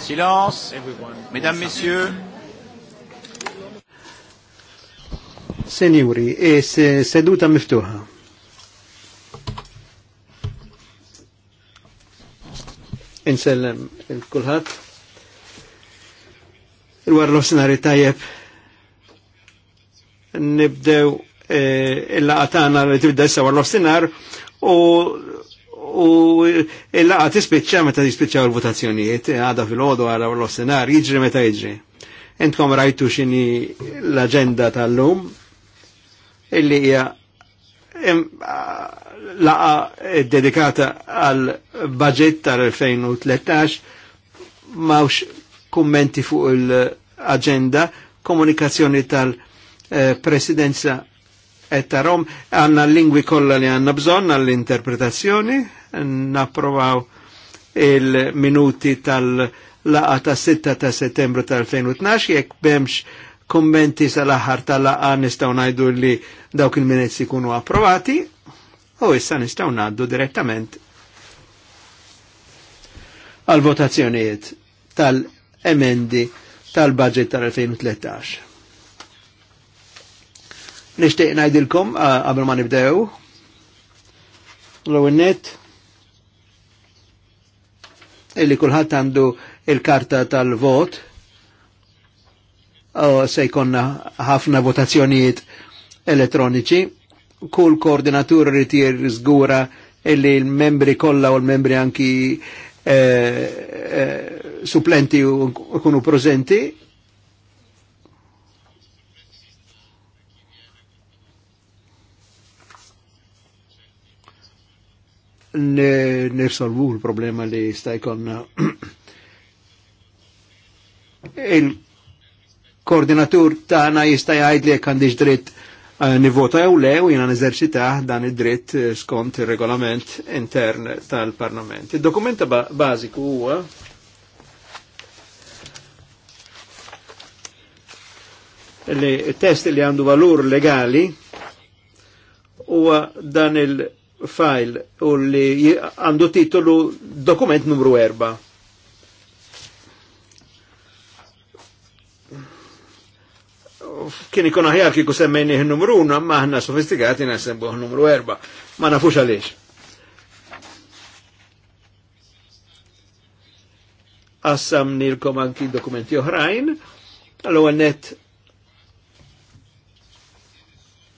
Silence, mesdames, messieurs. Senjuri, e seduta miftuħa. Insellem il-kulħat. Il-warlof senari tajjeb nibdew eh, il-laqatana li tibda issa war l-ostinar u u il-laqa tispiċċa meta jispiċċaw il-votazzjonijiet, għada fil-ħodu għara l-ostinar, jiġri meta jiġri. Entkom rajtu xini l-agenda tal-lum, illi hija laqa dedikata għal budget tal-2013, mawx kummenti fuq il-agenda, komunikazzjoni tal-2013 Eh, presidenza etta rom għanna lingwi kolla li għanna bżon għall-interpretazzjoni, napprovaw il-minuti tal-laqa ta' 6 ta' settembru tal-2012, jekk bemx kommenti sal-aħħar tal-laqa nistaw najdu li dawk il-minezzi kunu approvati, u issa nistaw najdu direttament għal-votazzjonijiet tal-emendi tal-budget tal-2013. Nishtiq najdilkom għabel ma nibdew. l net illi kulħadd għandu il-karta tal-vot se jkonna ħafna votazzjonijiet elettroniċi. Kull koordinatur ritier zgura illi l-membri kollha u l-membri anki eh, eh, supplenti u kunu prezenti nifsolvu l-problema li sta' jkonna il-koordinatur tagħna jista' jgħid li għandix dritt eh, nivota jew le u jiena neżerċitah dan id-dritt eh, skont ir-regolament intern tal-Parlament. Id-dokumenta bażiku huwa li test li għandu valur legali huwa dan il- file u li għandu titolu dokument numru 4. Kien ikon aħjar kiku semmejni numru 1, ma ħna sofistikati nasembu numru 4. Ma nafux għalix. Assam nilkom anki dokumenti oħrajn, għallu net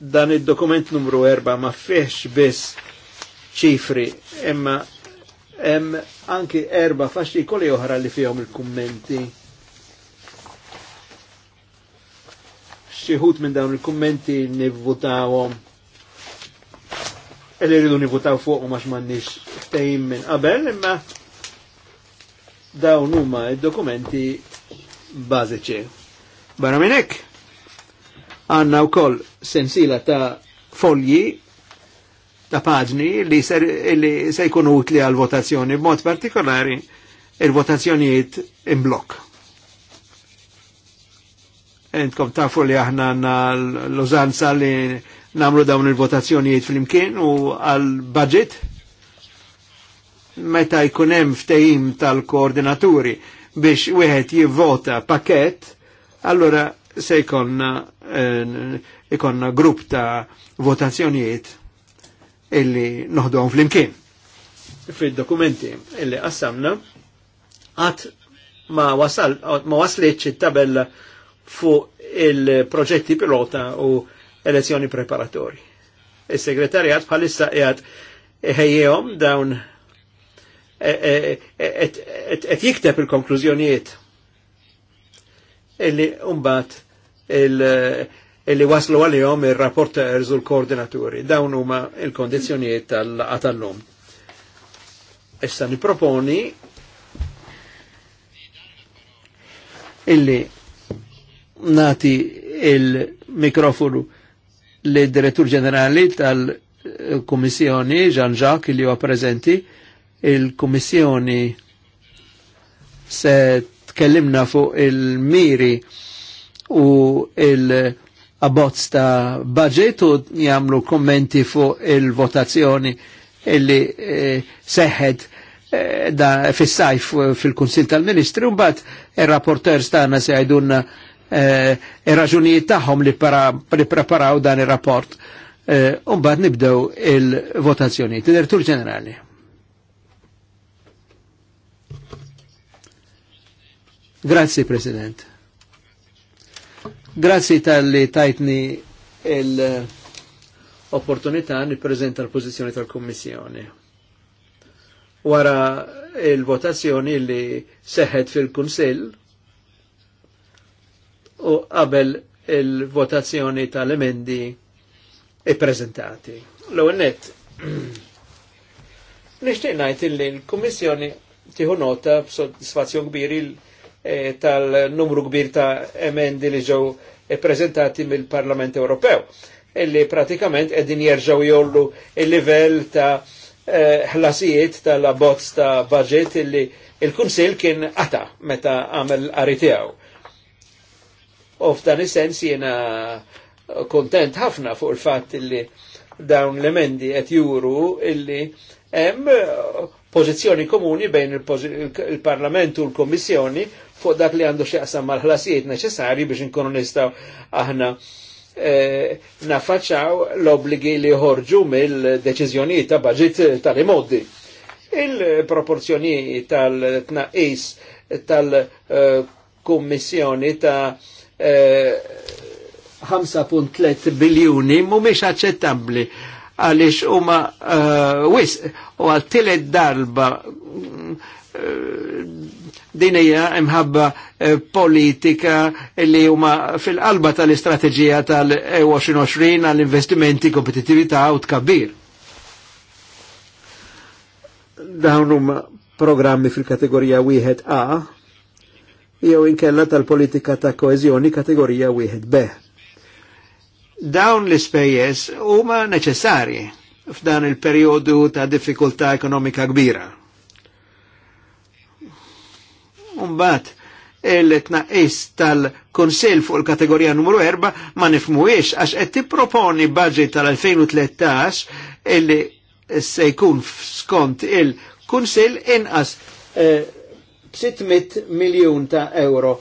dan il-dokument numru 4 ma fiex biss ċifri, imma hemm anki erba' faċli kolli oħra li fihom il-kummenti. Xieħut minn dawn il-kummenti nivvutawhom li rridu nivvutaw fuqhom għax m'għandniex tejjim minn qabel, imma dawn huma id-dokumenti bażiċi. Barra minn hekk għandna wkoll sensila ta' folji ta' paġni li ser, li se jkunu utli għal votazzjoni b'mod partikolari il-votazzjonijiet in blok. Entkom tafu li aħna l-użanza li namlu dawn il-votazzjonijiet fl-imkien u għal budget meta jkunem ftejim tal-koordinaturi biex wieħed jivvota pakket, allora se jkonna eh, grupp ta' votazzjonijiet illi noħduhom fl-imkien. fil dokumenti illi qassamna għat ma wasal ma waslitx it-tabella fuq il-proġetti pilota u elezzjoni preparatori. il segretarjat bħalissa qiegħed ħejjom dawn qed e, e, jikteb il-konklużjonijiet illi umbat illi waslu għal-jom il-rapporters u l-koordinaturi. Dawn huma il-kondizjonijiet tal-lum. Issa niproponi illi nati il-mikrofonu l direttur ġenerali tal kommissjoni Jean-Jacques, li huwa prezenti, il kommissjoni se tkellimna fuq il-miri u il- abbozz ta' budget u jamlu kommenti fuq il-votazzjoni illi eh, seħed eh, da fis-sajf fil-Kunsil tal-Ministri, un bat il-rapporter stana se għajdunna eh, il-raġunijiet tagħhom li, li preparaw dan il-rapport. Eh, un bat nibdew il-votazzjoni. Tidertur ġenerali. Grazie, President. Grazzi tal-li tajtni l-opportunità nippreżenta l-pożizzjoni tal kommissjoni Wara il-votazzjoni li seħet fil-Kunsill u qabel il-votazzjoni tal-emendi prezentati. L-ewwel nishtiqnajt il ngħid tiħu kummissjoni tieħu nota b'sodisfazzjon kbir il- E, tal-numru kbir ta' emendi li ġew e, prezentati mill-Parlament Ewropew, illi pratikament edin jerġaw jollu il-livell ta' e, ħlasijiet tal-abbozz ta' budget illi il-Kunsil kien għata meta għamel għaritijaw. U f'dan is-sens jiena kontent ħafna fuq il-fatt illi dawn l-emendi qed juru illi hemm uh, pożizzjoni komuni bejn il-Parlament u l-Kommissjoni fuq dak li għandu xieqsam mal-ħlasijiet neċessarji biex nkunu nistaw aħna eh, nafaċċaw l obbligi li ħorġu mill deċiżjonijiet ta' budget tal-imoddi. Il-proporzjoni tal-tnaqis tal-kommissjoni eh, ta' 5.3 eh, biljuni mumiex aċċettabbli għalix huma uh, u għal tielet darba eh, dinija imħabba eh, politika li huma fil-qalba tal-istrateġija tal-2020 għall-investimenti, kompetitività u tkabbir. Dawn huma programmi fil-kategorija wieħed A jew inkella tal-politika ta' koeżjoni kategorija wieħed B. Dawn l-ispejjeż huma neċessarji f'dan il-periodu ta' diffikultà ekonomika kbira. Umbat, il-tnaqis tal-Konsil fuq il-kategorija numru 4 ma nifmuwiex għax qed tipproponi budget tal-2013 illi se jkun skont il konsil inqas eh, 600 miljun ta' euro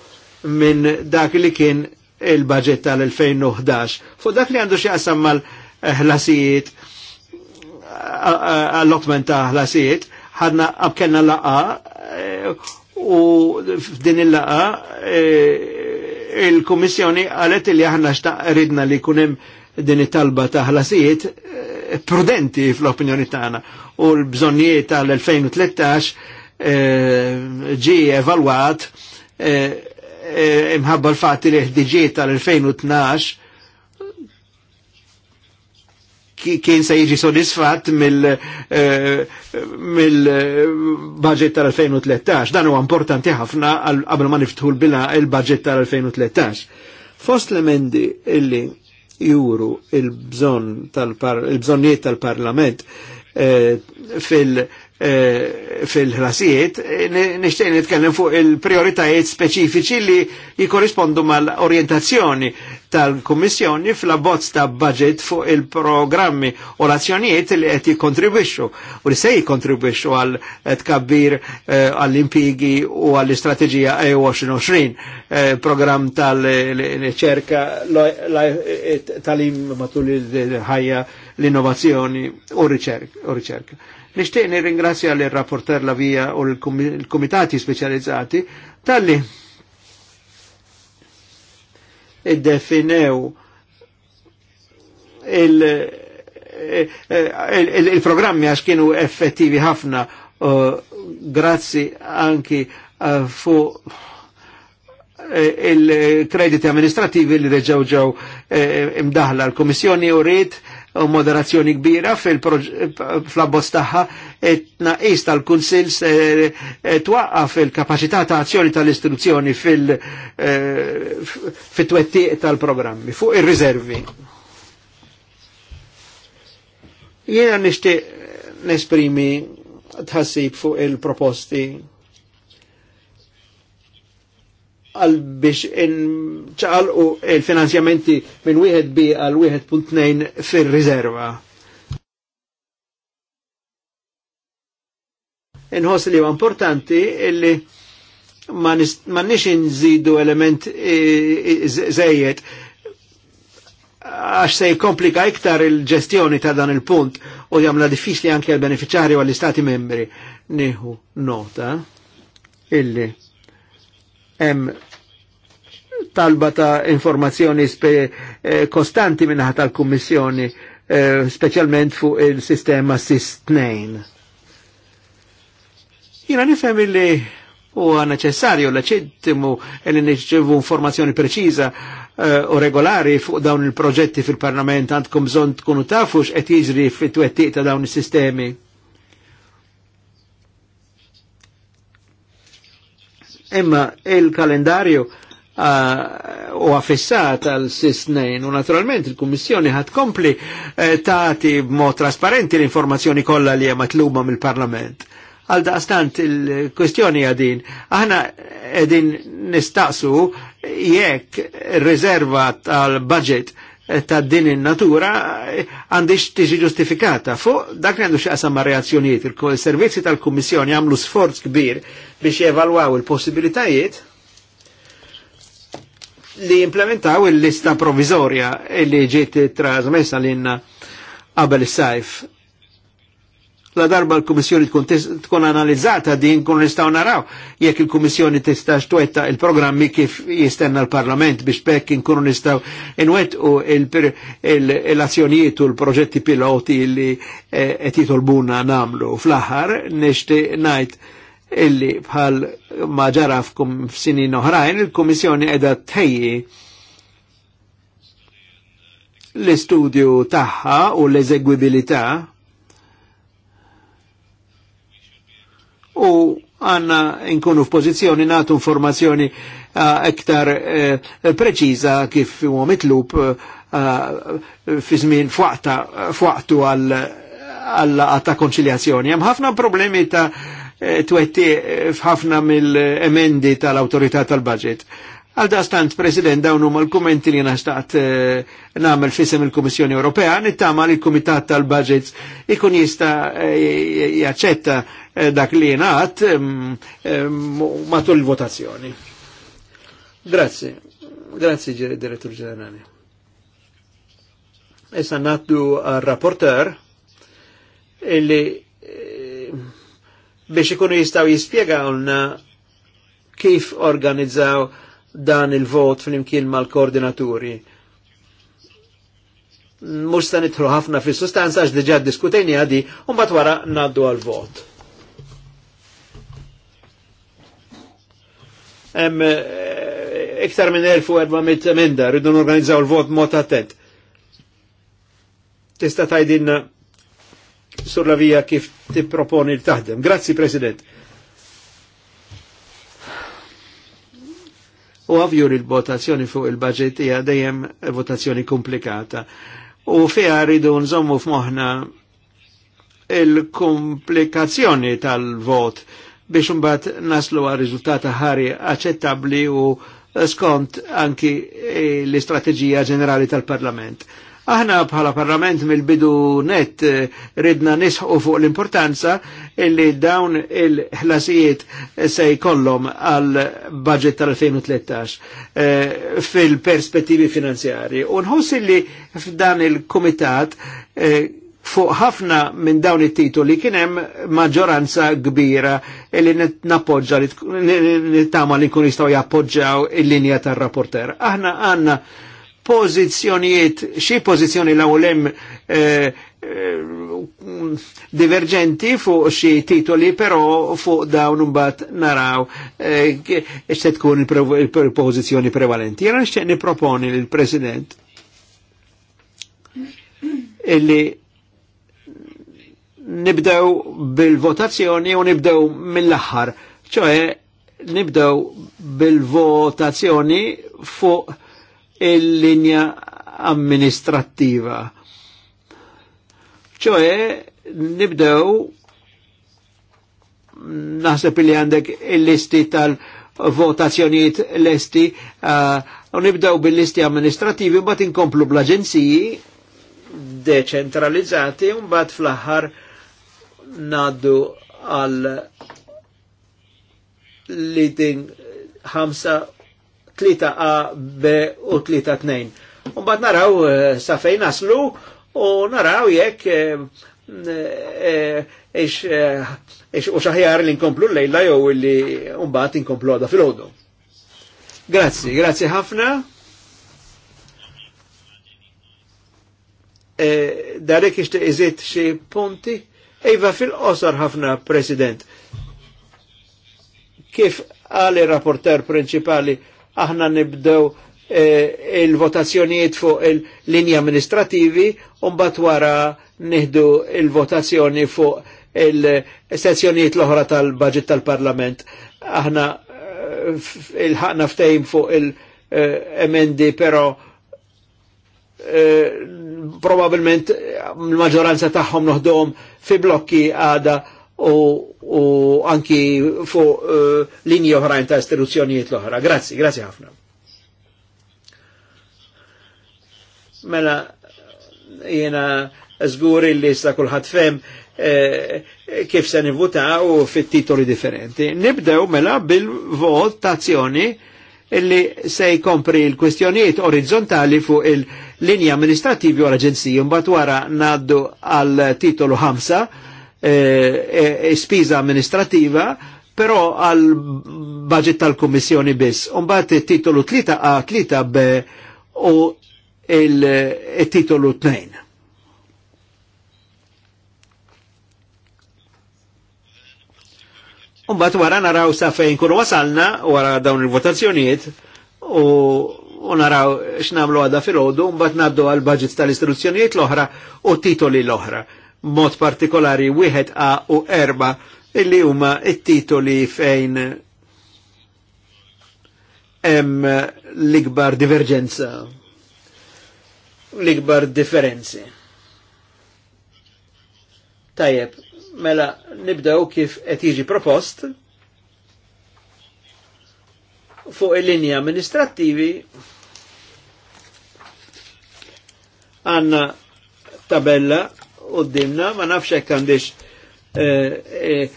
minn dak li kien il-budget tal-2011. Fuq dak li għandu xi mal-ħlasijiet allotment ta' ħlasijiet, ħadna abkenna laqa u f'din il-laqa e, il-Komissjoni għalet li aħna xta' ridna li kunem din it-talba ta' ħlasijiet e, prudenti fl-opinjoni tagħna u l-bżonnijiet tal-2013 e, ġi evalwat imħabba l-fatti li ħdiġiet tal-2012 kien se jiġi sodisfatt mill-budget eh, eh, tal-2013. Dan huwa importanti ħafna qabel ma niftħu il-budget tal-2013. Fost l-emendi illi juru il-bżonniet tal-parlament eh, fil- Eh, fil-ħlasijiet, eh, nishtiq nitkellem fuq il-prioritajiet speċifiċi li jikorrispondu mal-orientazzjoni tal-Kommissjoni fl-abbozz ta' budget fuq il-programmi u l-azzjonijiet li qed jikkontribwixxu u li se jikkontribwixxu għal tkabbir eh, għall-impigi u għall-istrateġija e 2020 programm tal-riċerka tal-im matul il-ħajja l-innovazzjoni u ricerka. Nishtiq ringrazja l rapporter la via u l-komitati specializzati tal-li id-definew il-programmi għax kienu effettivi ħafna uh, grazzi anki uh, fu eh, il-krediti amministrativi li reġaw ġew eh, imdaħla l-Komissjoni u rrit u moderazzjoni kbira fil-flabbos taħħa tnaqis tal-Kunsil e, twaqqa fil-kapacità ta' azzjoni tal-istituzzjoni fil e, twetti tal-programmi fuq ir-riservi. Jiena nishtiq nesprimi tħassib fuq il-proposti għal biex u il-finanzjamenti minn wieħed b għal 1.2 fil-riserva. Inħoss li importanti illi ma nix nżidu element zejiet għax se jkomplika iktar il-ġestjoni ta' dan il-punt u jamla diffiċli anke għal-beneficjari għall-istati membri. Niħu nota illi hemm talba ta' informazzjoni eh, kostanti minnaħat tal kommissjoni eh, specialment fuq il-sistema SIS-2. Jina nifhem li huwa neċessarju leċittimu li nirċevu informazzjoni preċiża eh, u regolari fuq dawn il-proġetti fil-Parlament għandkom bżonn tkunu tafux qed jizri fit-twettiq ta' dawn il sistemi Imma il-kalendarju uh, u għafissat għal sisnejn u naturalment il kommissjoni ħad kompli eh, taħti mod trasparenti l-informazzjoni kollha li hemm matluba mill-Parlament. Għal daqstant il-kwestjoni għadin, aħna għadin nistaqsu jekk riserva tal-budget ta' din in-natura għandix tiġi ġustifikata. Fuq dak li għandu xaqsam ma' reazzjonijiet, il-servizzi tal-Kummissjoni għamlu sforz kbir biex jevalwaw il-possibilitajiet li implementaw il-lista provizorja li ġiet trasmessa l-inna qabel is-sajf la darba l-Komissjoni tkun tkun analizzata din kun nistaw naraw jekk il-Komissjoni tista' twetta il-programmi kif jistenna l-Parlament biex bekk inkunu nistaw inwettqu l-azzjonijiet u l-proġetti piloti li eh, qed jitolbuna namlu. Fl-aħħar nixti ngħid illi bħal ma ġara f'sinin oħrajn il-Komissjoni qiegħda tħejji l-istudju tagħha u l-eżegwibilità u għanna nkunu f'pożizzjoni natu informazzjoni uh, ektar uh, preċiza kif u mitlub uh, fi żmien fuqtu għal ta' konċiljazzjoni. Hemm ħafna problemi ta' twetti f'ħafna mill-emendi tal-autorità tal-budget. stant President, dawnu l kumenti li nastat eh, namel fissem il-Komissjoni Ewropea, nittama li l-Komitat tal-Budgets ikun jista eh, jaċċetta Eh, dak li jenat matul il-votazzjoni. Grazie. Grazie ġiri direttur ġenerali. Issa naddu għal-rapporter illi eh, biex ikunu jistaw jispiegawna kif organizzaw dan il-vot fl-imkien mal-koordinaturi. Mux ta' ħafna fil-sustanza għax diġa diskutejni għadi, un bat wara naddu għal-vot. hemm eh, iktar minn 1400 emenda, rridu norganizzaw il-vot mod attent. Tista' tajdinna sur la via kif tipproponi l-taħdem. Grazzi, President. U għavju l votazzjoni fuq il-budget hija dejjem votazzjoni komplikata. U fiha rridu nżommu f'moħħna il-komplikazzjoni tal-vot biex imbagħad naslu għal riżultata ħari aċċettabbli u skont anki eh, l-istrateġija ġenerali tal-Parlament. Aħna bħala parlament mill-bidu net eh, ridna nisħu fuq l-importanza illi dawn il-ħlasijiet se jkollhom għal budget tal-2013 eh, fil-perspettivi finanzjari. Unħus illi f'dan il-komitat fuq ħafna minn dawn it-titoli kien hemm maġġoranza kbira li nappoġġa li tama li kun jistgħu jappoġġaw il-linja tar-rapporter. Aħna għandna pożizzjonijiet, xi pożizzjoni l-awlem eh, eh, divergenti fuq xi titoli, però fuq dawn imbagħad naraw x'se eh, tkun il-pożizzjoni prevalenti. Jena nixtieq niproponi lill-President illi nibdew bil-votazzjoni u nibdew mill-aħħar. ċoħe, nibdew bil-votazzjoni fuq il-linja amministrativa. ċoħe, nibdew naħseb li għandek il-listi tal-votazzjonijiet l-esti uh, u uh, nibdew bil-listi amministrativi u bat inkomplu bl-aġenziji deċentralizzati un bat fl-aħħar naddu għal din ħamsa tlita A B u tnejn. Un Umbat naraw eh, sa fejn naslu u naraw jekk eh, eh, ix u xaħjar li nkomplu l-lejla jow li umbat nkomplu għada fil-ħodu. Grazzi, grazzi ħafna. Darek ixtiq iżid xi punti Ejva, fil qosar ħafna, President. Kif għali rapporter principali aħna nibdew eh, il-votazzjonijiet fuq il-linja amministrativi un wara nihdu il-votazzjoni fuq il-sezzjonijiet l-oħra tal-budget tal-parlament. Aħna eh, il-ħakna ftejm fuq il-emendi, eh, pero eh, probabilment eh, l maġoranza tagħhom noħdom fi blokki għada u, u anki fu uh, eh, linji oħrajn ta' istituzzjonijiet l-oħra. Grazzi, grazzi ħafna. Mela jiena żgur li sa kulħadd fem eh, kif se u fit-titoli differenti. Nibdew mela bil-votazzjoni illi se jkompri l-kwestjonijiet orizzontali fuq il- linji amministrativi u l-aġenziji mbagħad wara ngħaddu għal titolu 5 eh, eh, eh, spiża amministrativa però għal budget tal-Kummissjoni biss. Umbagħad it-titolu 3 a 3 b u il-titolu 2. Umbat wara naraw sa fejn kunu wasalna wara dawn il-votazzjonijiet u u naraw x'namlu għada fil-ħodu, mbagħad ngħaddu għal budgets tal-istruzzjonijiet l-oħra u titoli l-oħra. Mod partikolari wieħed A u erba illi huma it-titoli fejn hemm l-ikbar diverġenza, l-ikbar differenzi. Tajjeb, mela nibdew kif qed jiġi propost fuq il-linja amministrattivi għanna tabella u dimna, ma nafxek għandix eh, eh,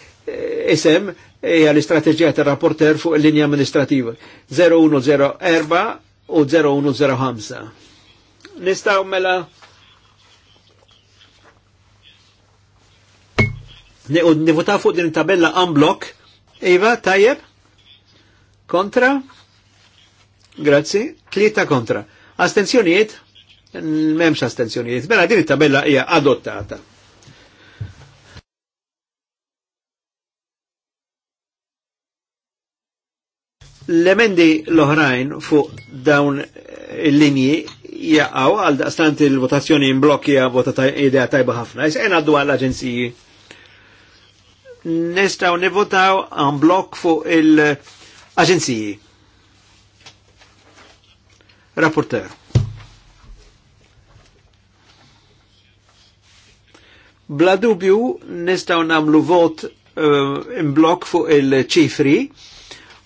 isem, e, hija l-istrateġija ta' rapporter fuq l-linja amministrativa 0104 u 0105. Nistaw mela Nivuta fuq din tabella unblock. Iva, tajjeb? Kontra? Grazzi. Tlieta kontra. Astenzjoniet? Memx astenzjonijiet. Bela, din it-tabella hija adottata. L-emendi l-oħrajn fuq dawn il-linji jaqaw għal daqstant il-votazzjoni vota votata idea tajba ħafna. Jisajna għaddu għal aġenziji Nistaw nivotaw għan blok fuq il-aġenziji. Rapporter. Bla dubju nistaw namlu vot uh, in blok fuq il-ċifri,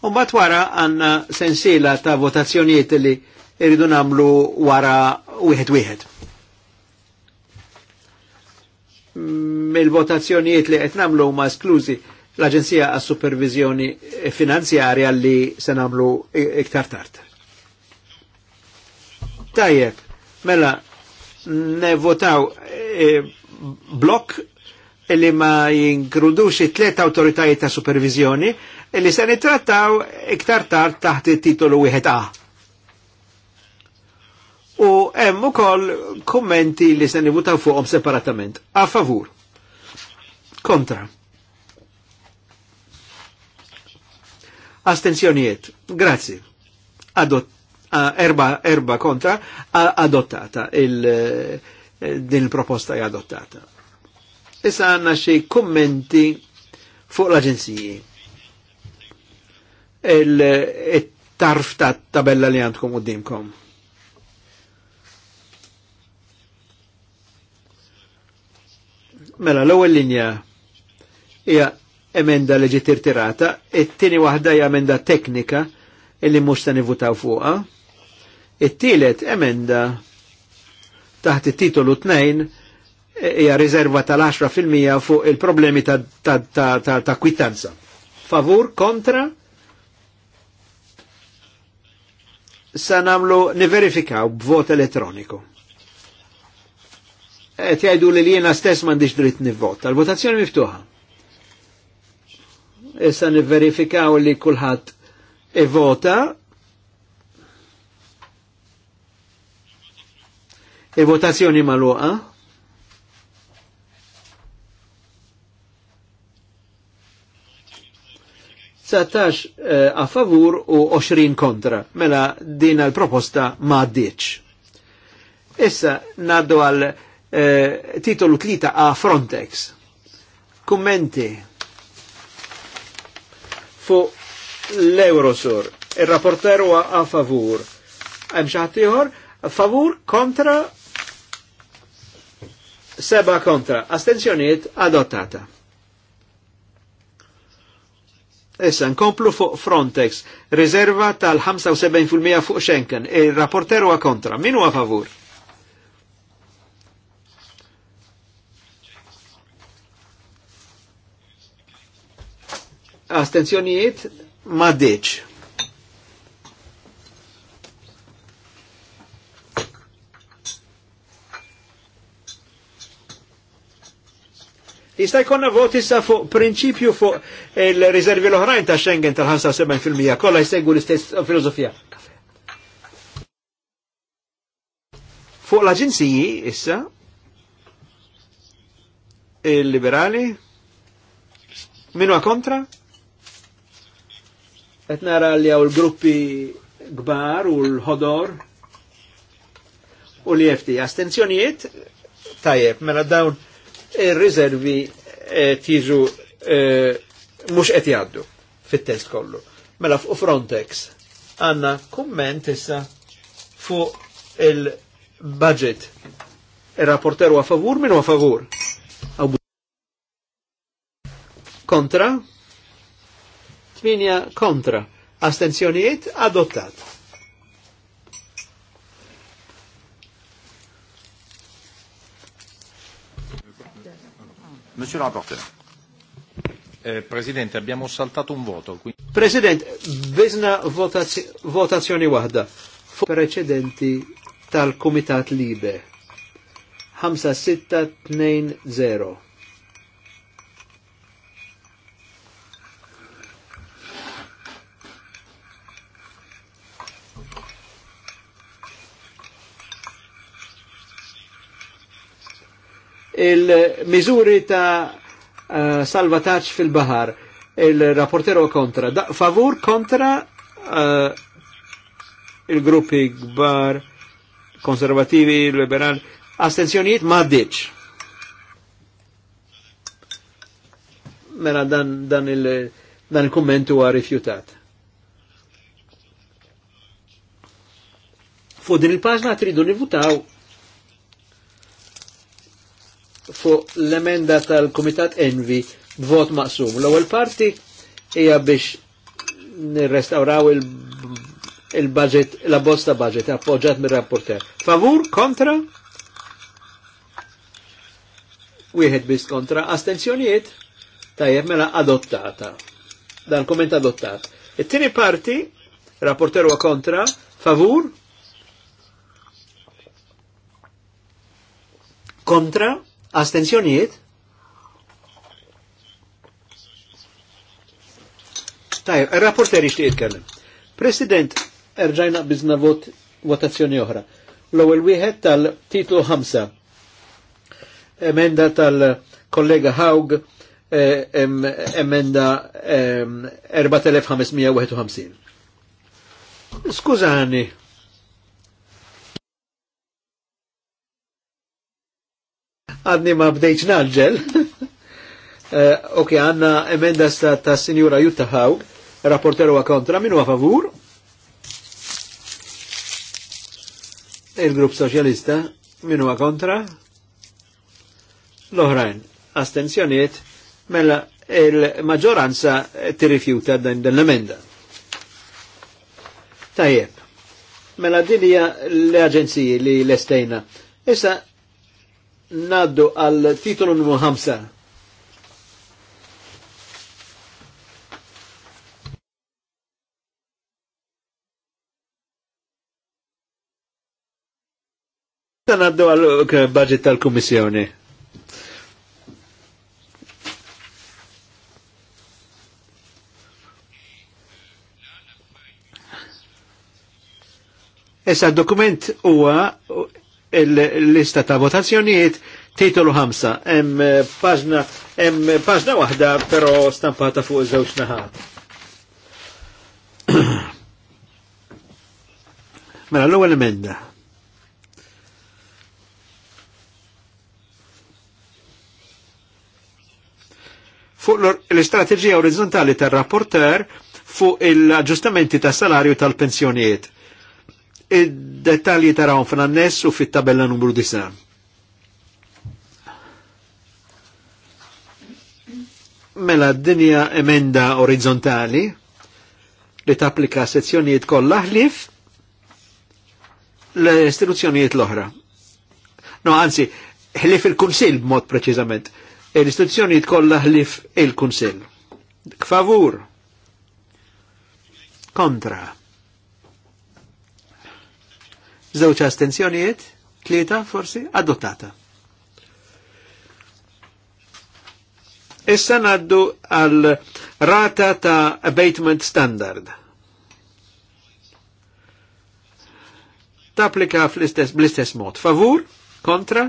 un bat wara għanna sensila ta' votazzjonijiet li irridu namlu wara wieħed wieħed. Mill-votazzjonijiet li qed namlu huma esklużi l-Aġenzija għas supervizjoni finanzjarja li se namlu iktar tard. Tajjeb, mela ne votaw. Eh, blok li ma jinkrudux it-tlet autoritajiet ta' supervizjoni li se nittrattaw iktar tard taħt it-titolu wieħed A. U hemm ukoll kummenti li se nivutaw fuqhom separatament. A favur. Kontra. Astenzjonijiet. Grazzi. Adott erba, erba kontra adottata il uh, din il-proposta hija adottata. Issa għandna xi kummenti fuq l-aġenziji. Il-tarf ta' tabella li għandkom dimkom. Mela, l-ewwel linja hija emenda li ġiet irtirata, it-tieni waħda hija emenda teknika illi mhux se nivutaw fuqha. It-tielet emenda taħt it-titolu 2 e- hija riserva tal-10% fuq il-problemi ta', ta, ta, ta kwittanza. Favur kontra sa namlu niverifikaw b'vot elettroniku. Et jajdu li jiena stess mandiġ dritt nivvot. Tal-votazzjoni miftuħa. Issa niverifikaw li kulħadd ivota Il-votazzjoni maluqa. Sattax eh, a favur u 20 kontra. Mela din l-proposta ma ddiċ. Issa naddu għal eh, titolu tlita a Frontex. Kummenti fu l-Eurosur. il rapporteru a favur. Hemm xi favur kontra Seba kontra. Astenzjoniet adottata. Issa, nkomplu fuq Frontex, riserva tal-75% fuq Schenken, il rapporteru kontra, min huwa favur? Astenzjoniet, ma deċ. Jista' jkollna vot issa fuq prinċipju fuq il-riservi l-oħrajn ta' Schengen tal-75% kollha jsegwu l-istess filosofija. Fuq l-aġenziji issa il-liberali minu kontra? Et nara li għaw l-gruppi gbar u l-ħodor u li jefti astenzjonijiet tajjeb mela dawn il riservi eh, tiġu eh, mhux qed jgħaddu fit-test kollu. Mela fuq Frontex għanna kumment issa fuq il-budget. il rapporter huwa favur minn huwa favur? Kontra? Tminja kontra. Astenzjonijiet adottat. Monsieur rapporteur. Eh, Presidente, abbiamo saltato un voto. Quindi... President, bizna votazzjoni wahda. precedenti tal-Komitat Libe. 5620. il mizuri ta' uh, salvataġġ fil-bahar. Il-rapportero kontra. Da, favur kontra uh, il-gruppi gbar, konservativi, liberal, astenzjoniet ma' diċ. Mela dan, dan il- dan il-kommentu għar rifjutat. Fu din il-paġna tridu nivutaw fuq l-emenda tal-Kumitat Envi b'vot maqsum. L-ewwel parti hija biex nirrestawraw il-budget, il la bosta budget appoġġat mir-rapporter. Favur, kontra? Wieħed biss kontra, astenzjonijiet tajjeb mela adottata. Dan komment adottat. It-tieni parti, rapporter huwa kontra, favur? Kontra? Astenzjonijiet? Taj. il-rapporter ixti jitkellem. President, erġajna bizna vot votazzjoni oħra. L-ewwel wieħed tal-titlu 5. Emenda tal-kollega Haug eh, emenda 4551. Skużani, għadni ma bdejċ naġġel. uh, eh, ok, għanna emenda sta ta' signora Jutta Haug, rapporteru għa kontra, minu għa favur? Il-grupp soċjalista, minu għa kontra? L-oħrajn, astenzjoniet, mela il-maġoranza tirrifjuta dan l-emenda. Tajjeb, mela din hija l agenziji li l-estejna. Issa naddu għal titolu numru 5. Għan għaddu għal budget tal komissjoni Issa dokument huwa il-lista ta' votazzjonijiet titolu ħamsa Hemm eh, paġna hemm paġna waħda però stampata fuq iż żewġ naħat. mela l-ewwel emenda. Fuq l-istrateġija orizzontali tar-rapporter fuq il-aġġustamenti tas-salarju tal-pensjonijiet Id-detalji tarawn fl-annes u fit-tabella numru 9. Mela d-dinja emenda orizzontali li tapplika sezzjonijiet kollha l'aħlif. l-istituzzjonijiet l-oħra. No, anzi, ħlif il-Kunsil b'mod preċiżament. L-istituzzjonijiet kollha ħlif il-Kunsil. Kfavur. Kontra żewġ astenzjonijiet, tlieta forsi adottata. Issa naddu għal rata ta' abatement standard. Tapplika fl istess mod. Favur, kontra,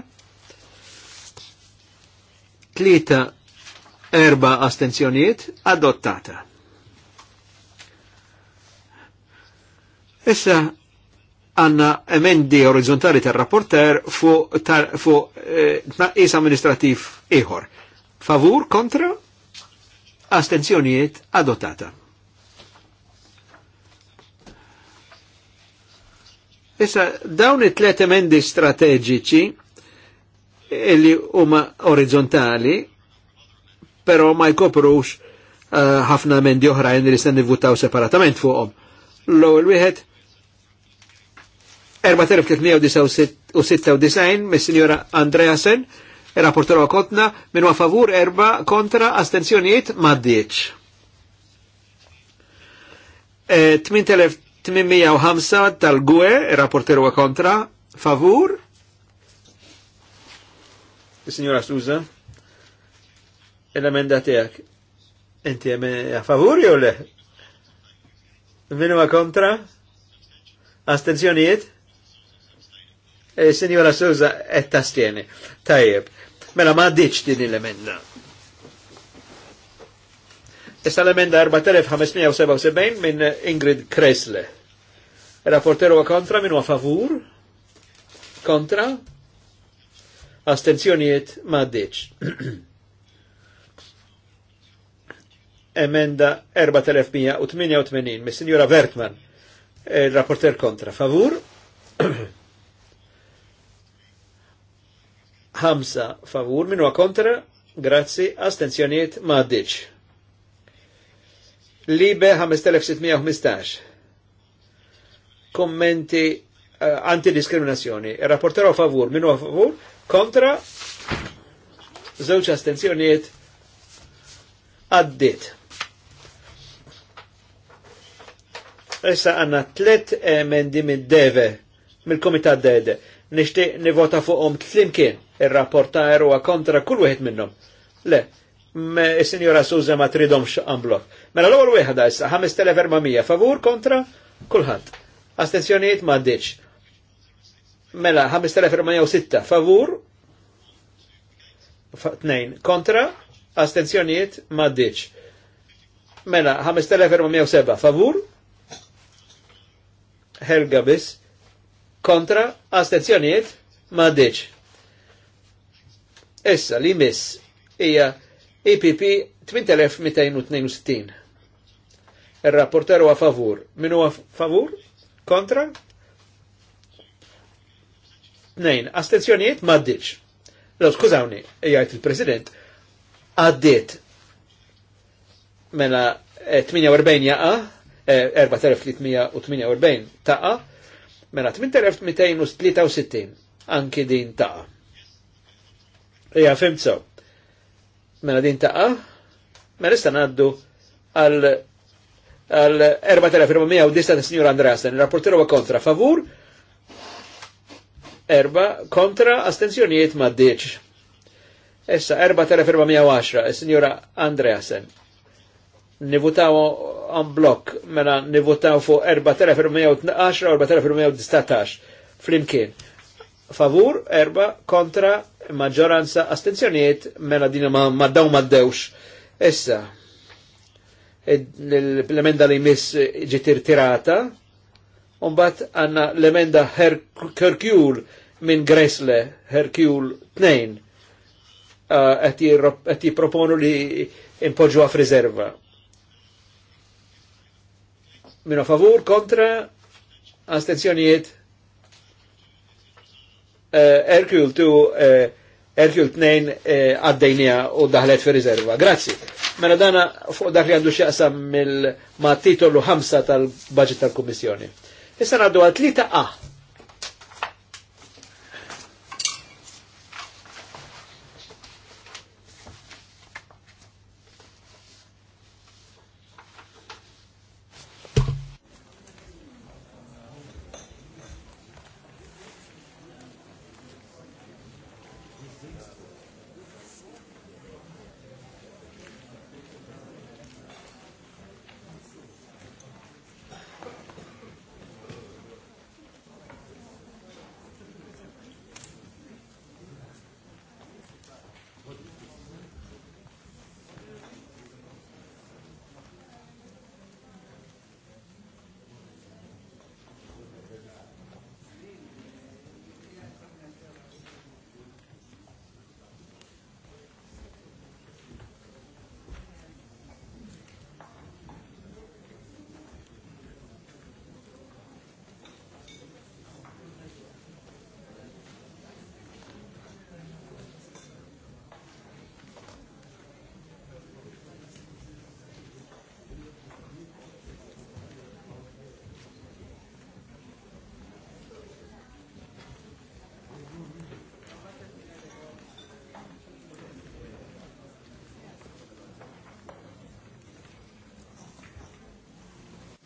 tlieta erba astenzjonijiet adottata. Issa għanna emendi orizzontali tal-rapporter fuq fu, eh, tnaqqis amministrativ ieħor. Favur, kontra, astenzjonijiet adottata. Issa, dawn it-tlet emendi strateġiċi eh, li huma orizzontali, però ma jkoprux eh, ħafna uh, emendi oħrajn li se nivvutaw separatament fuqhom. L-ewwel wieħed 4396 mis signora Andreasen, rapportero kotna, minu favur erba kontra astenzjonijiet maddiċ. 8805 e, tal-GUE, rapportero kontra, favur. E, signora Susa, l-emenda tijak, inti a favur jew le? Minu kontra? Astenzjonijiet? E, signora Souza et tastieni. Tajjeb. Mela ma għaddiċ din l-emenda. Issa l-emenda 4577 minn Ingrid Kresle. Rapporteru wa kontra minn huwa favur? Kontra? Astenzjonijiet ma għaddiċ. Emenda 4188 mis Signora Vertman. rapporter kontra. Favur? Hamsa favur, minu kontra, grazzi, astenzjoniet ma Libe 5615. Kommenti uh, antidiskriminazzjoni. Rapportero favur, minu favur, kontra, zewċ astenzjoniet għaddit. Issa għanna tlet emendi mid-deve, mill-komitat dede nishtiq nivota fuqhom flimkien ir-rapportar huwa kontra kull wieħed minnhom. Le, il sinjora Suza ma tridomx blok. Mela l-ewwel wieħed issa 5400 favur kontra kulħadd. Astenzjonijiet ma ddiċ. Mela 5406 favur 2 kontra astenzjonijiet ma ddiċ. Mela 5407 favur Helga biss kontra astenzjoniet ma deċ. Issa li miss hija EPP 8262. Il-rapporter huwa favur. Min huwa favur? Kontra? Nejn, astenzjoniet ma deċ. Lo skużawni, jgħajt il-President, għaddit mela 48 eh, jaqa, 4348 eh, taqa, Mela 8263 anki din ta'. Ija femtso. Mela din taqa, mela nista' ngħaddu għal għal 4410 signor Andreasen, il-rapporter huwa kontra, favur, erba, kontra, astenzjonijiet ma' deċ. Essa 4410, signora Andreasen, nivutaw on blok, mela nivutaw fuq 4110 u flimkien. Favur, erba, kontra, maġġoranza, astenzjoniet, mela din ma, daw ma dewx. Issa, l-emenda li miss ġitir tirata, unbat għanna l-emenda Herkul minn Gresle, Herkul 2, uh, għati proponu li għaf f'riserva. Minu favur, kontra, astenzjonijiet. Eh, Hercule 2, eh, Hercule 2 eh, għaddejnija u daħlet fi rizerva. Grazzi. Mela dana fuq dak li għandu xieqsam mill ma titolu 5 tal-budget tal-Kommissjoni. Issa għaddu għal 3A.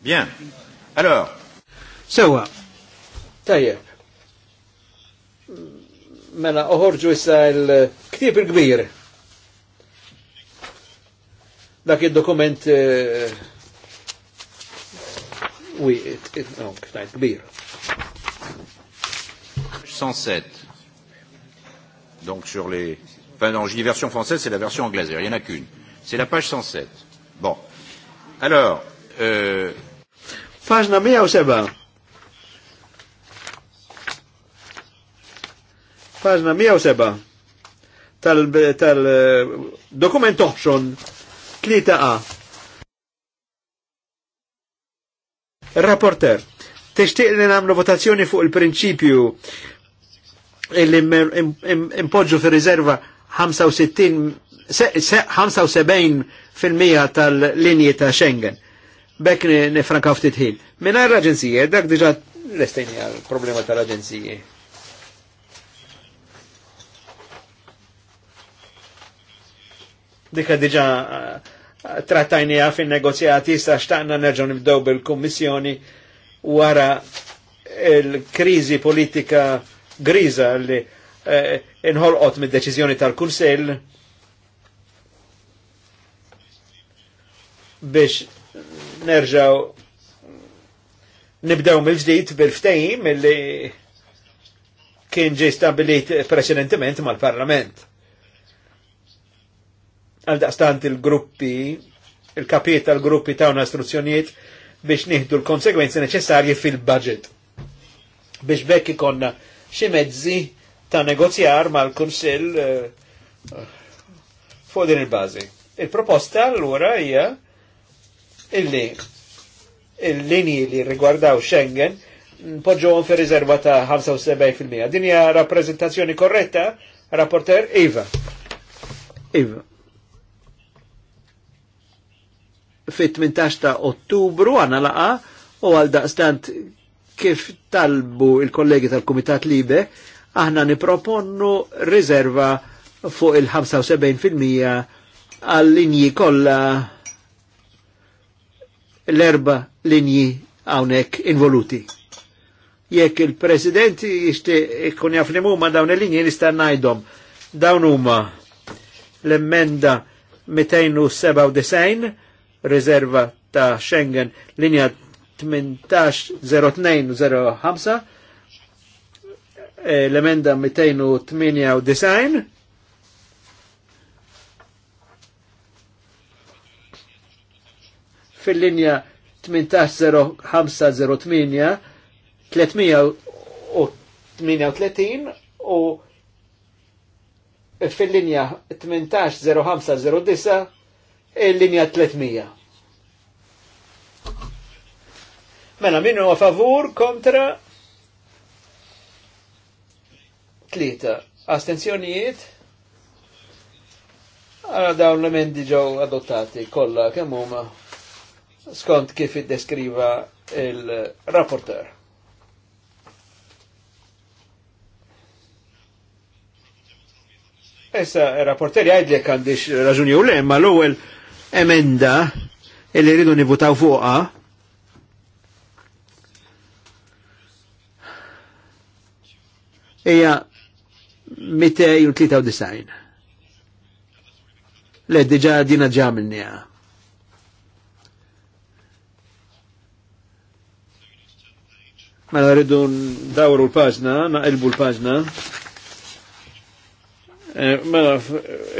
Bien. Alors. Sewa. Tajjeb. Mela oħorġu issa il ktib il-kbir. Dak il-dokument eh, Wi, no, ktajt kbir. 107. Donc sur les... Enfin non, j'ai version française, c'est la version anglaise, il n'y en a qu'une. C'est la page 107. Bon. Alors, euh, Faġna 107. Faġna 107 tal-dokument tal, eh, option 3A. Rapporter, tixtieq li nagħmlu votazzjoni fuq il-prinċipju illi impoġġu fi riserva 65 75% tal-linji ta' Schengen bekk nifrankaw ftit Minna l-aġenzija, dak diġa l-estajni għal problema tal-aġenziji. Dika diġa eh, trattajni għal fin negozjati sta xtaqna nerġaw nibdow bil-kommissjoni wara il-krizi politika griża li eh, inħolqot mid-deċizjoni tal-Kunsell biex nerġaw nibdew mill-ġdid bil-ftejim li kien ġi stabilit preċedentement mal-parlament. Għal daqstant il-gruppi, il-kapiet tal-gruppi tawna istruzzjonijiet biex nieħdu l-konsegwenzi neċessarji fil-budget. Biex bekk ikonna xi mezzi ta' negozjar mal-Kunsill uh, fuq din il-bażi. Il-proposta allura hija illi il-linji li rigwardaw Schengen poġġuhom fi rizerva ta' 75%. Din hija korretta, rapporter Iva. Iva. Fi 18 ta' Ottubru għana laqa u għal daqstant kif talbu il-kollegi tal-Kumitat Libe, aħna niproponnu riserva fuq il-75% għal-linji kollha l-erba linji għawnek involuti. Jekk il-President jishti ikkun jafnimu ma dawn il-linji nista' ngħidhom. Dawn huma l-emenda 297 rezerva ta' Schengen linja 18.02.05 eh, l-emenda 298 fil-linja 18508 338 u fil-linja 180509 il-linja 300. Mela, minnu huwa favur kontra tlita Astenzjonijiet? Għara dawn l-emendi ġew adottati kollha kemm huma skont kif id-deskriva il-rapporter. Issa, il-rapporter jgħidli għandix raġuni u le, ma l ewwel emenda illi rridu nivutaw fuqa. Ija 293. Le, diġa dina ġamilnija. Mela rridu ndawru l-paġna, naqilbu l-paġna. Eh, mela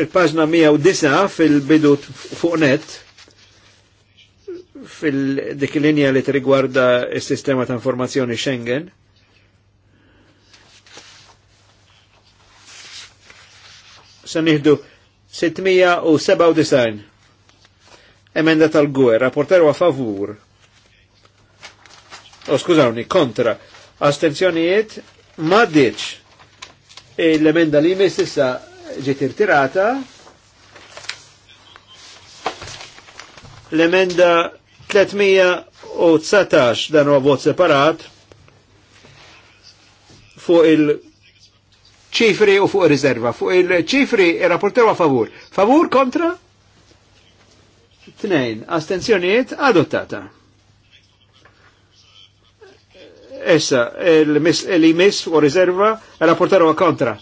il-paġna 109 fil-bidu fuq net fil-dik linja li trigwarda il-sistema ta' informazzjoni Schengen. Se nieħdu 697. Emenda tal-gwer, rapporteru a favur o oh, skużawni, kontra, astenzjonijiet ma ditx. E l-emenda li jmiss issa ġiet irtirata. L-emenda 319 dan huwa vot separat fuq il- ċifri u fuq riserva. Fuq il-ċifri il-rapporteru a favur. Favur kontra? Tnejn. Astenzjoniet adottata. Essa, li mis u riserva, il-rapporter u kontra.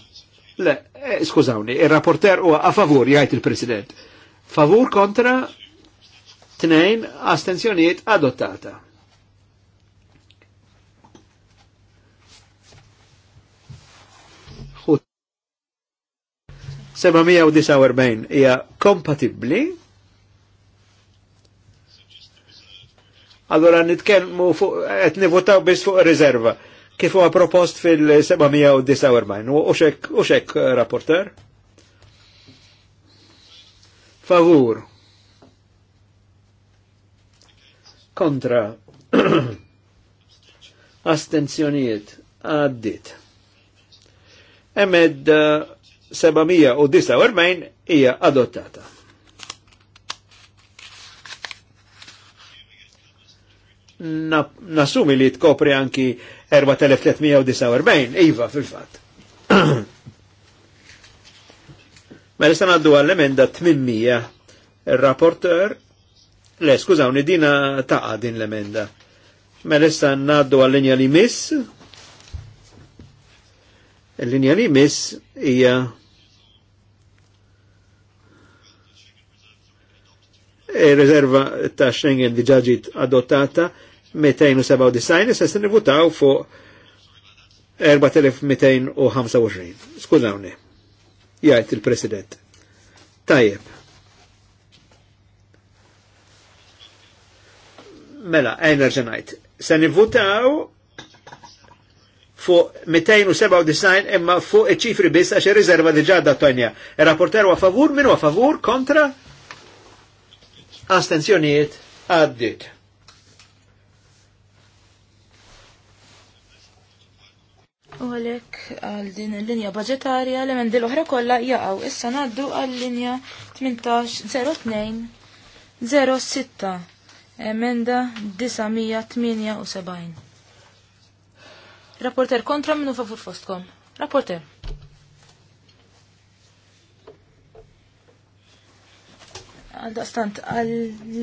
Le, eh, skużawni, il-rapporter u a favur, jgħajt il-President. Favur kontra, tnejn, astenzjoniet adottata. Seba' 749 hija kompatibli allora nitkellmu fuq qed nivotaw biss fuq riserva kif huwa propost fil-749 u xek u xek eh, rapporter. Favur. Kontra. Astenzjonijiet għaddit. Emed 749 eh, hija adottata. nasumi li tkopri anki 4349, iva fil-fat. Ma mela, l-istan għaddu għall-emenda 800, il-rapporter, le, skużawni, dina taqa din l-emenda. Ma mela, l-istan għaddu għall-linja li miss, l linja li miss hija E riserva ta' Schengen diġaġit adottata 297 se nivutaw fuq 4225. Skużawni. Jgħid il-President. Tajjeb. Mela, enerġa ngħid. Se nivutaw fuq 297 imma fuq iċ-ċifri biss għax ir-riserva diġà dat-tonja. Ir-rapporter huwa favur, minu huwa favur, kontra? Astenzjonijiet għaddit. U għalek għal din il-linja budgetarja li minn l-oħra kolla jaqaw. Issa naddu għal linja 18.02.06 emenda 978. Rapporter kontra minnu favur fostkom. Rapporter. Għal dastant għal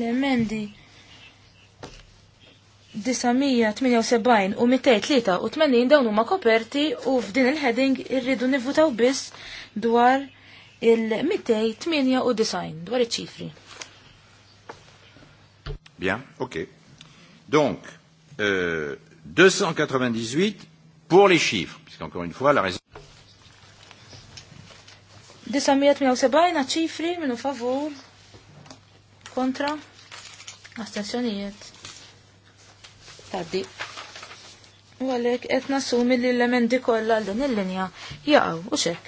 emendi 978. 978 u 283 dawn huma koperti u f'din il-heading irridu nivvutaw biss dwar il-298 dwar iċ-ċifri. Bien, ok. Donc, euh, 298 pour les chiffres, puisqu'encore une fois, la raison... 978 ċifri minu favur kontra astensjonijiet Taddi. U għalek, etna sumi li l-emendi kolla għal din il-linja jaqaw u xek.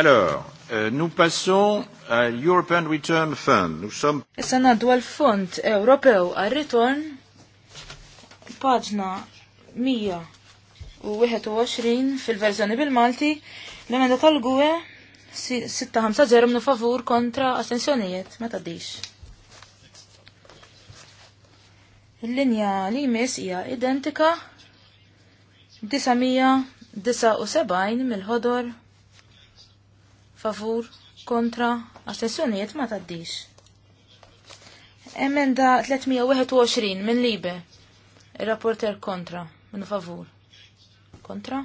Alors, euh, nous passons à l'European Return Fund. Nous sommes... Issa naddu għal fond Ewropew għal ritorn paġna 121 fil-verżjoni bil-Malti l-emenda tal-gwe 6-5-0 minu favur kontra astensjonijiet ma taddix. Il-linja li jmiss hija identika 979 mill-ħodor favur kontra astensjonijiet ma taddix. Emenda 321 minn libe. Il-rapporter kontra minu favur. Kontra?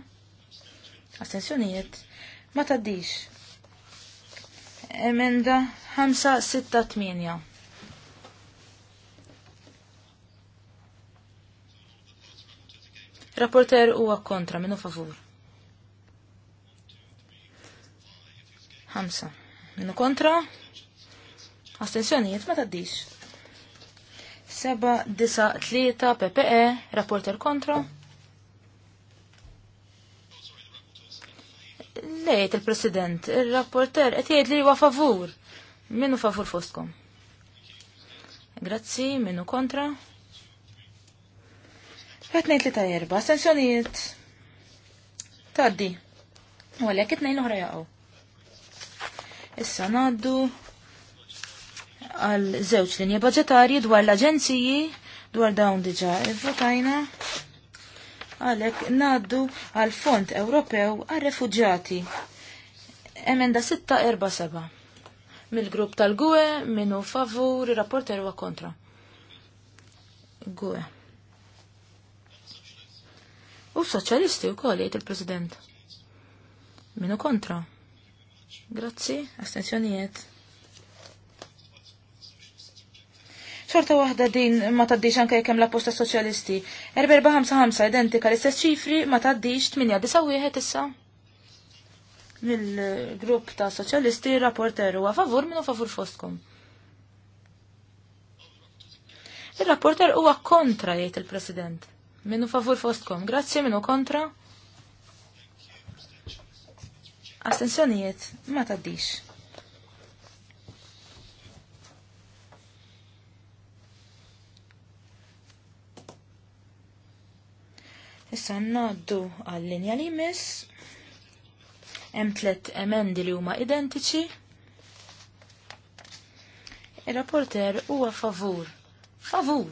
Astensjonijiet ma taddix emenda 568. Rapporter huwa kontra, minu favur. 5. Minu kontra? Astenzjonijiet ma taddix. Seba' 9, 3, PPE, rapporter kontra. Lejt il-President, il-rapporter, qed jgħid li huwa favur. Minnu favur fostkom? Grazzi, minnu kontra? Qed ngħid li ta' erba' sensjonijiet. Taddi. U għalhekk it-tnejn oħra Issa ngħaddu għal żewġ linji budgetarji dwar l-aġenziji dwar dawn diġà ivvotajna. votajna għalek naddu għal Fond Ewropew għal Refugġati. Emenda 647. Mill-grupp tal-GUE minu favur, rapporter wa kontra. GUE. U soċjalisti u koll il-President. Minu kontra. Grazzi, astenzjonijiet. sorta waħda din ma taddix anke jekem la posta soċjalisti. 4455 identika l-istess ċifri ma taddix 891 issa. Mill-grupp ta' soċjalisti rapporter huwa favur minnu favur fostkom. Il-rapporter huwa kontra jgħid il-President. Minnu favur fostkom. Grazzi minnu kontra. Astensjonijiet ma taddix. Issa naddu għall-linja li jmiss. Hemm tliet emendi li huma identiċi. Il-rapporter huwa favur. Favur.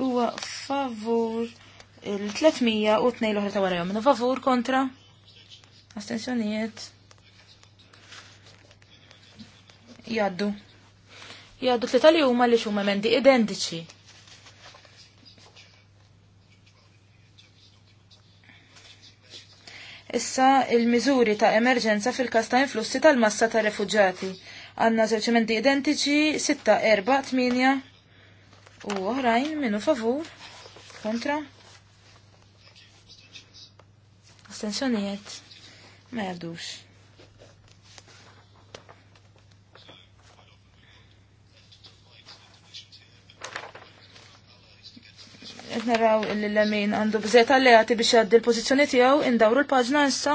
Huwa favur il-300 u tnej l-oħra ta' warajhom. favur kontra. Astensjonijiet. Jaddu. Jaddu tlita li huma li xhuma emendi identiċi. Issa il-miżuri ta' emerġenza fil-kas ta' influssi tal-massa ta' refugġati. Għanna zerċimenti identiċi 6-4-8 u oħrajn minnu favur kontra. Astenzjonijiet ma jadux. naraw li l-lemin għandu bżiet alleati biex jgħaddi l-pożizzjoni tiegħu indawru l-paġna issa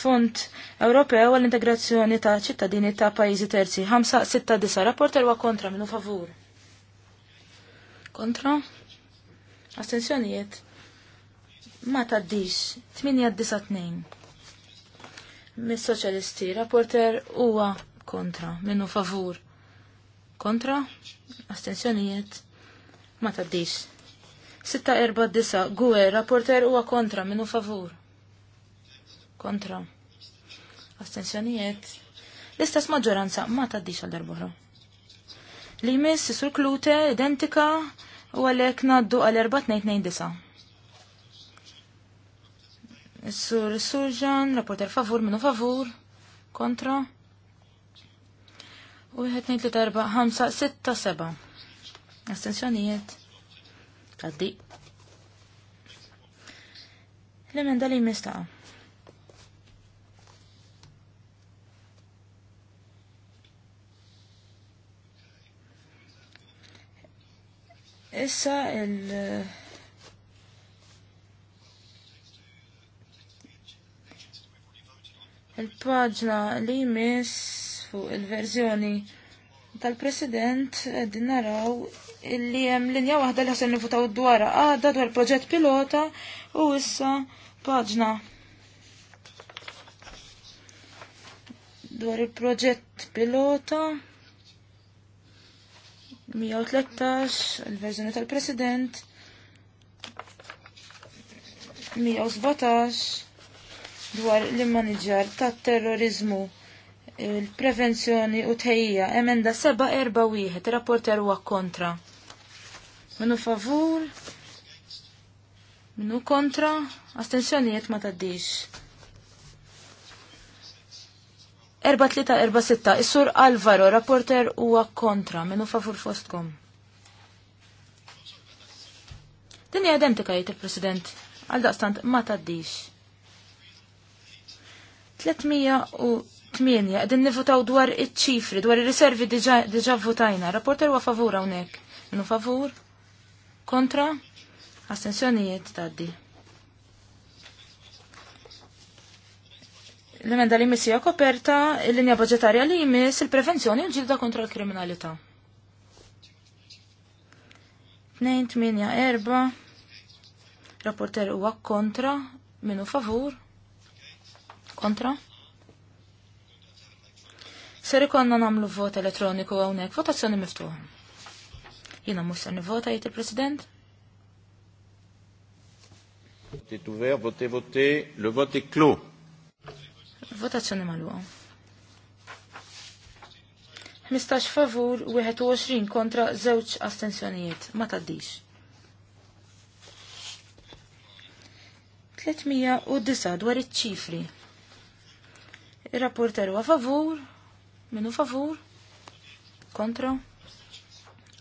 Fond Ewropew għall-integrazzjoni ta' ċittadini ta' pajjiżi terzi. 5-6-9 rapporter wa kontra minnu favur. Kontra? Astenzjonijiet? Ma taddix. 8 9 Mis-soċjalisti, rapporter huwa kontra minnu favur. Kontra? Astenzjonijiet? Ma taddix. 4-9, gwe rapporter huwa kontra minu favur. Kontra. Astensjonijiet. L-istess maġġoranza ma taddix għal darbora. Li jmiss sur klute identika u għalek naddu għal 4 4229. Sur Surġan, rapporter favur, minu favur, kontra. U jħet nejt li tarba, ħamsa, 7. seba. Astenzjonijiet. Għaddi. L-emenda li mistaqa. Issa il- il-paġna li jmiss fuq il-verżjoni tal-President din naraw li hemm linja waħda li ħasen nifutaw dwar għadda dwar proġett pilota u issa paġna dwar il-proġett pilota 113 il-verżjoni tal-President 117 dwar l-immaniġar tat-terrorizmu il-prevenzjoni u tħejja emenda 741 rapporter huwa kontra. Minu favur, minu kontra, astensjonijiet ma taddix. 4346, Isur Alvaro, rapporter huwa kontra, minu favur fostkom. Din hija identika jgħid il-President, għal daqstant ma taddix. 300 u Tminja, għedin nivutaw dwar iċ-ċifri, dwar il-riservi diġa votajna. Rapporter wa favur għonek. Minu favur? Kontra? Astensjonijiet taddi. L-emenda li missija koperta, l-linja budgetarja li jmiss il-prevenzjoni u ġilda kontra l-kriminalità. 2-8-4 Rapporter huwa kontra, minu favur? Kontra? Ser ikonna namlu vot elettroniku hawnhekk, votazzjoni miftuħa. Jiena mhux se nivvota jgħid il-President. Voti ouvert, voti voti, le vote est clos. Votazzjoni magħluqa. 15 favur, 21 kontra, 0 astensjonijiet. Ma taddix. 309 dwar iċ-ċifri. Il-rapporteru a favur, Minu favur? Kontra?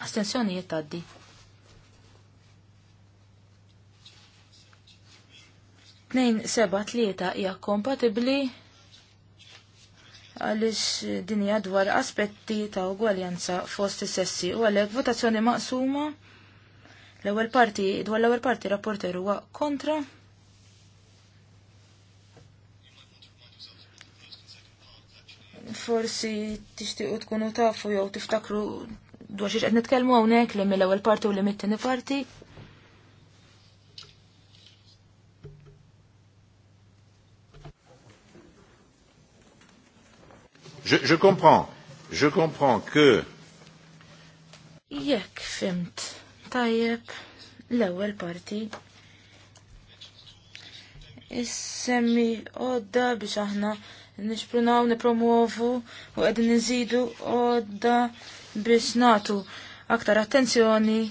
Astenzjonijiet taddi. Tnejn seba tlieta hija kompatibbli għaliex din hija dwar aspetti ta' ugwaljanza fost sessi u għalhekk votazzjoni maqsuma l-ewwel parti dwar l-ewwel parti rapporter huwa kontra forsi tixtiqu tkunu tafu jew tiftakru dwar xi qed nitkellmu hawnhekk li mill-ewwel parti u li mit-tieni parti. Je, je comprends, je comprends que Jekk fimt, tajjeb, l-ewwel parti Is-semmi, għodda biex aħna nixprunaw, nipromuovu u għedin nżidu għodda biex natu aktar attenzjoni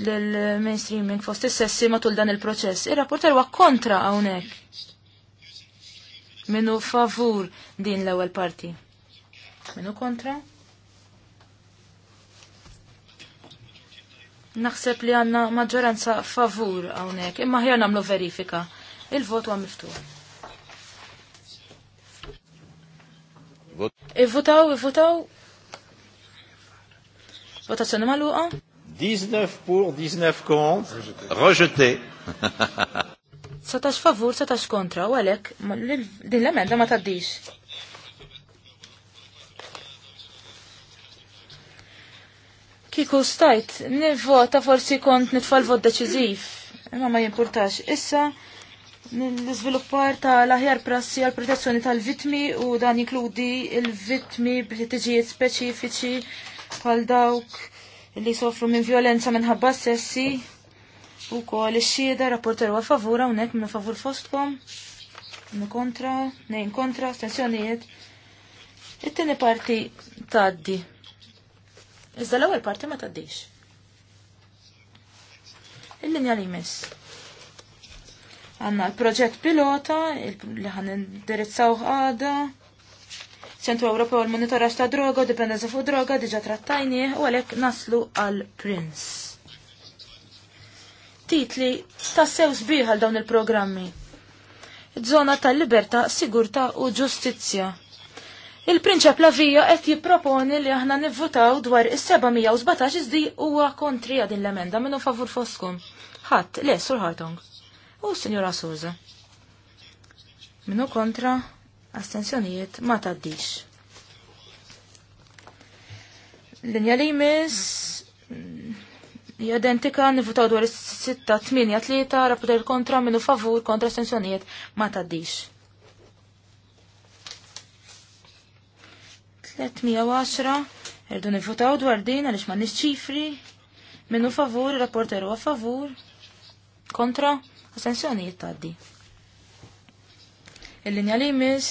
l-mainstreaming fost sessi matul dan il-proċess. Ir-rapporter huwa kontra hawnhekk. Minu favur din l-ewwel parti. Minu kontra? Naħseb li għanna maġġoranza favur hawnhekk, imma ħjar nagħmlu verifika. Il-vot huwa miftuħ. Ivvutaw, ivvutaw. Votazzjoni maluqa. 19 pour, 19 contre, rejeté. Satax favur, setax kontra, u għalek, din l-emenda ma taddix. Kiku stajt, nivvota forsi kont nitfall vot deċiziv, imma ma jimportax Issa, l ta' tal-aħjar prassi għal protezzjoni tal-vitmi u dan jinkludi il-vitmi b'tiġijiet speċifiċi bħal dawk li sofru minn violenza minħabba sessi u kol ix-xieda rapporter għal favur hawnhekk minn favur fostkom minn kontra, nejn kontra, stensjonijiet. It-tieni parti taddi. Iżda l-ewwel parti ma taddix. Il-linja li jmiss. Għanna l-proġett pilota li ħan indirizzaw għada. Ċentru Ewropew għal monitoraġ ta' droga, dipendenza fuq droga, diġa trattajni u għalhekk naslu għal Prince. Titli tassew sbieħ għal dawn il-programmi. Zona tal-libertà, sigurtà u ġustizzja. Il-Prinċep Lavija qed jipproponi li aħna nivvutaw dwar is-717 iżdi huwa kontrija din l-emenda minnu favur foskom. Ħadd, le, Sur u s Souza. Minu kontra astensjonijiet ma taddix. Linja li jmiss jadentika nivutaw dwar 6-8-3 rapporter kontra minu favur kontra astensjonijiet ma taddix. 310 erdu nivutaw dwar din għalix ma ċifri minu favur rapporteru a favur kontra Astensjonijiet jittaddi. Il-linja li mis,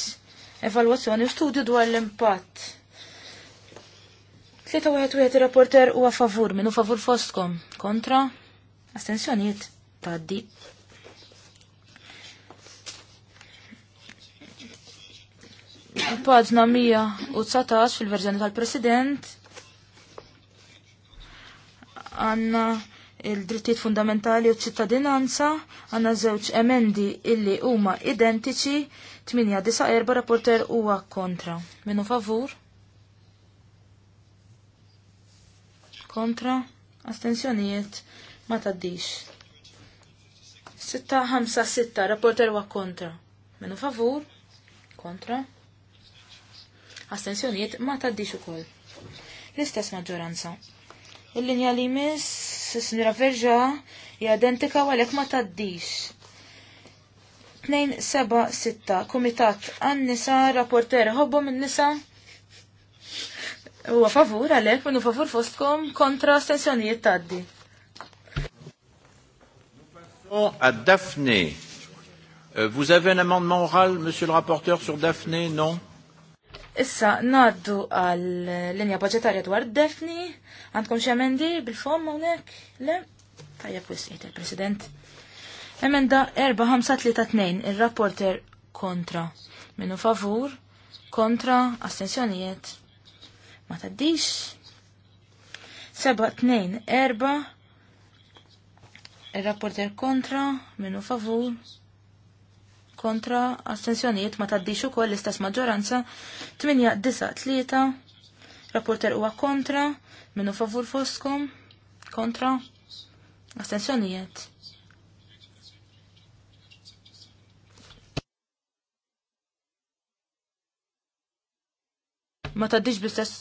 evaluazzjoni u studju dwar l-impatt. 3-1-1 rapporter u favur minu favur fostkom. Kontra? Astensjonijiet taddi. Paġna 119 fil-verżjoni tal-President għanna il-drittijiet fundamentali u ċittadinanza għanna żewġ emendi illi huma identiċi 894 rapporter huwa kontra. Minu favur? Kontra? Astenzjonijiet ma taddix. 656 rapporter huwa kontra. Minu favur? Kontra? Astenzjonijiet ma taddix ukoll. L-istess maġġoranza. Il-linja li miss s-sinjura Verġa jadentika għalek għalhekk ma taddix. 276 Komitat għan-nisa rapporter ħobbu minn nisa Huwa favur għalek u favur fostkom kontra stensjonijiet taddi. À Daphné. Euh, vous avez un amendement oral, monsieur le rapporteur, sur Daphné, non? Issa naddu għal linja budgetarja dwar defni, għandkom xi emendi bil-fom hawnhekk? Le? Tajja wisqiet il-President. Emenda 4532, il-rapporter kontra. Minu favur, kontra, astensjonijiet. Ma taddix. 724, il-rapporter kontra, minu favur, kontra astensjoniet ma taddix ukoll l-istess maġġoranza 8-9-3 rapporter huwa kontra minnu favur foskom kontra astensjoniet Ma taddix bl-istess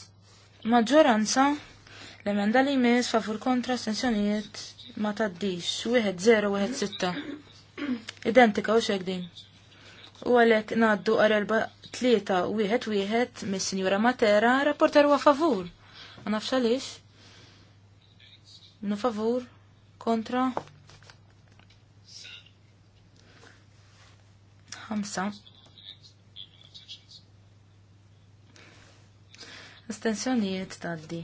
maġġoranza l-emenda li mis favur kontra astensjoniet ma taddix 1-0-1-6 Identika u xek din. U għalek naddu għarelba tlieta wieħed wieħed mis-Sinjura Matera rapporter huwa favur. Ma nafx għaliex. Nu favur kontra. Ħamsa. Astensjonijiet taddi.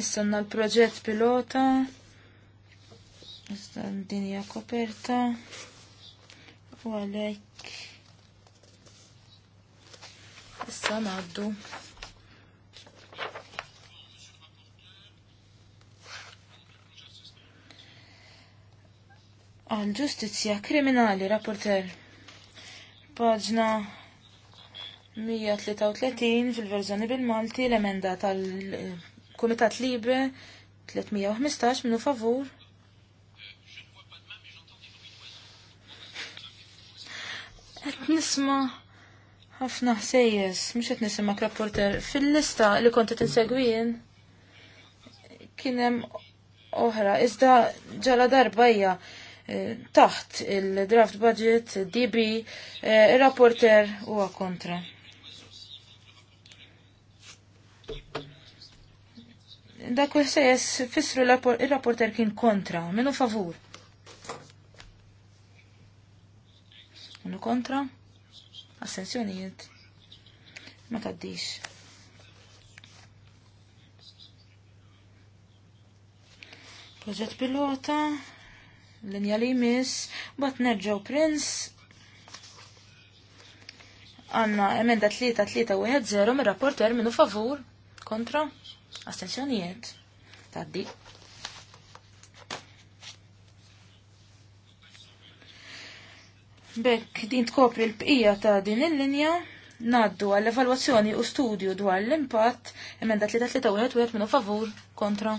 Issanna l-proġett pilota. Issa din dinja koperta. U għalhekk. Issa ngħaddu. għal ġustizzja kriminali, rapporter. Paġna 133 fil-verżjoni bil-Malti l-emenda tal- Kumitat Libre 315 minu favur. Et nisma ħafna sejjes, mux et nisma rapporter. Fil-lista li konti tinsegwijin kienem oħra, iżda ġala darbajja eh, taħt il-draft budget, DB, eh, il-rapporter huwa kontra. dak u sejjes fissru il-rapporter kien kontra, minu favur. Minu kontra, assenzjonijiet, ma taddix. Proġett pilota, linja li jmiss, bat nerġaw prins. għanna emenda 3-3-1-0 mir-rapporter minu favur, kontra, Astenzjonijiet. Taddi. Bekk din tkopri l-bqija ta' din il-linja naddu għall evalwazzjoni u studju dwar l-impatt emenda 331 minu favur kontra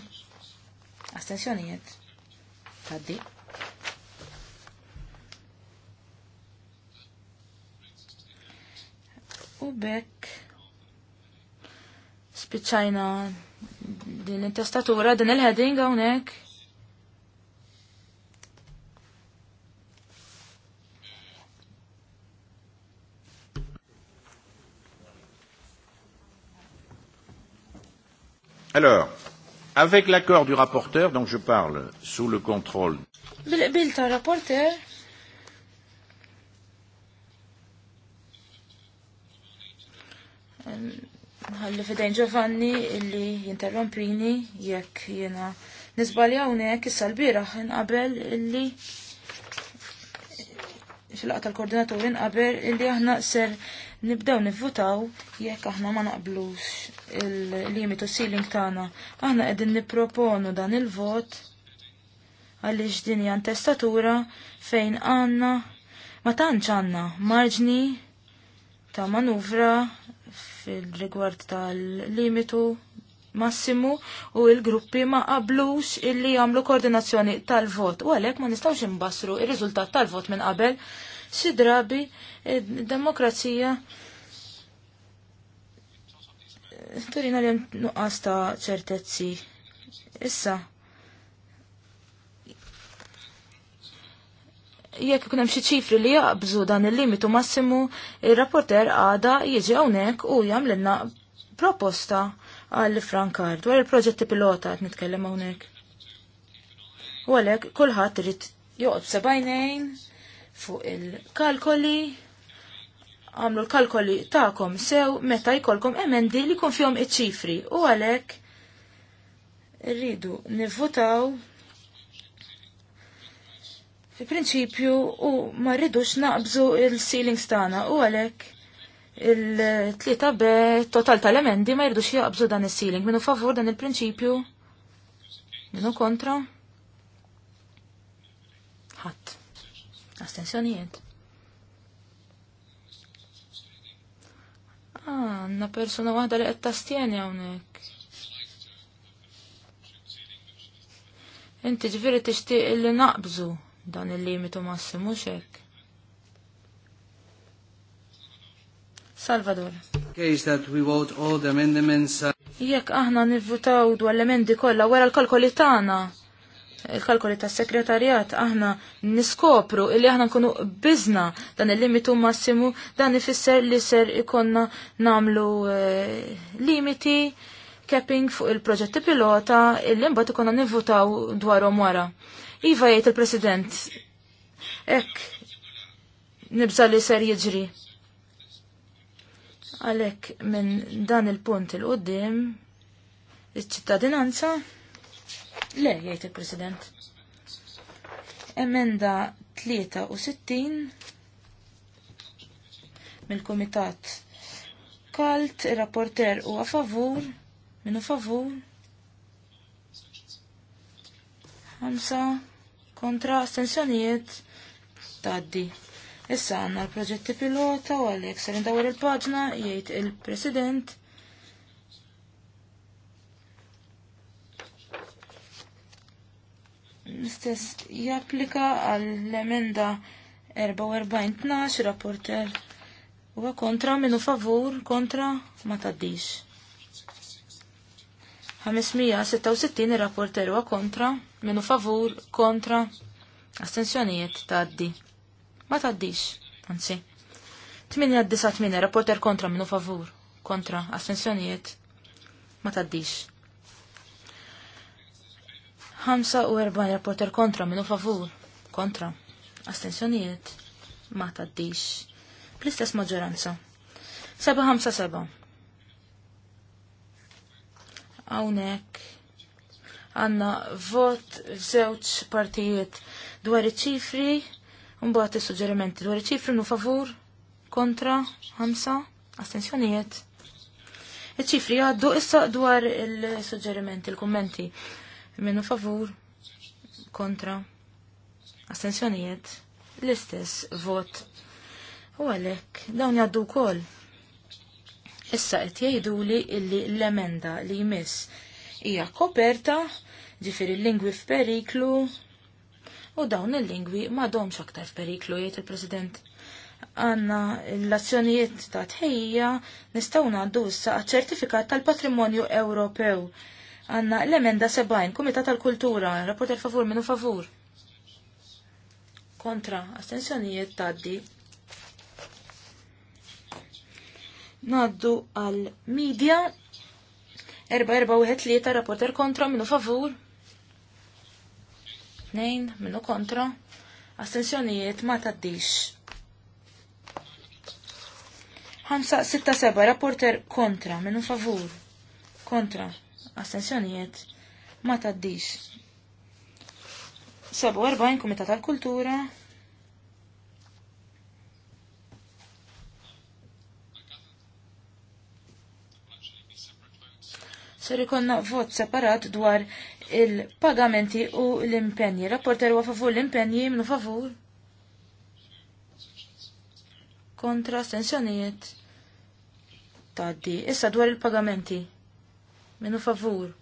astensjonijiet. Taddi. U bekk spiċajna din intestatura, din il-heading għonek. Alors, avec l'accord du rapporteur, donc je parle sous le contrôle. Bil ta' rapporteur. Nħalli fidejn Giovanni illi jinterrompini jekk jena nisbalja unek issa salbira bieraħ inqabel illi fil-qatt tal-koordinatur nqabel illi aħna ser nibdew nivvutaw jekk aħna ma naqblux il-limitu ceiling tagħna. Aħna qegħdin nipproponu dan il-vot għaliex din hija testatura fejn għandna ma tantx għandna marġni ta' manuvra fil-rigward tal-limitu massimu u il-gruppi ma qablux illi jagħmlu koordinazzjoni tal-vot u għalhekk ma nistgħux imbasru il riżultat tal-vot minn qabel xi drabi demokrazija turina li nuqqas ta' ċertezzi. Issa, jekk ikun hemm xi ċifri li jaqbżu dan il-limitu massimu, ir-rapporter għada jiġi hawnhekk u jagħmlilna proposta għal Frankar dwar il-proġetti pilota qed nitkellem hawnhekk. U għalhekk kulħadd irid joqgħod sebajnejn fuq il-kalkoli għamlu l-kalkoli ta'kom sew meta jkolkom emendi li kun fjom iċ-ċifri u għalek rridu nivvutaw fi prinċipju u ma rridux naqbżu il-ceilings tagħna u għalhekk il-tlieta be total tal-emendi ma jridux jaqbżu dan il-ceiling minu favur dan il-prinċipju minu kontra ħadd astensjonijiet Għanna ah, persona waħda li qed tastjeni hawnhekk. Inti ġifieri tixtieq li naqbżu dan il-limitu massimu xek. Salvador. Case that we vote all the amendments. Uh, Jekk aħna nivvutaw dwar l-emendi kollha wara l-kalkoli tagħna. Il-kalkoli tas-sekretarjat aħna niskopru illi aħna nkunu biżna dan il-limitu massimu dan ifisser li ser ikonna namlu eh, limiti capping fuq il-proġetti pilota illi mbagħad ikonna nivvutaw dwarhom wara. Iva jgħid il-President. Ek, nibża li ser jiġri. Għalek minn dan il-punt il-qoddim, il-ċittadinanza, le jgħid il-President. Emenda 63 mill-Kumitat Kalt, il-rapporter u għafavur, minn u favur, ħamsa kontra astensjonijiet taddi. Issa għanna l-proġetti pilota u għalek sarin indawar il-paġna jgħid il-president. Mistess japplika għall-emenda 44-12 rapporter u kontra minu favur kontra ma taddix. 566 il rapporter huwa kontra, minu favur kontra astensjonijiet tgħaddi. Ma tgħaddix, anzi. 898 rapporter kontra minu favur kontra astensjonijiet ma tgħaddix. 45 rapporter kontra minu favur kontra astensjonijiet ma tgħaddix. Bl-istess maġġoranza. 757 Hawnhekk għandna vot f'żewġ partijiet dwar iċifri, ċifri u mbagħad is-suġġerimenti dwar iċifri ċifri nu favur kontra ħamsa astensjonijiet. Iċ-ċifri għaddu issa dwar il-suġġerimenti, il-kummenti. Minnu favur kontra astensjonijiet l-istess vot. U għalek, dawn għaddu kol issa qed jgħiduli li l-emenda li jmiss hija koperta ġifieri l-lingwi f'periklu u dawn il-lingwi m'għadhomx aktar f'periklu jgħid il-President. Għanna l-azzjonijiet ta' tħejja nistgħu ngħaddu issa ċertifikat tal-Patrimonju Ewropew. Għanna l-emenda sebajn, Kumitat tal-Kultura, rapporter favur minu favur. Kontra, astensjonijiet taddi Naddu għal media 4 4 li rapporter kontra minnu favur 2 minnu kontra astensjonijiet ma taddix 5-6-7 rapporter kontra minnu favur kontra astensjonijiet ma taddix 47 komitat tal-kultura Ser ikonna vot separat dwar il-pagamenti u l-impenji. Rapporter huwa favur l-impenji minnu favur. Kontra stensjonijiet. Taddi. Issa dwar il-pagamenti. Minu favur.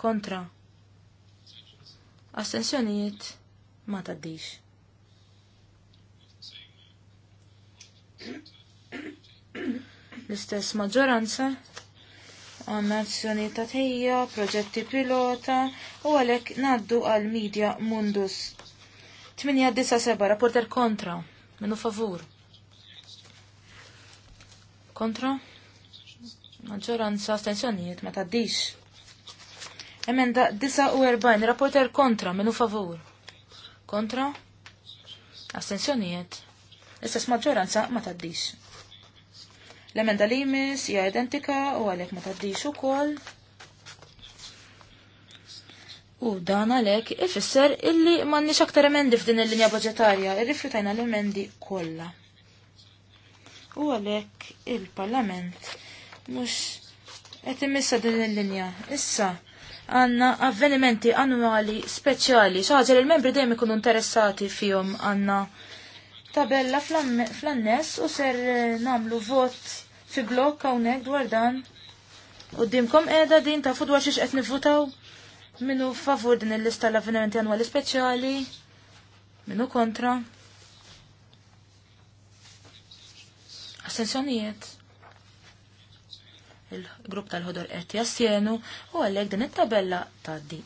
Kontra. Astensjonijiet ma taddix. L-istess maġġoranza għanna azzjoni ta' tejja, proġetti pilota u għalek naddu għal Media Mundus. 8-9-7, rapporter kontra, minu favur. Kontra? Maġġoranza astensjonijiet ma taddix. Emenda 49, rapporter kontra, minu favur. Kontra? Astensjonijiet. Istess maġġoranza ma taddix. L-emenda li jmiss hija identika u għalhekk ma taddix ukoll. U dan għalhekk ifisser illi m'għandniex aktar emendi f'din il-linja budgetarja, irrifjutajna l-emendi kollha. U għalhekk il-Parlament mhux qed imissa din il-linja. Issa għanna avvenimenti annwali speċjali, ħaġa li l-membri dejjem ikunu interessati fihom għandna tabella fl-annes u ser eh, namlu vot fi blok hawnhekk dwar dan. dimkom qiegħda din ta' dwar xiex etni votaw minnu favur din il-lista l-avvenimenti annwali speċjali, minnu kontra. Assenzjonijiet. Il-grupp tal-ħodor qed jassjenu u għalhekk din it-tabella tgħaddi.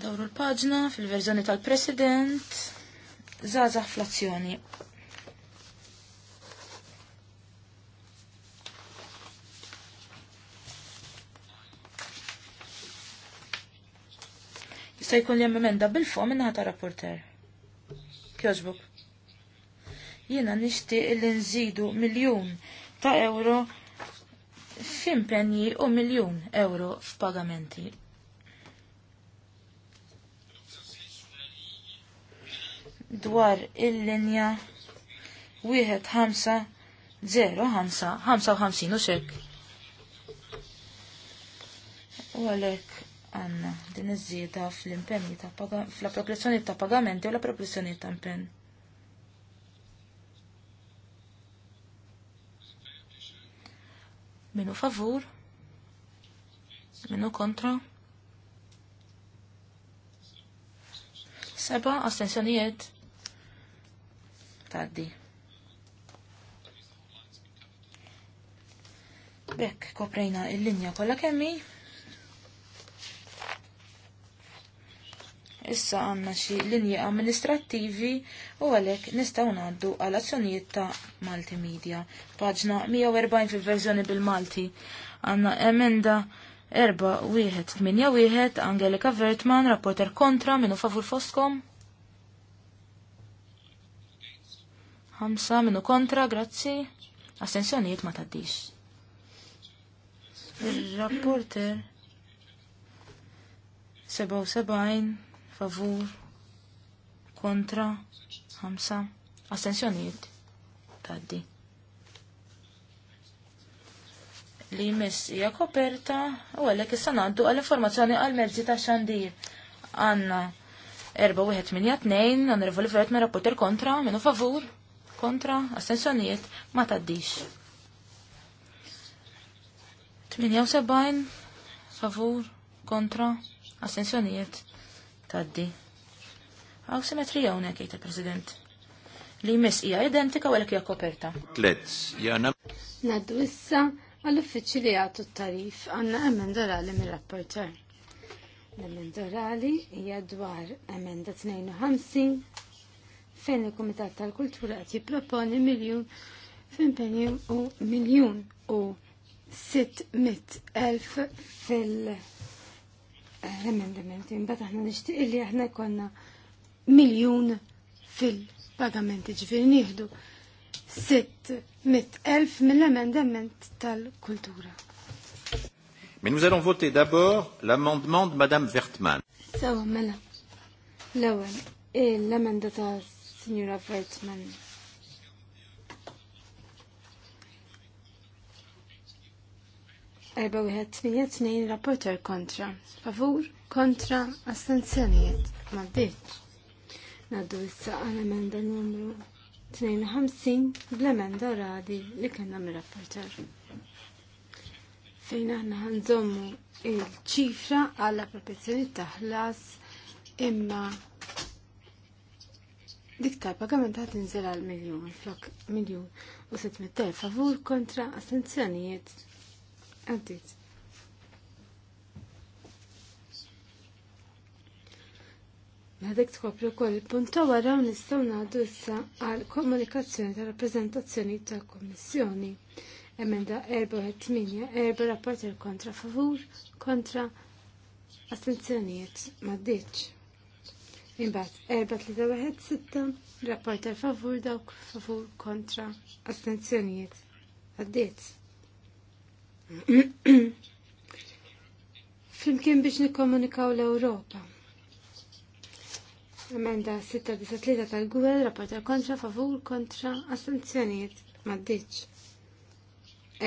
Dawru l-paġna fil-verżjoni tal-President. Zaza flazzjoni. Jista' jkun li emenda bil-fuq minnaħa rapporter. Kjożbuk. Jiena nixtieq li nżidu miljun ta' euro f'impenji u miljun euro f'pagamenti. dwar il-linja 1-5-0-5-55 u sekk. U għalek għanna din iż-żieda fl-impenni ta' fl-appropriazzjoni ta' pagamenti u l-appropriazzjoni ta' impenn. Minu favur? Minu kontra? Seba' astensjonijiet? taddi. Bekk koprejna il-linja kollha kemmi. Issa għanna xi linji amministrattivi u għalhekk nistgħu ngħaddu għal azzjonijiet ta' Malti Media. Paġna 140 fil-verżjoni bil-Malti Għanna emenda erba' wieħed 8 wieħed Angelika Vertman, rapporter kontra minnu favur fostkom. Ħamsa minnu kontra, grazzi. assenzjonijiet ma taddix. Il-rapporter 77 favur kontra 5 assenzjonijiet, taddi. Li jmiss hija koperta u għalhekk issa ngħaddu għall-informazzjoni għall-mezzi ta' xandir. Għandna 4182 għan rivoli fret me rapporter kontra minnu favur kontra, astensjonijiet ma taddix. 78 favur kontra, astensjonijiet taddi. Għaw simetrija unek jgħid il-President. Li jmiss hija identika u hija koperta. Tletz, jana. Naddu issa għall-uffiċċju li għatu t-tarif għandna emendorali mir-rapporter. l emendorali hija dwar emenda 52 fejn il-Kumitat tal-Kultura qed jipproponi miljun f'impenju u miljun u 600 elf fil-emendamenti. Imbagħad aħna nixtieq li aħna konna miljun fil-pagamenti ġifieri nieħdu 600 elf mill-emendament tal-kultura. Mais nous allons voter d'abord l'amendement de Madame Vertman. Sawa, mela. L-ewwel, eh, l-emenda ta' Signora Fretzman. Erba wieħed tminja tnejn rapporter kontra. Favur kontra astenzjonijiet ma' bdejt. Naddu issa għal emenda numru 52 bl-emenda radi li kena mir-rapporter. Fejn aħna ħanżommu il-ċifra għal appropriazzjoni taħlas imma Dik tal-pagament għat nżel għal miljon, flok miljon u 600.000 favur kontra astenzjonijiet. Għaddit. Għadek tkopri u koll punta wara u nistaw naħdu issa għal komunikazzjoni ta' rappresentazzjoni ta' kommissjoni. Emenda 4-8, 4 rapporter kontra favur kontra astenzjonijiet. Maddiċ. Imbat, erbat li waħed sitta, rapporter favur dawk favur kontra astenzjonijiet. Għaddiet. Flimkien biex nikkomunikaw l-Ewropa. Emenda 693 tal-Gwel, rapporter kontra favur kontra astenzjonijiet. Maddiċ.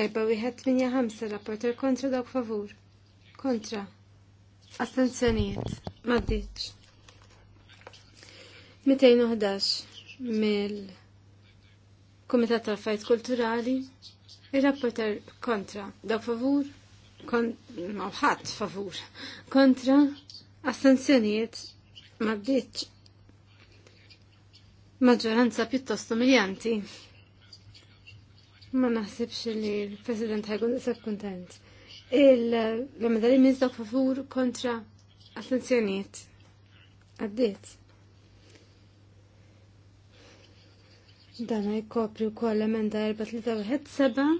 Erba wieħed minja ħamsa, rapporter kontra dawk favur. Kontra. Astenzjonijiet. Maddiċ. 211 mill Kumitat tal-Fajt Kulturali ir-rapporter kontra dak favur kon mawħat favur kontra astenzjonijiet ma bdiċ maġġoranza pjuttost umiljanti. Ma naħsibx li l-President ħajkun sab kontent. Il-għamedali mizdaw favur kontra astenzjonijiet. Għaddiet. Dan jkopri wkoll emenda 4317.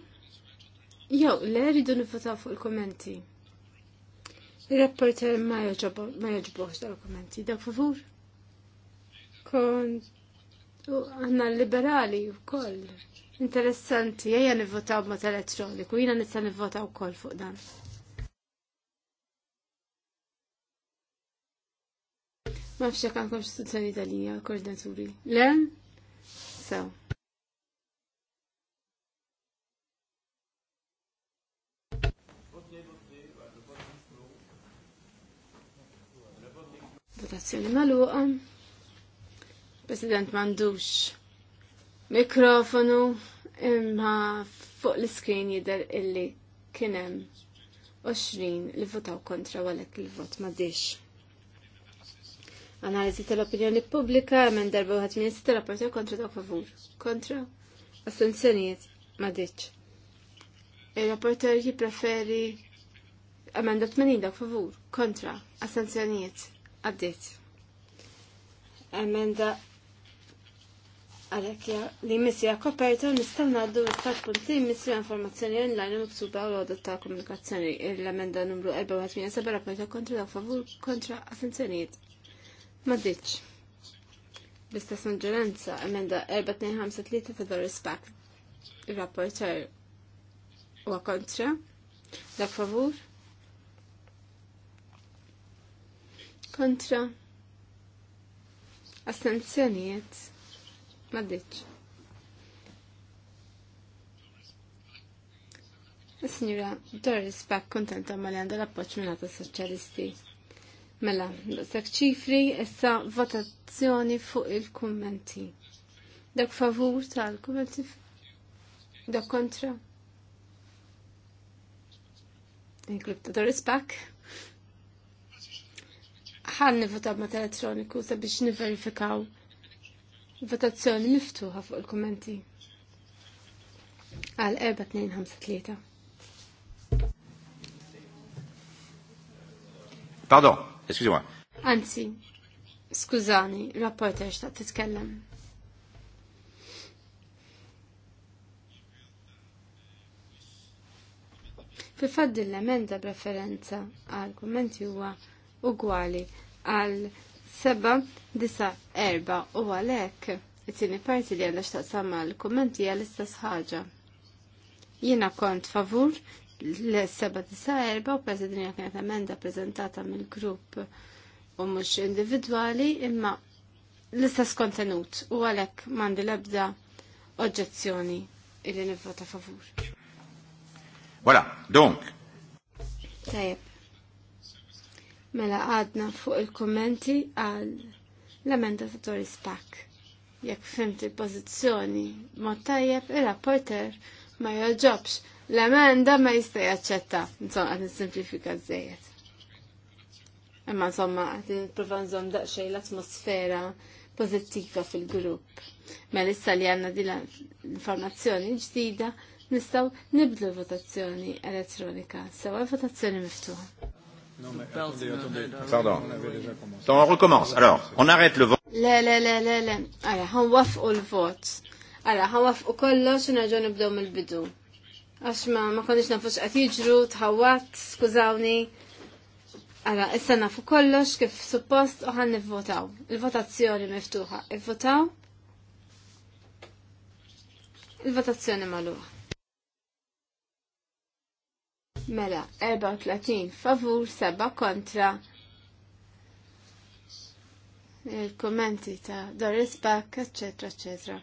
Jew le rridu nifotaw fuq il-kommenti. Il-rapporter ma joġbox dal-kommenti. Dak favur? Kon u għanna liberali u koll. Interessanti, jgħja nivvotaw b-mot elettroniku, jina nista nivvotaw koll fuq dan. Ma fxek għankom x-sizzjoni dalija, koordinaturi. Len? tassew. Votazzjoni maluqa. President mandux mikrofonu imma fuq l-screen jider illi kienem 20 li votaw kontra għalek il-vot ma' Analiżi tal-opinjoni pubblika minn darba wieħed minn sitta rapporti kontra dak favur. Kontra? Astenzjonijiet ma ditx. Il-rapporter jippreferi emenda 80 dak favur. Kontra? Astenzjonijiet għaddit. Emenda għalek li missi koperta nistanna għaddu l fat punti missi informazzjoni online miksuba u l ta' komunikazzjoni l-emenda numru 47 rapporta kontra da' favur kontra assenzjoniet Ma ditx. Bistess maġġoranza emenda 4253 ta' Doris Pack. Il-rapporter huwa kontra. da' favur. Kontra. Astenzjonijiet. Ma ditx. Signora Doris Pack kontenta ma li għandha l-appoċ minnata soċjalisti. Mela, daqshekk ċifri issa votazzjoni fuq il-kummenti. Dak favur tal-kummenti dak kontra. Inklub ta' Doris Pak? Ħan nivota b'mod elettroniku sabiex niverifikaw votazzjoni miftuħa fuq il-kummenti. Għal 4253. Pardon, ma. Anzi, skużani, rapporter xta' titkellem. Fi fadd l-emenda preferenza argumenti huwa ugwali għal seba' 9, erba' u għalek it-tini parti li għandha samma l kommenti għal istess ħaġa. Jiena kont favur l-794 u persi dinja kienet emenda prezentata mill-grupp u mhux individwali imma l-istess kontenut u għalhekk m'għandi l-ebda oġġezzjoni illi nivvota favur. Wala, donk. Tajib. Mela għadna fuq il-kommenti għal l-emenda ta' Tori Spak. Jekk fimt il-pozizjoni mod tajjeb, il-rapporter ma joġobx l-emenda ma jista' jaċċetta, insomma n-simplifika z żejjed. Imma insomma n nipprova nżomm daqsxejn l-atmosfera pożittiva fil-grupp. Mela issa li għandna din l-informazzjoni ġdida nistgħu nibdu votazzjoni elettronika, sewa votazzjoni miftuħa. Pardon. On recommence. Alors, on arrête le vote. Le, le, le, le, le. Allora, għan wafqu l-vot. Allora, għan wafqu kollox u naġu nibdow mill-bidu. Għax ma ma konniex nafux qed jiġru, tħawat, skużawni. Għala, issa nafu kollox kif suppost uħan nivvotaw. Il-votazzjoni miftuħa. Ivvotaw. Il-votazzjoni magħluqa. Mela, 34 favur, 7 kontra. Il-kommenti ta' Doris Back, eccetera, eccetera.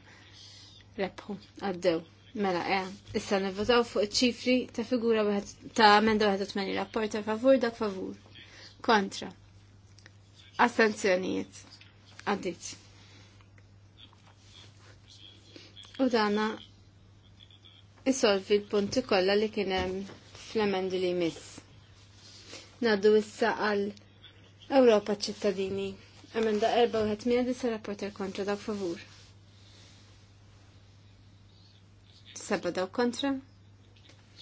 Rebħu, għaddew. Mela, eh, issa nivvotaw fuq ċifri ta' figura ta' amenda 81 rapport ta' favur dak favur. Kontra. Assenzjonijiet. Għaddit. U dana isolvi l-punti kollha li kien hemm fl-emendi li jmiss. Naddu issa għal Ewropa ċittadini. Emenda 4 u ħetmija disa kontra dak favur. Seba daw kontra.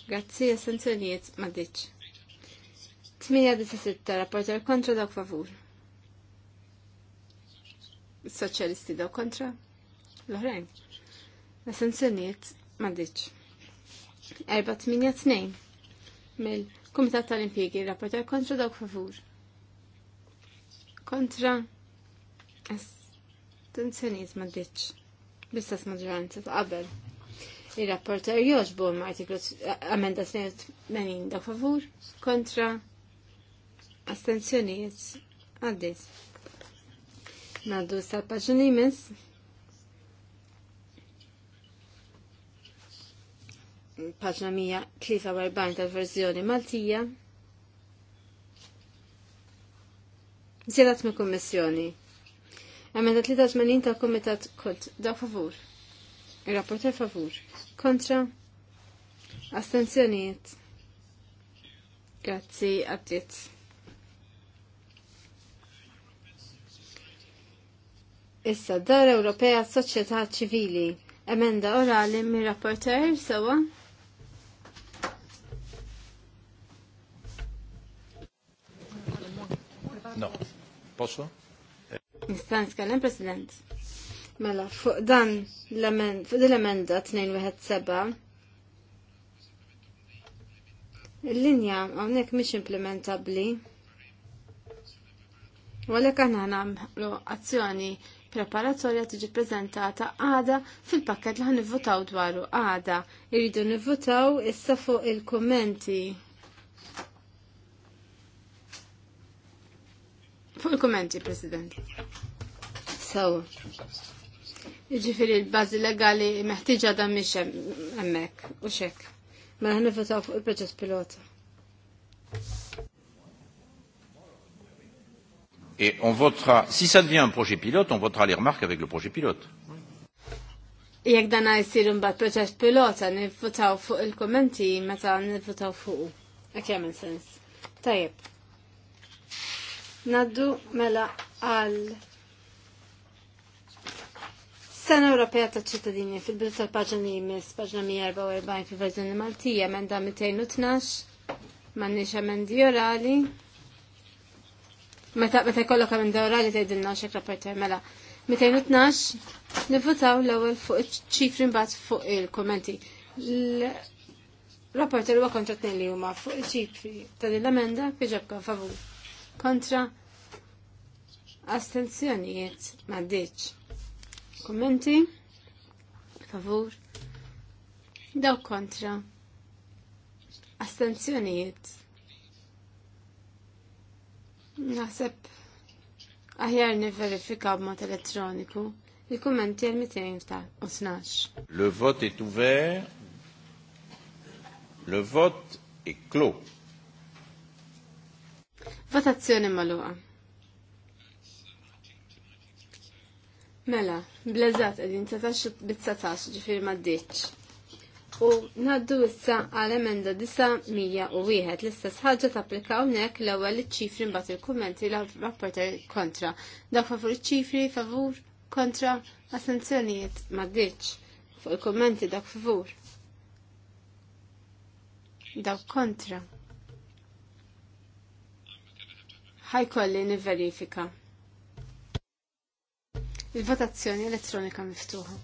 Grazzi, assenzjonijiet ma ditx. 8 rapporter kontra daw favur. Soċjalisti daw kontra. L-oħrajn. Assenzjonijiet ma Erba' 4-8-2 mill-Kumitat tal-Impjegi rapporter kontra daw favur. Kontra. Assenzjonijiet ma ditx. Bistas maġġoranza ta' qabel li rapporter joġbu ma' artiklu amenda 82 da' favur kontra astenzjonijiet Għaddis. Naddu sa' paġun mis. Paġna 143 tal-verżjoni Maltija. Zjedat me' kommissjoni. Amenda 83 tal-Komitat Kult da' favur Il-rapporter favur. Kontra. Astenzjoniet. Grazzi għaddit. Issa, dar Ewropea Soċjetà Ċivili. Emenda orali mi rapporter sawa. No. Posso? Nistan skallem, President. Mela, fuq dan l-emenda 217 il-linja għonek mish implementabli. Għalek għana għamlu azzjoni preparatorja tiġi prezentata għada fil-pakket li votaw dwaru għada. Irridu nivvotaw issa fuq il-kommenti. Fuq il-kommenti, President. So, Ġifiri l-bazi legali meħtieġa dan miex hemmhekk u xek. Mela ħnifetaw fuq il-proċess pilota. Et on votera, si ça devient un projet pilote, on votera les remarques avec le projet pilote. Jek dan jisir mbagħad proċess pilota nivvotaw fuq il-kommenti meta nivvotaw fuq. Hekk jagħmel sens. Tajjeb. Naddu mela għal Sena Ewropea ta' ċittadini fil-bidu tal-paġna jmiss, paġna 144 fil-verżjoni Maltija, emenda 212, m'għandniex emendi orali. Meta meta jkollok emenda orali tgħidilna xek rapporter mela. 212 nivvotaw l-ewwel fuq iċ-ċifri mbagħad fuq il-kummenti. Rapporter huwa kontra tnejn li huma fuq iċ-ċifri ta' din l-emenda fiġabka favur. Kontra astenzjonijiet diċ. Kommenti? Favur? Daw kontra? Astenzjonijiet? Naħseb aħjar niverifika b'mod elettroniku. il kommenti għal osnax. Le vot est ouvert. Le vot est clos. Votazzjoni maluqa. Mela, blezzat edin tatax bit tatax ġifir ma U naddu issa għal emenda u wieħed l-istess ħaġa tapplikaw nek l-ewwel iċ-ċifri mbagħad il-kummenti l rapporter kontra. Dak favur iċ-ċifri favur kontra assenzjonijiet ma Fuq il-kummenti dak favur. Dak kontra. Ħajkolli niverifika. verifika Il-votazzjoni elettronika miftuħa.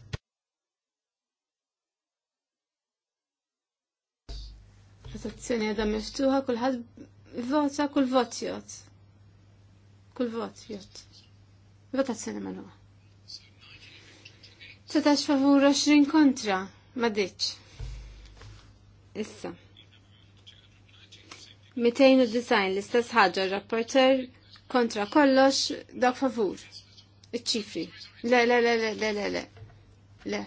Votazzjoni għadha miftuħa, kulħadd vota kull vot jgħod. Kull vot jgħod. Votazzjoni magħluqa. 13 favur 20 kontra, ma diċ. Issa. design l-istess ħaġa rapporter kontra kollox dak favur iċ-ċifri. Le, le, le, le, le, le, le. Le,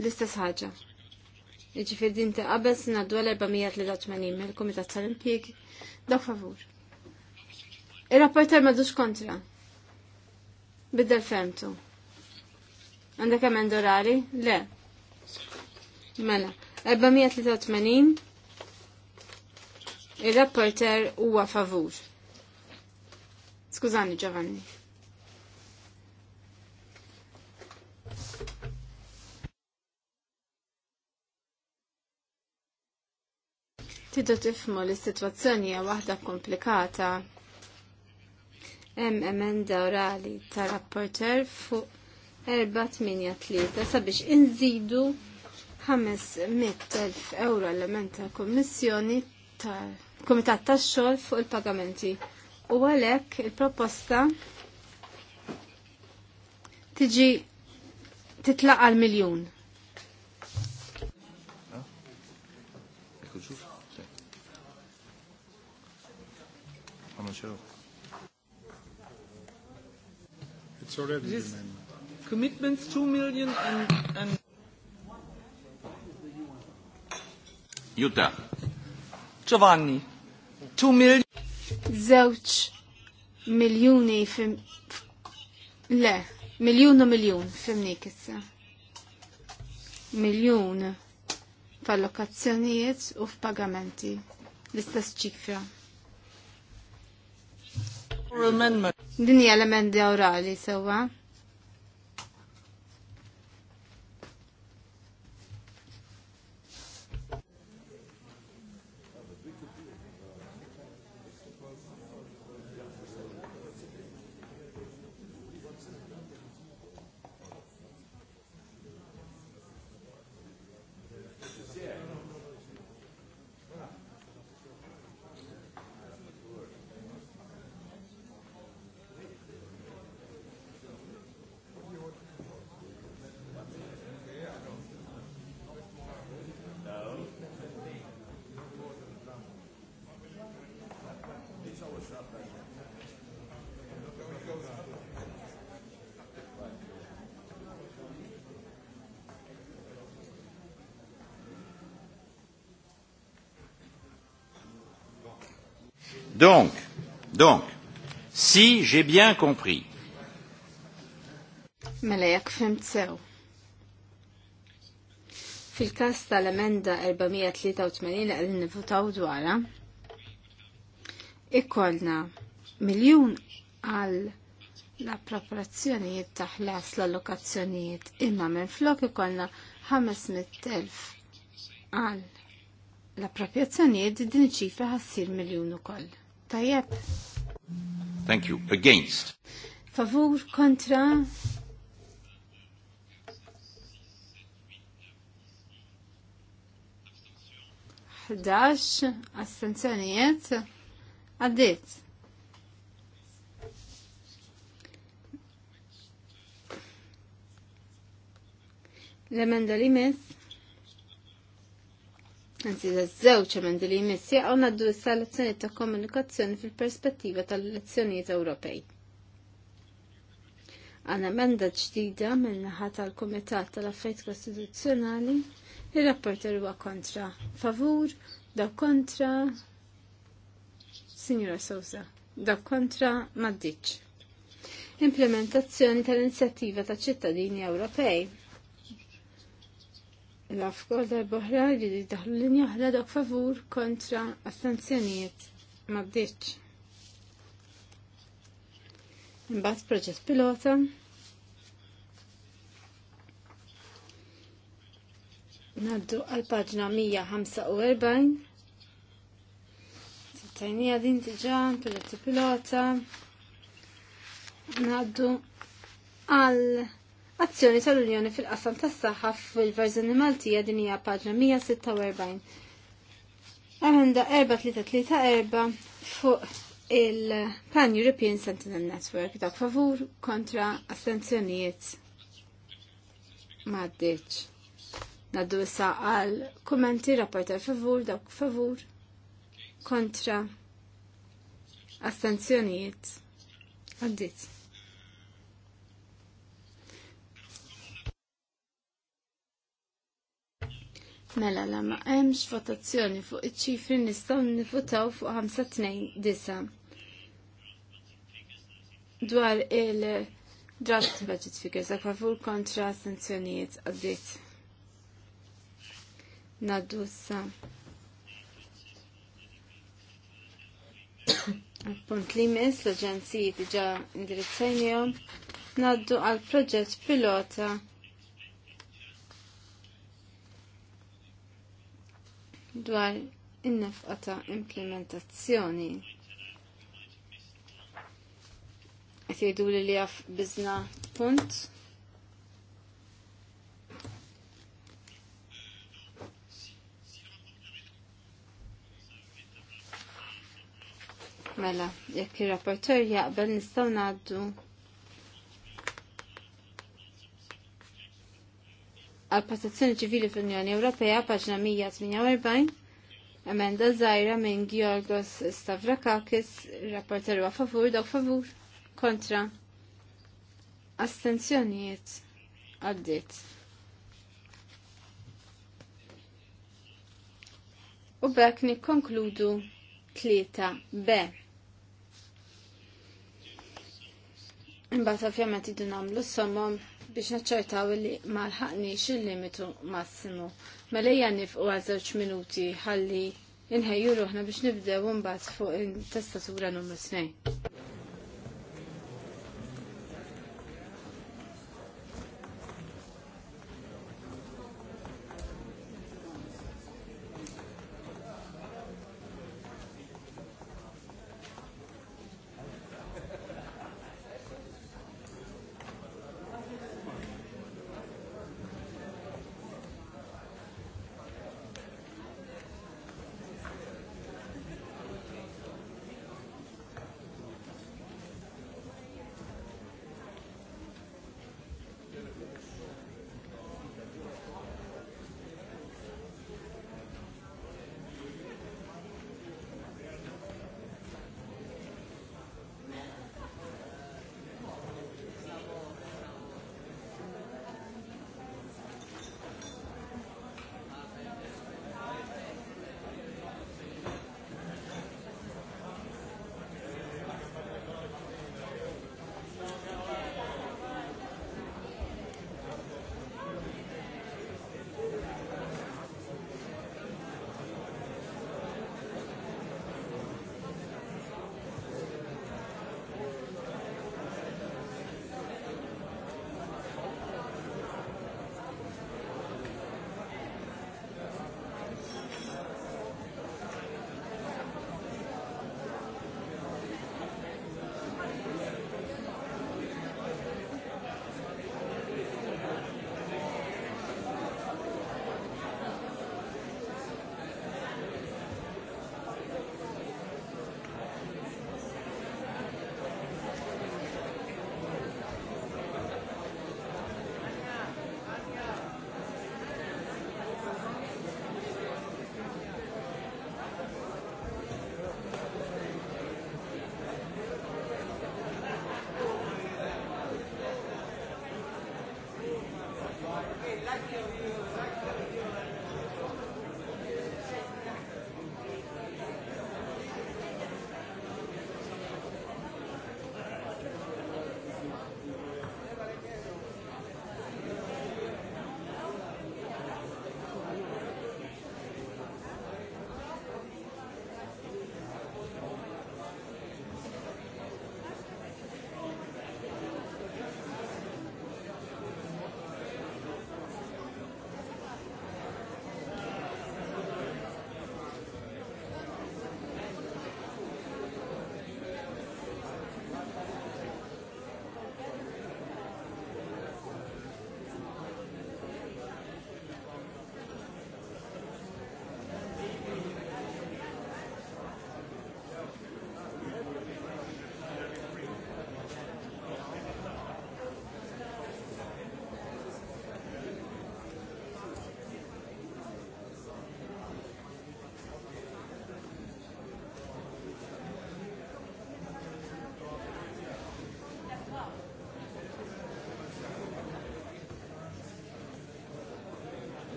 l-istess ħaġa. Iġifir din qabel sena dwar 483 mill-Kumitat tal-Impjeg. Daw favur. Il-rapporter ma dux kontra. Biddel femtu. Għandek emend orari? Le. Mela. 483 il-rapporter huwa favur. Skużani Giovanni. Tidu tifmu li situazzjoni hija waħda komplikata. Hemm emenda orali ta' rapporter fuq 483 sabiex inżidu 500.000 euro element ta' kommissjoni ta' Komitat ta' xogħol fuq il-pagamenti. U għalhekk il-proposta tiġi titlaqa l-miljun. It's already this commitments, two million and, and Jutta. Giovanni, Two million. Zewċ miljoni fim... Le, miljun u miljun, fimni kissa. Miljun f'allokazzjonijiet u f'pagamenti. L-istess ċifra. Din hija l-emendi orali sewwa. Donc, donc, si j'ai bien compris. Mela jekk fimt Fil-każ tal-emenda 483 li qegħdin nivutaw dwarha, ikollna miljun għal l-appropriazzjonijiet ta' ħlas l-allokazzjonijiet imma minn flok ikollna 500.000 għal l-appropriazzjonijiet din iċ-ċifra ħassir miljun ukoll. Tajjeb. Thank you. Against. Favur kontra. Hdax, astenzjonijiet għaddit. L-emenda li mis Anzi, da żewġ emendi li jmiss jaqgħu ngħaddu issa lezzjonijiet ta' komunikazzjoni fil-perspettiva tal-elezzjonijiet Ewropej. Għan emenda ġdida minn naħa tal-Kumitat tal-Affajt Kostituzzjonali li rapporter huwa kontra favur, da kontra Signora Sousa, da kontra Maddiċ. Implementazzjoni tal-inizjattiva ta' ċittadini Ewropej l-afkol darbohra li li daħlu linja ħra dak favur kontra astenzjonijiet ma bdiċ. Imbagħad proġett pilota. Naddu għal paġna 145. Sittajnija din diġà proċess pilota. Naddu għal Azzjoni tal-Unjoni fil-qasam tas-saħħa fil-verżjoni Maltija din hija paġna 146. Emenda 4334 fuq il-Pan European Sentinel Network dak favur kontra astenzjonijiet maddiċ. Naddu issa għal kummenti rapporter favur dak favur kontra astenzjonijiet għaddit. Mela la ma hemmx votazzjoni fuq iċ-ċifri nistgħu nifutaw fuq 529 dwar il-draft budget figures dak favur kontra sanzjonijiet għaddit. Naddu sa. Punt li mis l-aġenziji diġa indirizzajnijom naddu għal proġett pilota dwar in ta' implementazzjoni. Għet jgħidu li li għaf bizna punt. Mela, jekk ir rapporter jaqbel nistgħu ngħaddu għal protezzjoni ċivili fl-Unjoni Ewropea, paġna 148, emenda żgħira minn Georgos Stavrakakis, rapporteru a favur, dawk favur, kontra. Astenzjonijiet għaddit. U bekk nikkonkludu tlieta B. Imbagħad ovvjament idu nagħmlu somom biex naċċertaw li ma lħaqniex il-limitu massimu. Malejja mela nifqu għal żewġ minuti ħalli inħejju ruħna biex nibdew mbagħad fuq il testatura numru 2.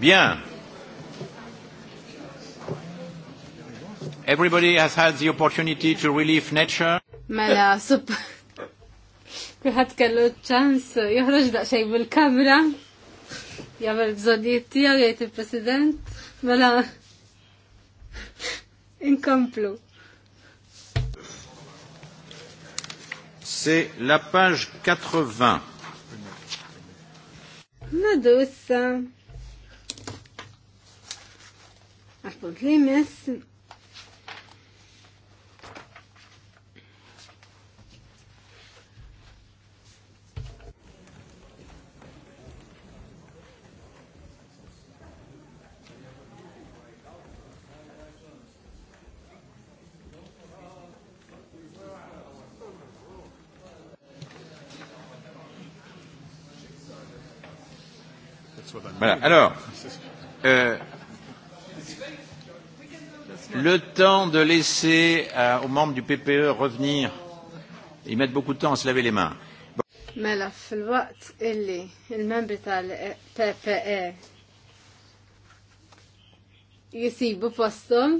Bien. Everybody has had the opportunity to relieve nature. Mela, sup. Kuħat kellu ċans, joħroġ daqxej bil-kamra. Jgħamil bżonijiet tijaw, jgħajt il-president. Mela, inkomplu. C'est la page 80. Madusa. Alors, euh, le temps de laisser à, euh, aux membres du PPE revenir. Ils mettent beaucoup de temps à se laver les mains. Mela, fil-waqt illi il-membri tal-PPE jisibu postum.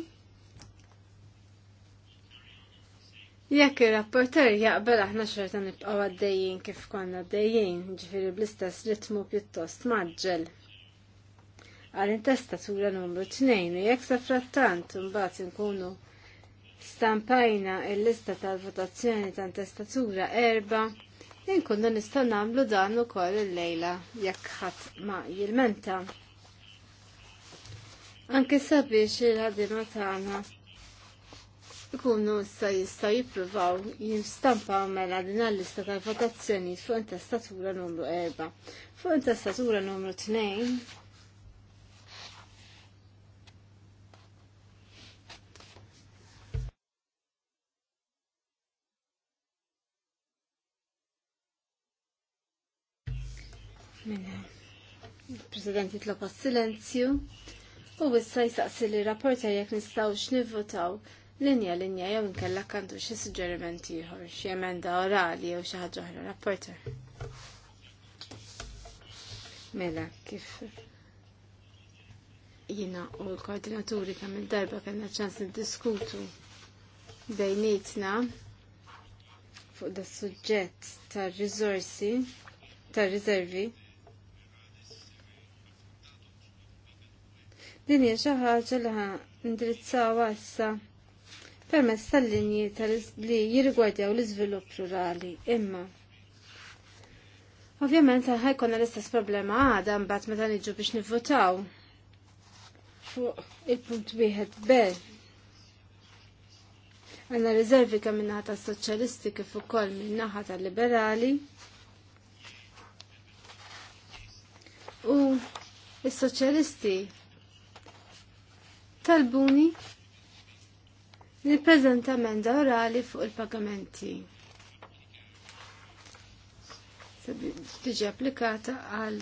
Jekk il-rapporter jaqbel aħna xorta nibqgħu għaddejjin kif konna għaddejjin, ġifieri bl-istess ritmu pjuttost maġġel għal-intestatura numru 2 u jekk safrattant mbagħad nkunu stampajna il-lista tal-votazzjoni ta' intestatura erba, nkunu nista' nagħmlu dan ukoll il-lejla jekk ħadd ma jilmenta. Anke sabiex il-ħadima tagħna ikunu issa jista' jippruvaw jistampa mela din għall-lista tal-votazzjoni fuq intestatura numru 4. Fuq intestatura numru 2 Il-President mela. jitlob silenzju u issa jisaqsi li r-rapporta jekk nistgħux nivvotaw linja linja jew nkella kantu xie suġġerimenti ieħor, xi emenda orali jew xi ħaġa oħra Mela, kif jina u l-koordinaturi kam il-darba kellna ċans diskutu bejnietna fuq da suġġett tar rizorsi tar-riservi Din hija xi ħaġa li ndrizzaw issa permezz tal-linji li jirgwardjaw l-iżvilupp rurali imma. Ovvjament ħajkonna l-istess problema għada mbagħad meta niġu biex nivvotaw fuq il-punt wieħed B għanna rizervi kemm minnaħa ta' soċjalisti kif ukoll minnaħa ta' liberali. U s-soċjalisti talbuni nipprezenta emenda orali fuq il-pagamenti. Tiġi applikata għal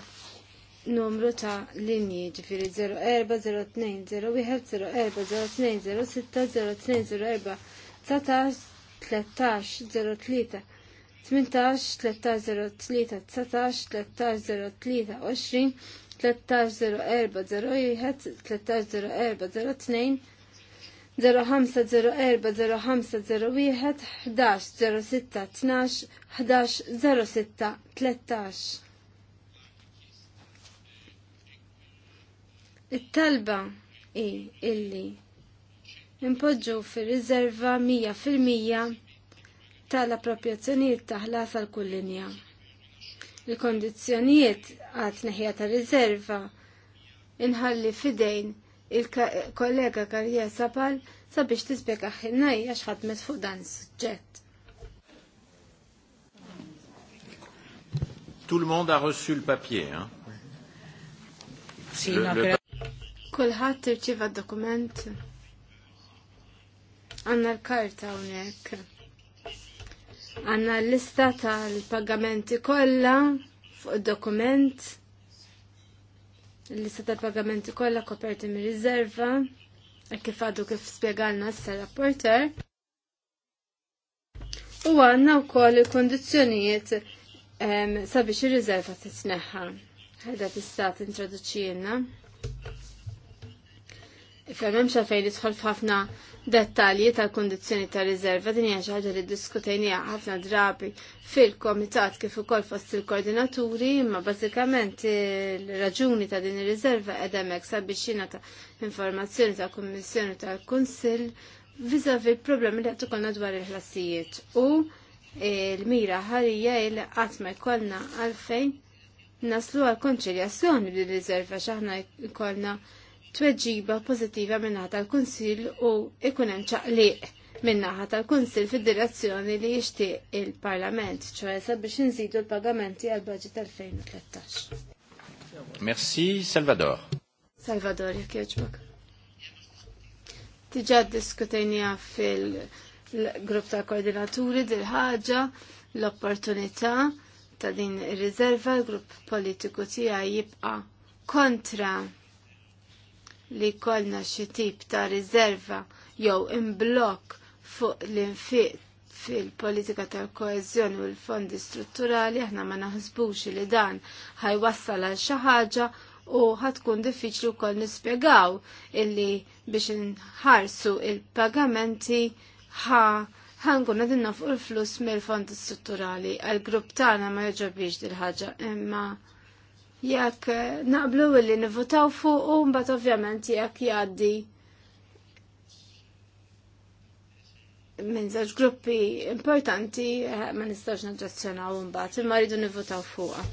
numru ta' linji ġifiri 0402 02 04 02 06 02 13 03 18 13 03 19 03 13.04.01, It-talba i illi impoġġu fir-riserva 100% tal-appropjazzjonijiet taħlas għal kullinja. Il-kondizzjonijiet għat neħja ta' rizerva inħalli fidejn il-kollega Karija Sapal sabiex tisbek aħħinaj għax ħadmet fuq dan suġġett. Tout le monde a reçu le papier, hein? Sì, no, le... Kulħadd irċieva dokument. Għanna l-karta hawnhekk. Għanna l-lista tal-pagamenti kollha fuq dokument li seta tal-pagamenti kollha koperti mir riserva e kif għadu kif spiegħalna s rapporter. U għanna wkoll il kondizjoniet sabiex ir-riserva titneħħa. Ħedha tista' introduċijina. Femem xa fejn idħol f'ħafna dettalji tal-kondizjoni tal riserva din hija xi ħaġa li diskutejnija ħafna drabi fil-komitat kif ukoll fost il-koordinaturi imma bażikament il-raġuni ta' din ir-riserva qed hemmhekk sabiex jingħata informazzjoni ta' kummissjoni tal-Kunsill viżavi problemi li qed ukollna dwar il-ħlasijiet u l-mira ħarija il qatt ma jkollna għalfejn naslu għal konċiljazzjoni bil-riserva x'aħna jkollna tweġiba pozittiva minnaħa tal-Kunsil u ikun hemm ċaqliq minnaħa tal-Kunsil fid-direzzjoni li jixtieq il-Parlament, ċoħe sabiex nżidu l-pagamenti għal budget 2013. Merci, Salvador. Salvador, jek jieġbok. Tiġa diskutejnija fil-grupp ta' koordinaturi dil-ħagġa l-opportunità ta' din ir rizerva l-grupp politiku tiegħi jibqa' kontra li kollna xi tip ta' riserva jew imblok fuq l-infiq fil-politika tal-koezjoni u l-fondi strutturali aħna ma naħsbux li dan ħajwassal għal xi ħaġa u ħatkun diffiċli wkoll nispjegaw illi biex nħarsu il-pagamenti ħa ħankun għadinna fuq il-flus mill-fondi strutturali għal-grupp tagħna ma joġobix dil-ħaġa imma jekk eh, naqblu illi nivvotaw fuq u mbagħad ovvjament jekk jgħaddi minn żewġ gruppi importanti eh, ma nistax naġġazzjonaw mbagħad imma rridu nivvotaw fuqha.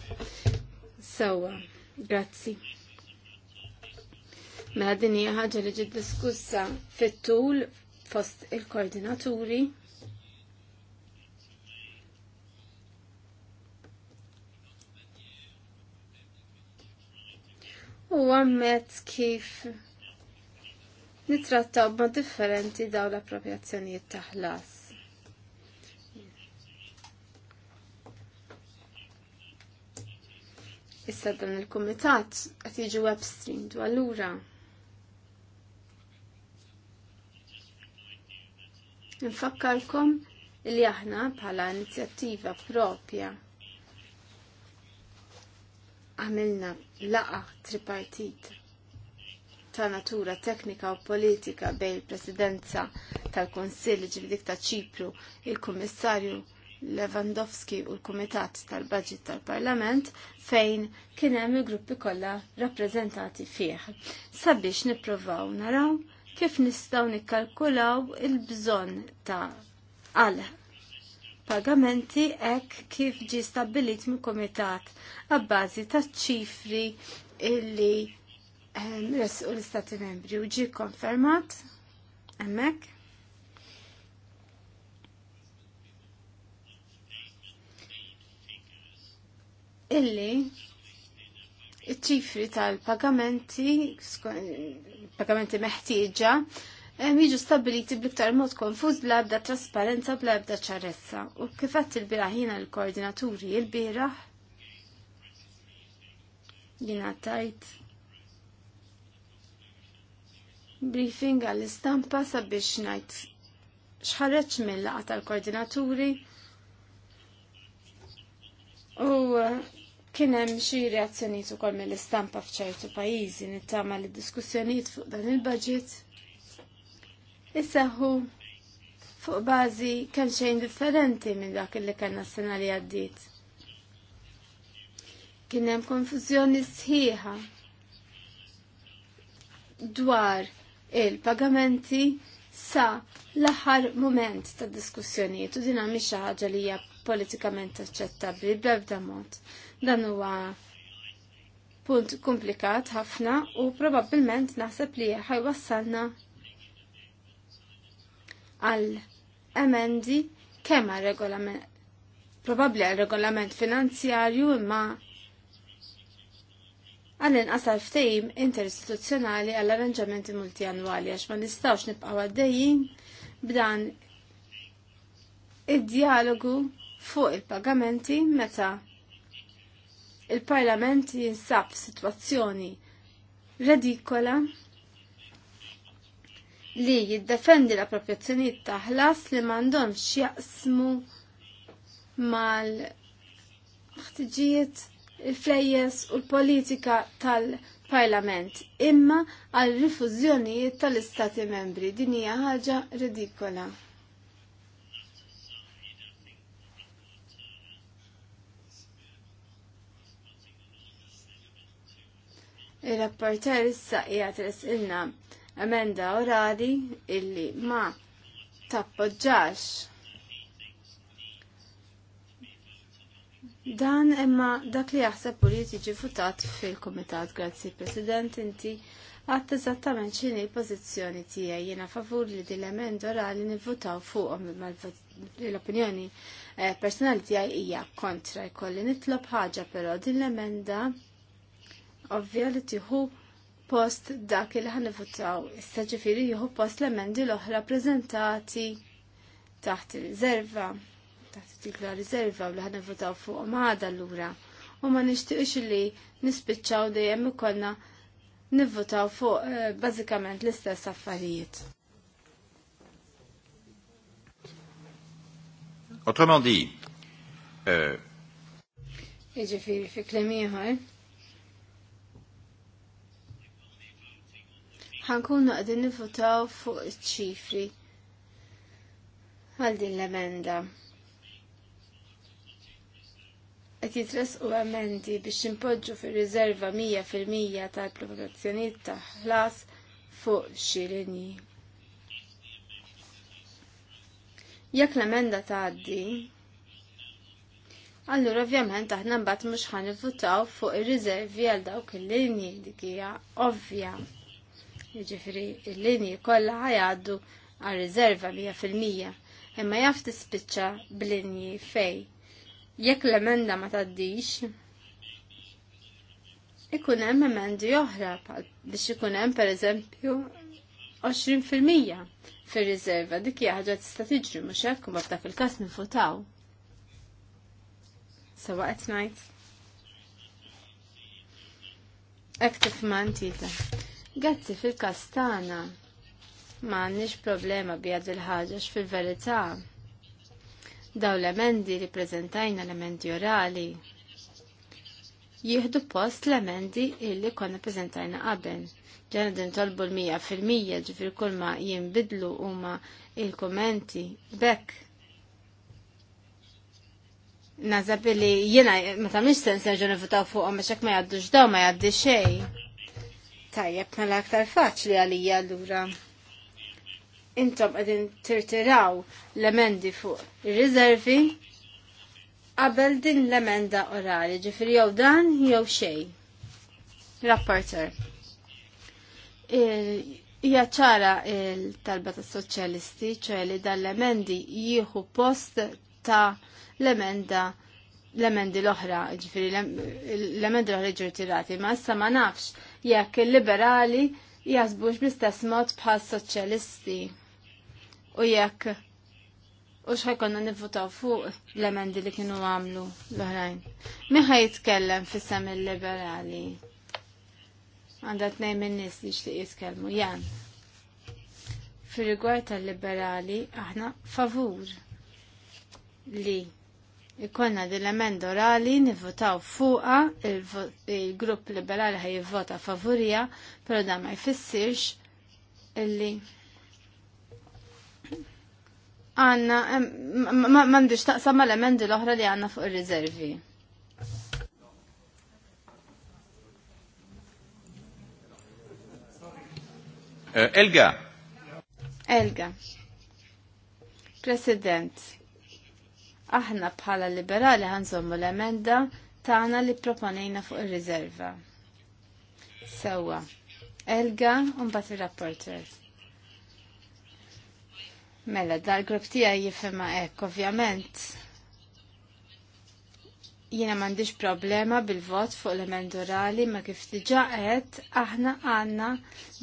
Sewwa, grazzi. Mela din hija ħaġa li ġiet diskussa fit-tul fost il-koordinaturi. u għammet kif nitrattaw ma' differenti daw l appropriazzjonijiet taħlas. Issa dan il-kumitat qed jiġu webstream streamed u Nfakkarkom li aħna bħala inizjattiva propja għamilna laqa tripartit ta' natura teknika u politika bej il-presidenza tal konsilli ġifidik ta' Ċipru, il-Kummissarju Lewandowski u l-Kumitat tal-Budget tal-Parlament fejn kien hemm il-gruppi kollha rappreżentati fih sabiex nippruvaw naraw kif nistgħu nikkalkulaw il-bżonn ta' għal pagamenti hekk kif ġi stabilit mill-Kumitat għabbazi taċ-ċifri illi ehm, resqu l-Istati Membri u ġi konfermat hemmhekk. Illi iċ-ċifri tal-pagamenti pagamenti meħtieġa jiġu stabiliti bliktar mod konfuż bl-ebda trasparenza bl-ebda ċarezza. U kifat il-biraħina l-koordinaturi il-biraħ jina tajt briefing għall-istampa sabiex najt xħarreċ mill-laqa tal-koordinaturi u uh, Kien hemm xi reazzjonijiet ukoll mill-istampa f'ċertu pajjiżi nittama li diskussjonijiet fuq dan il-budget isseħħu fuq bażi kemm xejn differenti minn dak li kellna s-sena li għaddiet. Kien hemm konfużjoni sħiħa dwar il-pagamenti sa l-aħħar moment ta' diskussjonijiet u din mhix xi ħaġa li hija politikament aċċettabbli b'ebda mod. Dan huwa punt komplikat ħafna u probabbilment naħseb li ħajwassalna għal emendi kemm għal regolament probabbli għal regolament finanzjarju imma għal inqas għal ftehim interistituzzjonali għal arranġamenti multianwali għax ma nistgħux nibqgħu għaddejjin b'dan id-dialogu fuq il-pagamenti meta il-Parlament jinsab f'sitwazzjoni redikola li jiddefendi l-appropriazzjonijiet ta' ħlas li m'għandhomx jaqsmu mal ħtiġijiet il-flejjes u l-politika tal-Parlament imma għal rifużjonijiet tal-Istati membri. Din hija ħaġa ridikola. Il-rapporter issa qiegħed ilna emenda orali illi ma tappoġġax Dan imma dak li jaħseb li tiġi futat fil-Komitat, grazzi President, inti għatt eżattament xini l-pozizjoni tiegħi jiena favur li din l-emenda orali nivvutaw fuqhom l-opinjoni eh, personali tiegħi hija kontra jkolli nitlob ħaġa però din l-emenda ovvja li tieħu post dak il ħanivutaw issa ġifiri jieħu post l-emendi l-oħra prezentati taħt il-riserva, taħt il-tikla riserva u li ħanivutaw fuq maħda l-ura. U ma nishtiqx li nispiċċaw dejjem ikonna nivvutaw fuq eh, bażikament l-istess affarijiet. Autrement dit, euh, Iġifiri fi klemiħor ħankun naqdin nifutaw fuq ċifri għal din l-emenda. Qed jitresqu emendi biex impoġġu fir-riserva 100% tal-proporzjonijiet ta' ħlas fuq xi linji. Jekk l-emenda tgħaddi, allura ovvjament aħna mbagħad mhux ħanivvutaw fuq ir-riservi għal dawk il-linji dik hija ovvja jiġifieri l-linji kollha ħajgħaddu għal riserva fil-mija, imma jaf tispiċċa b'linji fej. Jekk l-emenda ma taddix, ikun hemm emendi oħra biex ikun hemm pereżempju 20% fil-mija fir-riserva dik hija ħaġa tista' tiġri mhux hekk ma f'dak il-każ nifutaw. So what's ngħid. Ektif ma' antita. Grazzi fil-kastana. Ma għandix problema bija il ħagġax fil-verità. Daw l-emendi li prezentajna l-emendi orali jihdu post l-emendi illi konna prezentajna qabel. Ġana din tolbu l-100% ġifir kull ma jimbidlu huma il-kommenti bekk. Nazab li jena ma tamix sens ġana votaw fuq ma xek ma jaddux daw ma jaddi xej. Tajjeb, mela aktar faċli għalija lura. Intom qegħdin tirtiraw l-emendi fuq ir-riservi qabel din l-emenda orali, ġifieri jew dan jew xejn. Rapporter. Eh, hija ċara il-talba tas soċjalisti, ċoħe li dan l-emendi jieħu post ta' l-emenda l-emendi l-oħra, ġifiri l-emendi l-oħra ġirtirati, ma' issa ma' nafx jekk il-liberali jasbux bl-istess mod bħal soċjalisti u jekk u xħajkonna nivvotaw fuq l-emendi li kienu għamlu l-oħrajn. Miħa jitkellem fissam il-liberali. Għanda t-nej minnis li xtiq jitkellmu. Jan fil rigward tal-liberali aħna favur li Ikonna dil-emenda orali nivvotaw fuqa, il-grupp liberali ħaj jivvota favorija, pero da ma jfissirx illi għanna, mandiġ taqsam l-emendi l-oħra li għanna fuq il-rizervi. Eh, Elga. Elga. President. Aħna bħala liberali ħanżommu l-emenda tagħna li proponejna fuq ir-riserva. Sewwa. Elga u mbagħad ir-rapporter. Mela, dal-grupp tiegħi jifhimha hekk, ovvjament. Jiena m'għandix problema bil-vot fuq l-emend orali ma kif diġà qed aħna għandna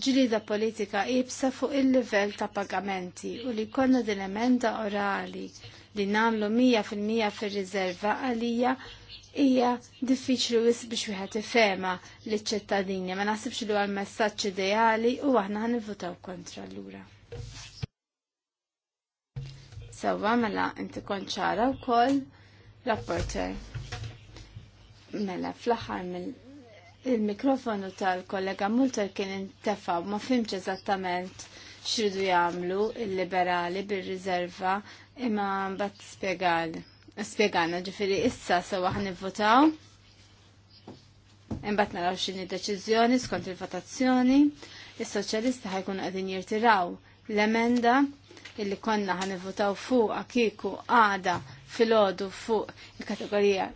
ġrida politika ibsa fuq il-livell ta' pagamenti u li konna din emenda orali li namlu 100% fil-rizerva għalija hija diffiċli wis biex wieħed ifema liċ-ċittadini, ma naħsibx li huwa l-messaġġ ideali u aħna ħanivvutaw kontra lura. Sewwa mela inti kont ċara wkoll rapporter. Mela fl-aħħar mill il-mikrofonu tal-kollega Multer kien intefaw ma fimx eżattament xridu jagħmlu il-liberali bir-riserva Imma bat spiegal. Spiegalna ġifiri issa sewa nivvotaw, votaw Imbat naraw xini deċizjoni skont il-votazzjoni. is soċjalista ħajkunu qegħdin jirtiraw l-emenda illi konna ħan votaw fuq akiku għada fil-ħodu fuq il-kategorija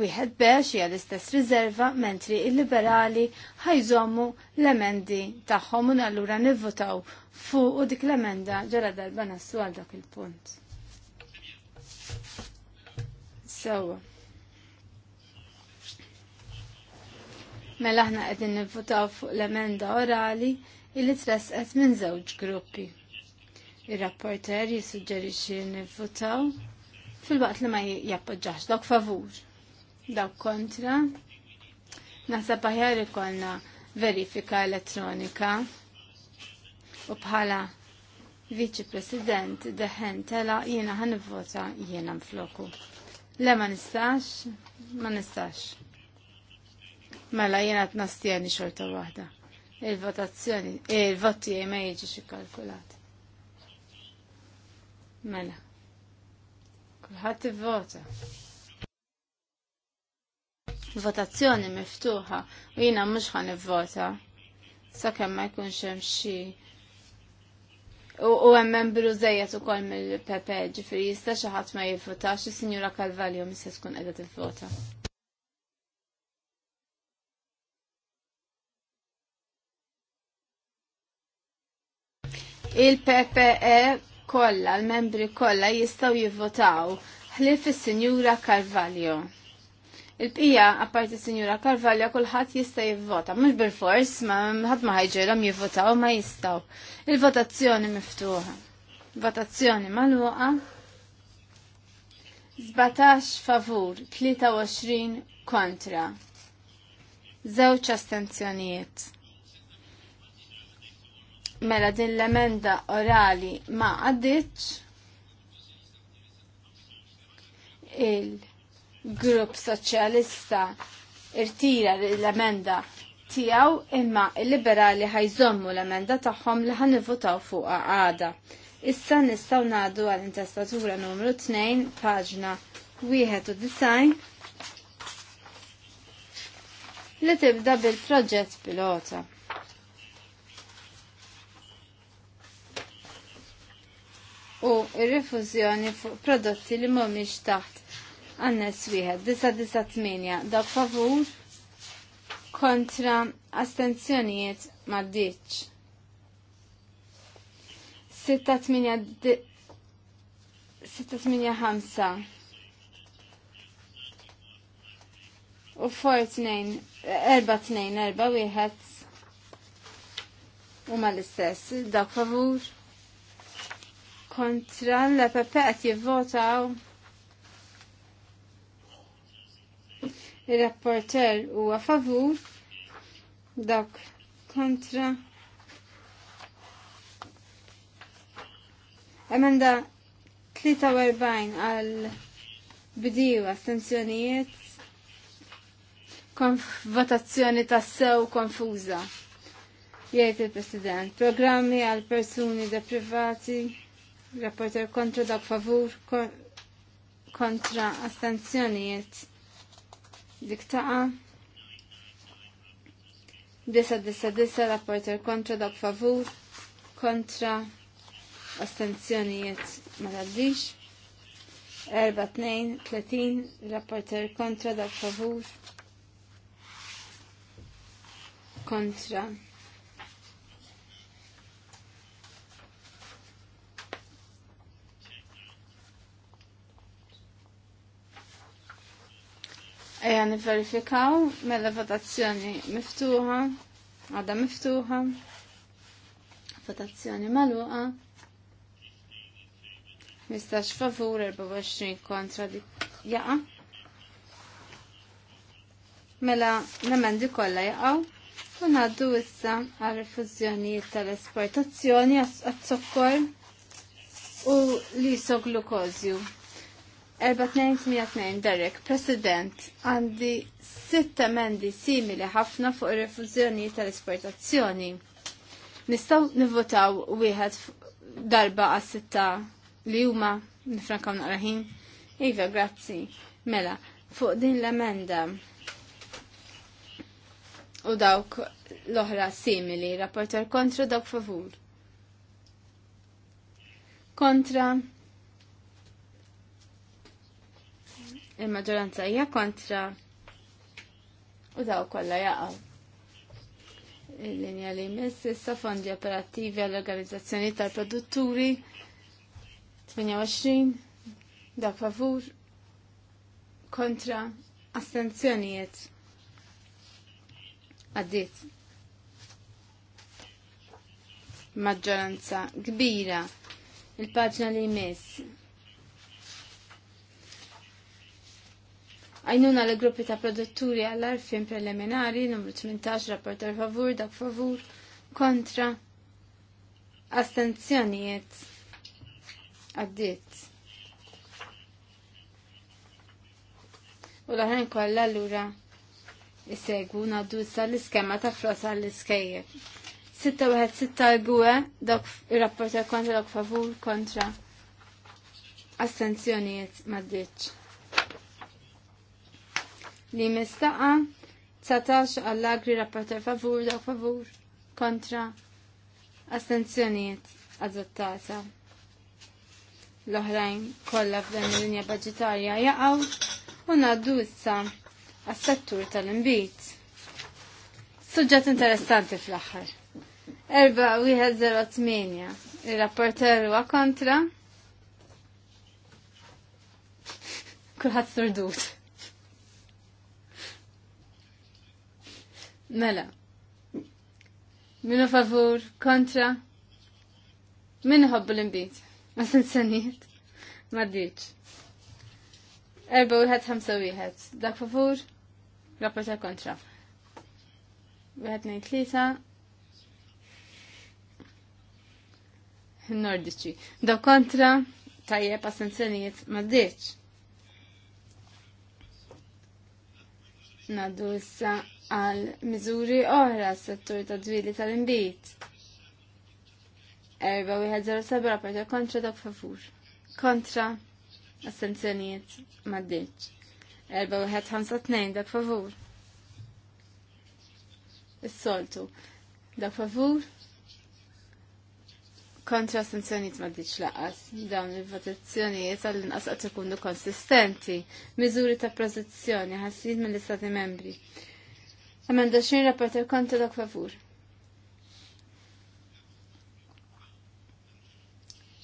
wieħed bex hija l-istess riserva mentri il-liberali ħajżommu l-emendi tagħhom u allura nivvotaw fuq u dik l-emenda ġara darba nassu għal dak il-punt. Sewa. Mela aħna qegħdin nivvotaw fuq l-emenda orali illi tresqet minn żewġ gruppi. Ir-rapporter jissuġġerixxi nivvotaw fil-waqt li ma jappoġġax dok favur da kontra. Naħseb aħjar ikolna verifika elettronika u bħala Viċi President deħen tela jiena ħan vota jiena mfloku. Le ma nistax, ma nistax. Mela jiena t-nastjeni xorta wahda. Il-votazzjoni, il-voti jie ma jieġi xikalkulat. Mela. Kulħat t-vota votazzjoni miftuħa u jina mux ħan vota sakemm ma jkunx hemm xi u hemm membru żejjed ukoll mill-PP ġifieri jista' xi ħadd ma jivvotax is-Sinjura Kalvalju mista tkun qiegħda tivvota. Il-PPE kollha, l-membri kollha jistgħu jivvotaw ħlief is-Sinjura Carvalho. Il-bqija, apparti Sinjura Karvalja, kulħadd jista' jivvota. Mhux bil-fors, ma ħadd ma ħajġilhom jivvotaw ma jistgħu. Il-votazzjoni miftuħa. Votazzjoni magħluqa. 17 favur, 23 kontra. Żewġ astenzjonijiet. Mela din l-emenda orali ma għaddiċ il- grupp soċjalista irtira l-emenda tijaw imma il-liberali ħajżommu l-emenda tagħhom li ħanivutaw fuqha għada. Issa nistaw ngħaddu għal intestatura numru 2, paġna 91 li tibda bil-proġett pilota. U ir-rifużjoni fuq prodotti li mhumiex taħt Annes wieħed, disa disa tminja, dak favur kontra astenzjonijiet maddiċ. Sitta tminja sitta tminja ħamsa. U for tnejn, erba tnejn, erba wieħed. U l istess dak favur kontra l-PP qed jivvotaw Il-rapporter huwa favur dak kontra. Emenda 43 għal bdiju astenzjonijiet konf votazzjoni tassew konfuza. Jgħid il-President, programmi għal persuni deprivati, rapporter kontra dak favur, kontra astenzjonijiet dik taqa. Disa, disa, disa, rapporter kontra, dak favur, kontra, astenzjonijiet ma taddix. Erba, tnejn, tletin, rapporter kontra, dak favur, kontra, Eja niverifikaw mela votazzjoni miftuħa, għada miftuħa, votazzjoni maluqa. mistax favur, 24 kontra di jaqa. Mela l-emendi kolla jaqaw. għaddu issa għal rifuzzjoni tal-esportazzjoni għaz-sokkor u l-isoglukozju. 4-2-2 Derek, President, għandi sitt emendi simili ħafna fuq ir-refużjoni tal-esportazzjoni. Nistaw nivvotaw wieħed darba għas sitta li huma nifrankaw naqraħin. Iva, grazzi. Mela, fuq din l-emenda u dawk l-oħra simili, rapporter kontra dawk favur. Kontra, il-maġoranza hija kontra u daw kollha jaqgħu. Il-linja li jmiss issa fondi operattivi għall-organizzazzjoni tal-produtturi 28 da favur kontra astenzjonijiet għaddit maġġoranza kbira il-paġna li jmiss Għajnuna l-gruppi ta' produtturi għall-arfin preliminari, numru 18, rapporter favur, dak favur, kontra, astenzjonijiet, għaddit. U l kolla l-ura jisegu naddu l-iskema ta' frosa l iskejje 616 1 għue, dak il-rapporter kontra, dak favur, kontra, astenzjonijiet, maddiċ li mistaqa 19 għall-agri rapporter favur daw favur kontra astenzjoniet adottata. L-oħrajn kollha f'dan il-linja budgetarja jaqgħu u ngħaddu issa għas-settur tal-inbit. Suġġett interessanti fl-aħħar. 4108 il-rapporter huwa kontra kulħadd surdut. Mela. Minu favur, kontra. Minu hobbu l-imbit. Ma s sanit Ma d-diċ. Erba u ħed ħamsa u ħed. Dak favur, rapporta kontra. U ħed nejt lisa. Nordiċi. Dak kontra, pa s-sanit. ma d-diċ. Naddu issa għal miżuri oħra s-settur ta' dwili tal-imbit. sabra rapporta kontra dak favur. Kontra assenzjonijiet maddiċ. t-nejn dak favur. Is-soltu. da favur. Kontra assenzjonijiet maddiċ laqas. Dawn il-votazzjonijiet għall-inqas qed ikunu konsistenti. Miżuri ta' prozizjoni ħassin mill-Istati membri. Emenda 20 rapporter kontra dak favur.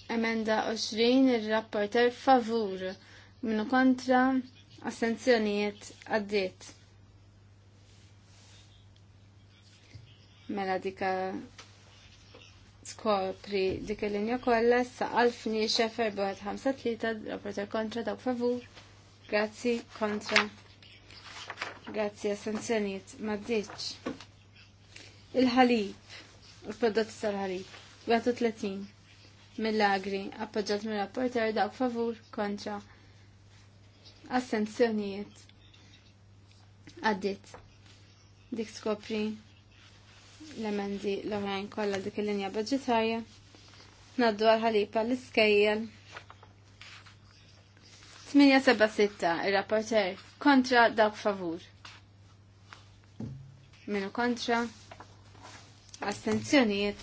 Emenda 20 il-rapporter favur. Minu kontra assenzjonijiet għaddit. Mela dika skopri dik il-linja kollha saqal f'niexa 453 rapporter kontra dak favur. Grazzi kontra Grazzi assenzjoniet ma Il-ħalib, il-prodotti tal-ħalib, 30 mill-agri, appoġġat mill-rapporter dawk favur kontra assenzjonijiet. Għaddit. Dik skopri l-emendi l-oħrajn kollha dik il-linja budgetarja, Naddu għal ħalib għall iskejjel 876 il-rapporter kontra dawk favur minu kontra astenzjonijiet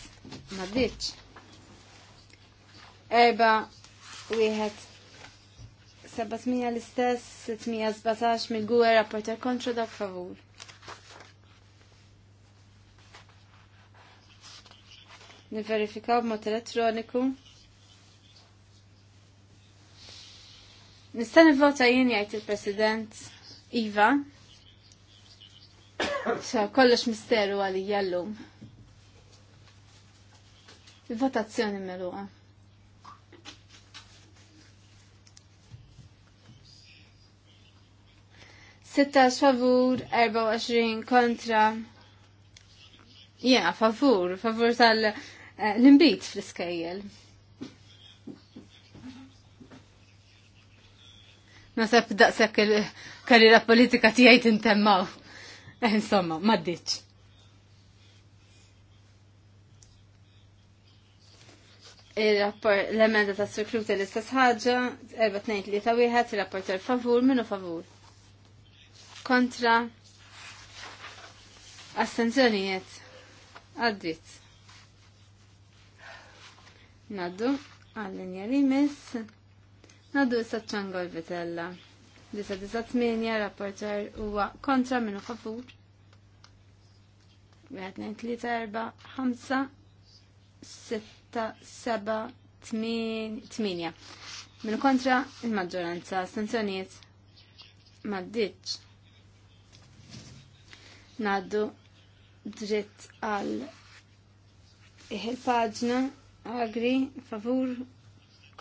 ma ditx. Erba wieħed 700 l-istess, 617 mil gwer rapporter kontra dak favur. Niverifikaw b'mod elettroniku. Nista' nivvota jien jgħid il-President Iva. Xa, kollox misteru għali jallum. Votazzjoni meluqa. Sitta favur, 24 kontra. Ja, favur, favur tal-imbit eh, fl skajjel Nasab daqsek il-karriera politika tijajt intemmaw. Eh, insomma, maddiċ. L-emenda ta' surkluta l-istess ħagġa, 4 2 ta' wieħed, il rapporter favur, minu favur. Kontra, astenzjonijiet, għaddit. Naddu, għallin jarimis. naddu s-satċangol vitella tmenja rapporter huwa kontra minnu favur. Wieħed ngħid tlieta erba' ħamsa sitta seba' tminja. Minu kontra il-maġġoranza astenzjonijiet maddiċ. Naddu dritt għal il-paġna agri favur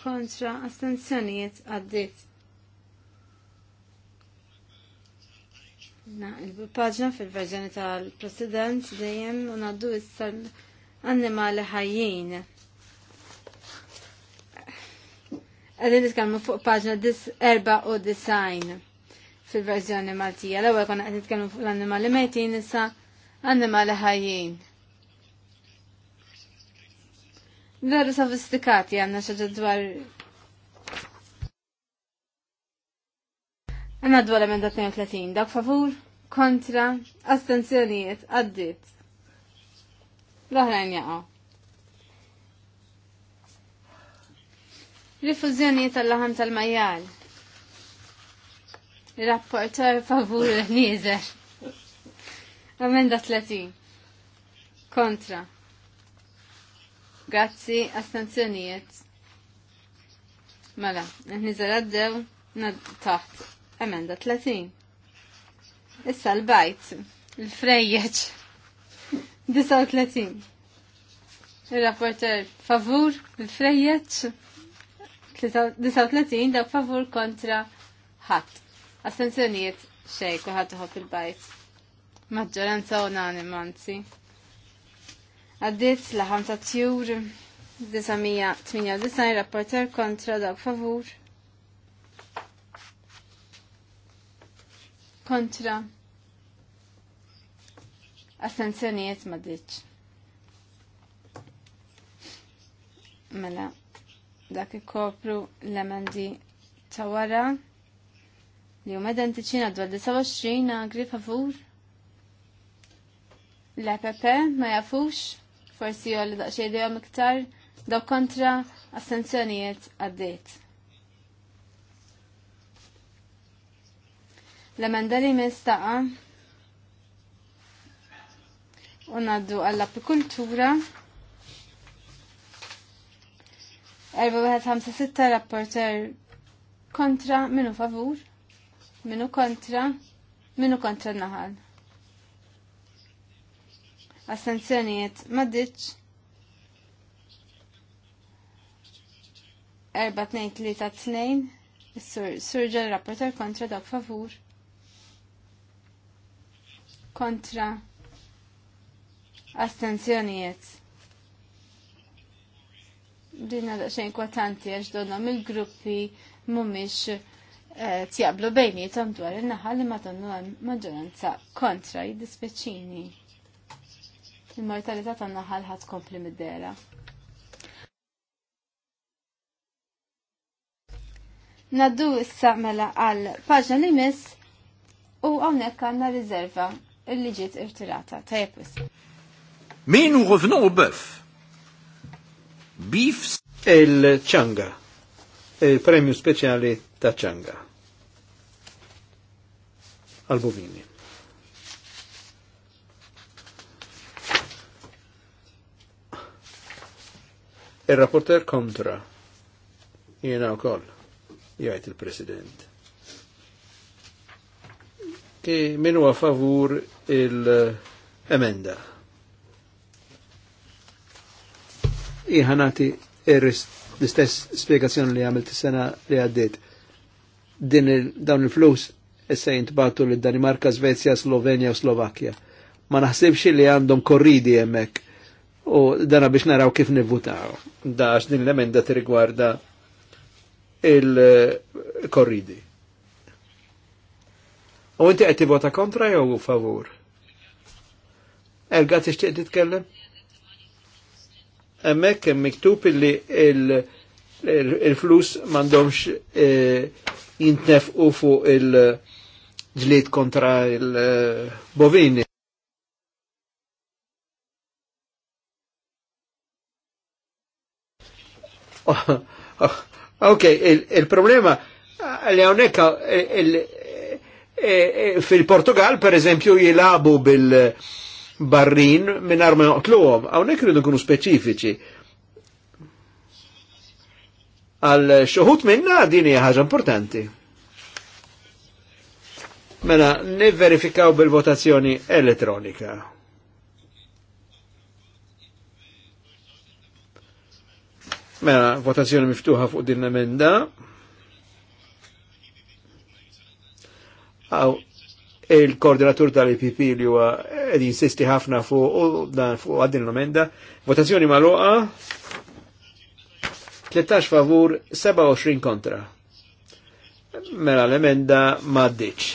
kontra astenzjonijiet għaddit. il-paġna fil-verżjoni tal-President dejjem u naddu issa l-annimali ħajjin. Għadin nitkellmu fuq paġna erba' u design fil-verżjoni Maltija. L-ewwel konna qed nitkellmu fuq l-annimali mejtin issa annimali ħajjin. Veru sofistikati għandna xi dwar Għanna dwar emenda 32, dak favur, kontra, astenzjonijiet, għaddit. l jaqa. jaqaw. għall tal tal-majjal. Rapportar favur l-nizer. Amenda 30. Kontra. Grazzi, astenzjonijiet. Mela, n-nizer għaddew, taħt. Emenda 30. Issa l-bajt. Il-frejjeċ. 39. Il-rapporter favur, l frejjeċ 39 daw favur kontra ħadd. Astenzjonijiet xej kulħadd iħobb il-bajt. Maġġoranza unani manzi. Għaddiet l ħamta' tjur 998 rapporter kontra daw favur kontra assenzjonijiet ma diċ. Mela, dak ikopru l-emendi ta' wara li huma identiċi dwar 29 agri favur. L-EPP ma jafux, forsi jolli daqsxejn dejhom iktar, daw kontra assenzjonijiet għaddejt. L-emenda li mistaqa unaddu għall-apikultura 4156 rapporter kontra minu favur minu kontra minu kontra naħal assenzjonijiet maddiċ 4232 Sur ġel rapporter kontra dak favur kontra astenzjonijiet. Dinna daqxajn kwatanti għax donom il-gruppi mumiex eh, tjablu bejnietom dwar il-naħa li ma donnu għan maġġoranza kontra dispeċini. Il-mortalità tan l ħat kompli mid-dera. Naddu issa mela għal paġna li mis u għonek għanna riserva illi ġiet irtirata. Min u revenons au bœuf. Bif? il-ċanga. Il-premju speċjali ta' ċanga. Albumini. Il-rapporter kontra. Jena u koll. Jgħajt il-president. Ki minu a il-emenda. Iħanati l-istess spiegazzjoni li għamilt sena li għaddit. Din il, dawn il-flus essa jintbatu li Danimarka, Svezja, Slovenja u Slovakkja. Ma naħsibx li għandhom korridi jemmek u dana biex naraw kif nivvutaw. Daħx din l-emenda t-rigwarda il-korridi. U inti għetti tivota kontra jew favur? Erga t titkellem? Emmek kem miktub illi il-flus mandomx e, jintnef u fu il-ġlied kontra il-bovini. Ok, il-problema li għonek E, e, Fil-Portugal, per eżempju, jilabu bil-barrin minn arma joqtluhom. Hawnhekk rridu nkunu speċifiċi. Għal xoħut minna din hija ħaġa importanti. Mela, niverifikaw bil-votazzjoni elettronika. Mela, votazzjoni miftuħa fuq din l-emenda. għaw il-koordinatur tal-IPP li huwa ed insisti ħafna fuq dan fuq għaddin l-omenda. Votazzjoni magħluqa 13 favur, 27 kontra. Mela l-emenda m'għaddiċ.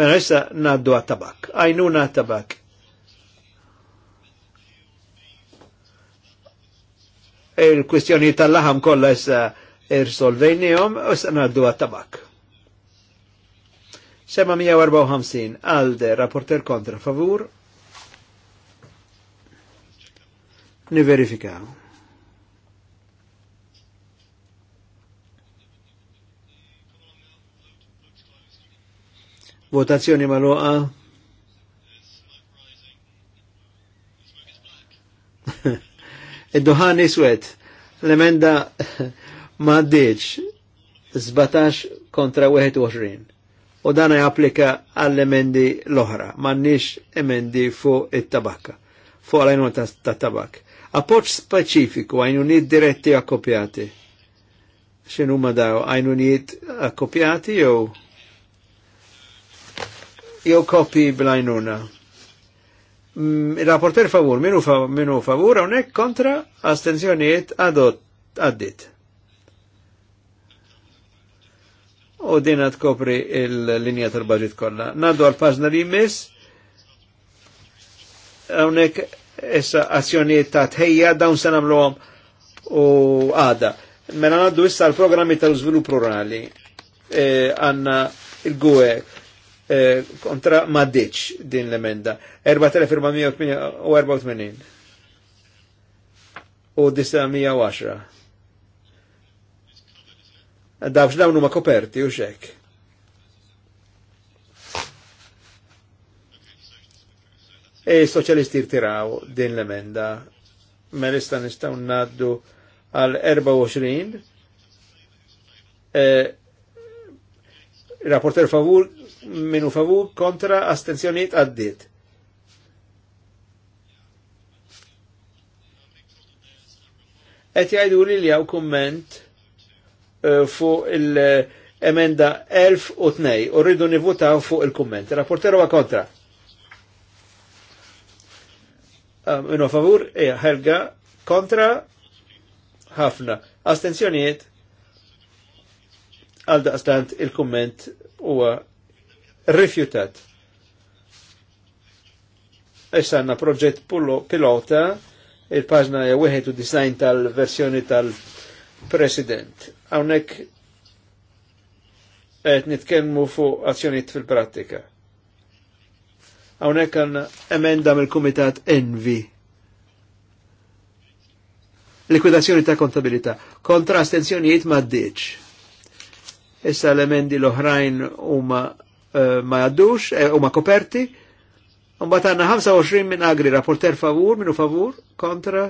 Mela issa naddu għat-tabak. Għajnuna għat-tabak. il-kwistjoni tal-laħam kollha issa irsolvejnijom u s ngħaddu għat-tabak. Sema 154 għalde rapporter kontra favur. Niverifikaw. Votazzjoni maluqa. Id-duħan iswed, l-emenda ma ddiċ 17 kontra 21. U dana japplika għall-emendi l ohra mannix emendi fuq it-tabakka, fuq għal ta' tabak. Appoċ specifiku għajnuniet diretti akkopjati. Xinu ma daw, għajnuniet akkopjati jew jew kopi bl-għajnuna Mm, il-rapporter favur, minu, fa minu favur, għonek kontra astenzjoniet għadot għaddit. U din tkopri il-linja tal-budget kollha. Naddu għal-pażna li mis, għonek issa azzjoniet ta' tħejja dawn se nagħmluhom u għada. Mela naddu issa għal programmi tal-żvilupp rurali e, għanna il-GUE eh, kontra maddiċ din l-emenda. 4484. u 910. Dawx dawnu ma koperti u xek. E soċjalisti rtiraw din l-emenda. Melista nistaw naddu għal 24 eh, rapporter favur minu favur kontra astenzjoniet għaddit. Et jajdu li li għaw komment eh, fu fuq il-emenda 1002 u rridu nivutaw fuq il-komment. Rapporteru għa kontra. Eh, minu favur, e, Helga, kontra ħafna. Astenzjoniet għal daqstant il-komment huwa rifjutat. Issa għanna proġett pilota, il-paġna u design tal-versjoni tal-president. Għawnek għet nitkelmu fuq azzjoniet fil-prattika. Għawnek għan emenda mill-Kumitat Envi. Likwidazzjoni ta' kontabilità. Kontra astenzjonijiet ma' Issa l-emendi l-oħrajn huma Eh, ma jaddux, eh, u ma koperti. bat għanna 25 minn agri, rapporter favur, minu favur, kontra,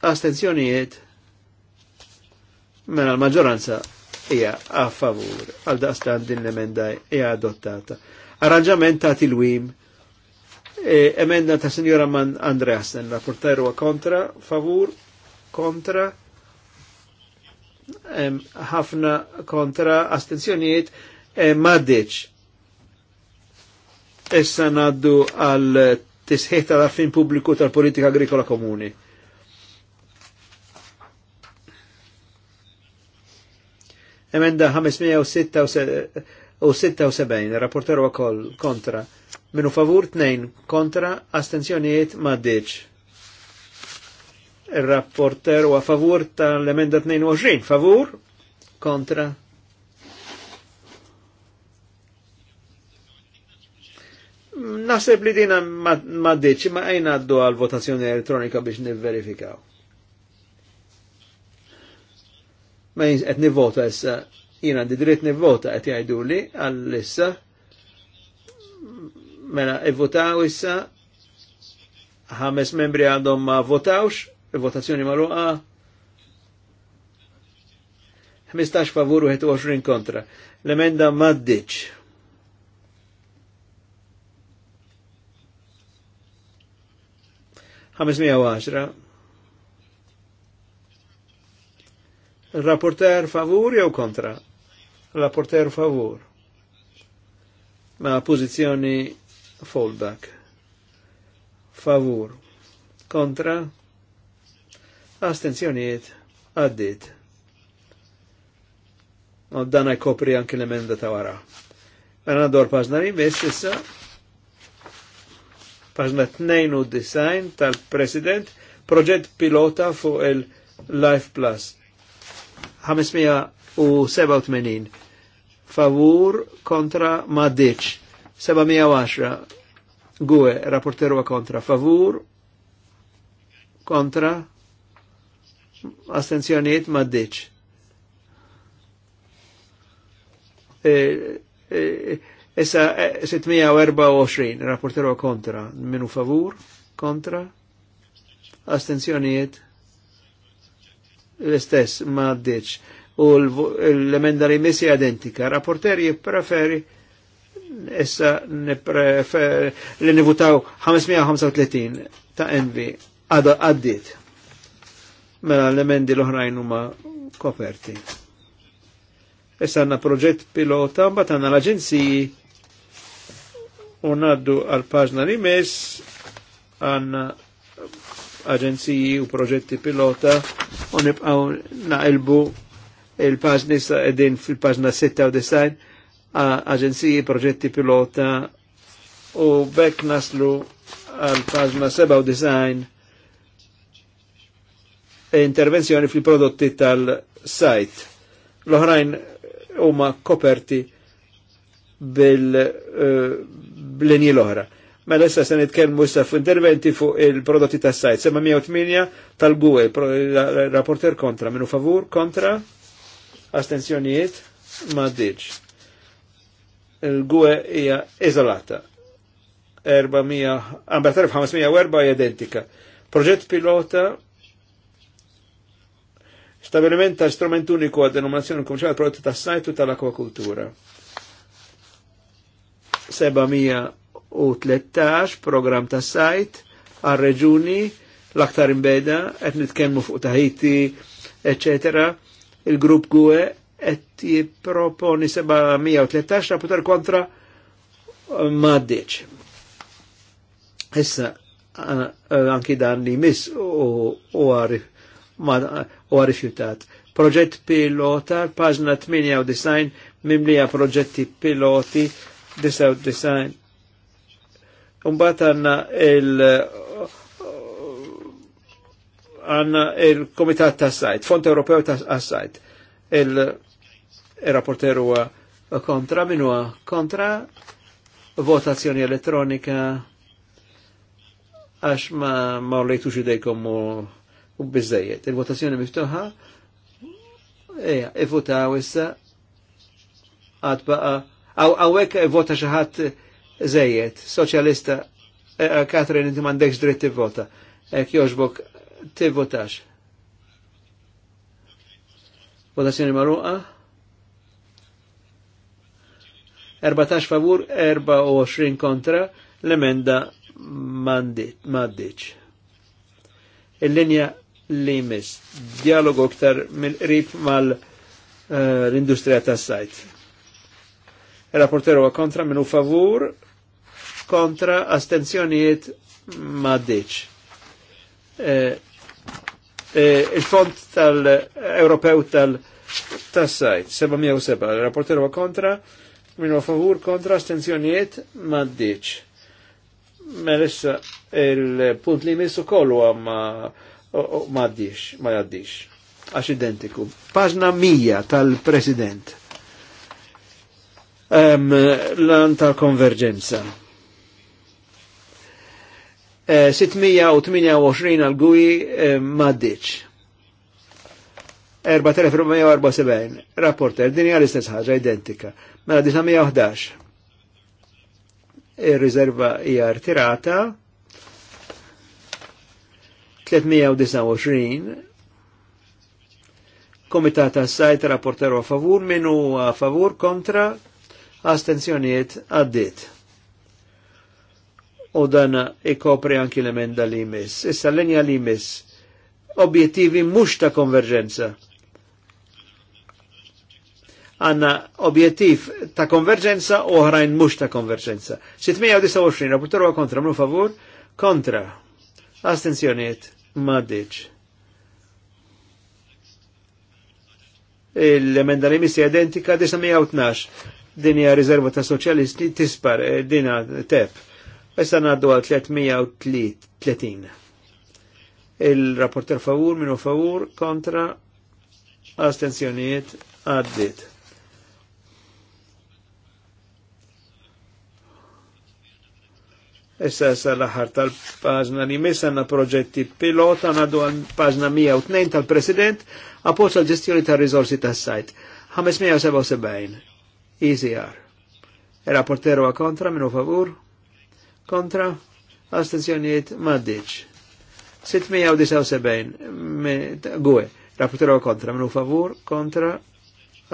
astenzjonijiet. Mela l-maġġoranza hija a favur, għal daqstan din l-emenda hija adottata. Arranġament ta' tilwim, e, emenda ta' Signora Man Andreasen, rapporter huwa kontra, favur, kontra, ħafna kontra astenzjonijiet eh, maddeċ. Issa naddu għal tisħiħ tal-affin pubbliku tal-politika agrikola komuni. Emenda 576, rapporteru għakol kontra. Minu favur tnejn kontra astenzjonijiet maddeċ. Il-rapporter u favur tal-emenda 22, favur, kontra. Naseb li dina ma deċi, ma għajna għaddu għal votazzjoni elettronika biex nivverifikaw. Ma jins għet nivvota jessa, jina di dritt nivvota għet jgħajdu li għall-issa, mela, votaw issa, ħames membri għandhom ma votawx, votazzjoni marruqa 15 favur u 21 kontra. L-emenda maddiċ. Rapporter favur jew kontra? Rapporter favur. Ma pozizjoni fallback. Favur. Kontra? astenzjoniet għaddit. U dan jkopri anki l-emenda ta' wara. Għana dor pażna li mess issa pażna design tal-President proġett pilota fuq il-Life Plus. 587 favur kontra Madic 710 Gue, rapporteru kontra favur kontra astenzjoniet maddiċ. E, e, issa e, e, 624, kontra, minu favur, kontra, astenzjoniet l-istess maddiċ. U l-emenda li missi identika, Rapporter preferi issa li nivutaw 535 ta' envi għaddit mela l-emendi l-oħrajn huma koperti. Issa għandna proġett pilota, mbagħad għandna l-aġenziji u ngħaddu għal paġna li mess għandna aġenziji u proġetti pilota u nibqgħu naqilbu il-paġni qegħdin fil-paġna 96 aġenziji proġetti pilota u bekk naslu għal paġna 97 E intervenzjoni fil-prodotti tal-sajt. L-oħrajn huma koperti bil-linji e, l-oħra. Mela issa se nitkellmu issa f'interventi fuq il-prodotti tas-sajt. Sema 108 tal-Gwe, rapporter kontra, minu favur, kontra, astenzjonijiet, ma diġ. Il-Gwe hija izolata. 400, għamber 504 identika. Proġett pilota Stabiliment strument uniku għad denominazzjoni kumċal prodotti ta' sajtu tal-akwakultura. 713 program ta' sajt għal reġuni l-aktar imbeda, qed nitkemmu fuq Tahiti, etc. Il-grupp GUE qed jiproponi 713 rapportar kontra eh, maddeċ. Issa, eh, anki dan li mis u għarif u għarifjutat. Proġett pilota, paġna 98, mimlija proġetti piloti, 99. Umbat għanna il- għanna il-Komitat ta' Sajt, Fond Ewropew ta' Sajt. il rapporteru il kontra, minu kontra, votazzjoni elettronika, għax ma ma lejtux idejkom u u bizzejiet. Il-votazzjoni miftuħa, eja, i-vota issa għad baqa, għaw għawek vota xaħat zejiet, soċjalista, Katrin, e, e, inti mandekx dritt t-vota, ek joġbok t-votax. Votazzjoni marruqa? 14 favur, 24 kontra, l-emenda maddiċ. Il-linja li jmiss. Dialogu iktar mill-qrib mal-industrija eh, uh, tas sajt. Il-rapporteru kontra kontra minu favur, kontra astenzjonijiet maddiċ. Uh, eh, uh, eh, Il-fond tal-Ewropew tal-sajt, 707, il-rapporteru kontra kontra, u favur kontra astenzjonijiet maddiċ. Melissa, il-punt li jmissu kollu għamma ma għaddix, ma għaddix. Għax identiku. Paġna 100 tal-President. Um, L-an tal-konverġenza. E, uh, 628 għal-gwi uh, ma għaddix. 4474, rapporter, din hija l-istess ħaġa identika. Mela 911. Ir-riserva e, hija rtirata 329 komitat għas-sajt rapporteru a favur minu a favur kontra astenzjoniet għaddit. U dan ikopri anki l-emenda li jmiss. Issa l enja li jmiss. Objettivi mux ta' konverġenza. Għanna objettiv ta' konverġenza u ħrajn mux ta' konverġenza. 629 rapporteru kontra minu favur kontra astenzjoniet maddiċ. L-emenda li missi identika 1912, dinja Rizerva ta' soċjalisti tispar, eh, dinja tep. Issa naddu għal 330. Il-rapporter favur, minu favur, kontra, astenzjoniet għaddit. Issa issa l-aħħar tal pażna li mis għandna proġetti pilot għandu għal paġna 102 tal-President appoġġ għal ġestjoni tal-riżorsi tas-sajt. 577. ECR. Il-rapporteru għa kontra minu favur? Kontra? Astenzjoniet maddiċ. 679 gwe. Rapporteru għa kontra minu favur? Kontra?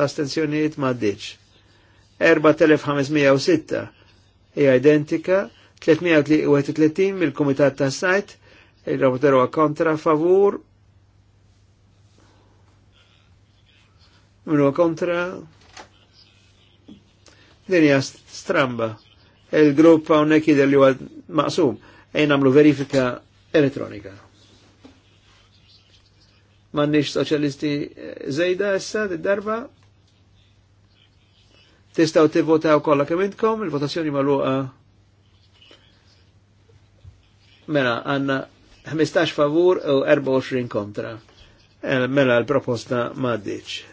Astenzjoniet maddiċ. 4506 hija identika 331 mill-Kumitat ta' Sajt, il-rapporter kontra favur. Minu kontra. Din stramba. Il-grupp hawnhekk jidher li għad maqsum ejn għamlu verifika elettronika. soċalisti eh, zejda essa issa darba Tistgħu tivvotaw kolla kemm intkom, il-votazzjoni magħluqa Mela, għanna 15 favur u 24 kontra. Mela, l-proposta maddiċ.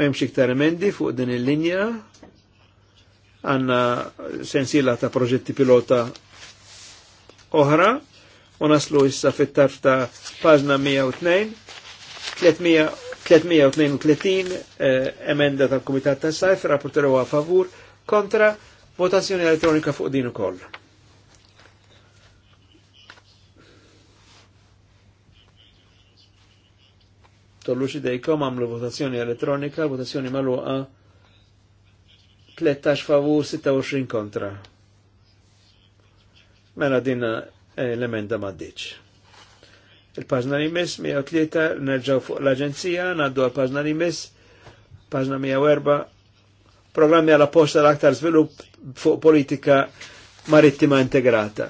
Memx iktar emendi fuq din il-linja. Għanna sensila ta' proġetti pilota oħra. U naslu issa fit-tarf ta' pażna 102, 332 emenda tal-Kumitat tas Sajf, rapporteru favur, kontra votazzjoni elettronika fuq din ukoll. Tollu xidejkom għamlu votazzjoni elettronika, votazzjoni maluqa 13 favur 26 kontra. Mela din eh, l-emenda maddiċ. Il-pażna li mis 103 nerġaw fuq l-Aġenzija, naddu għal-pażna li mis, pażna 104 programmi għal post għal aktar svilup fuq politika marittima integrata.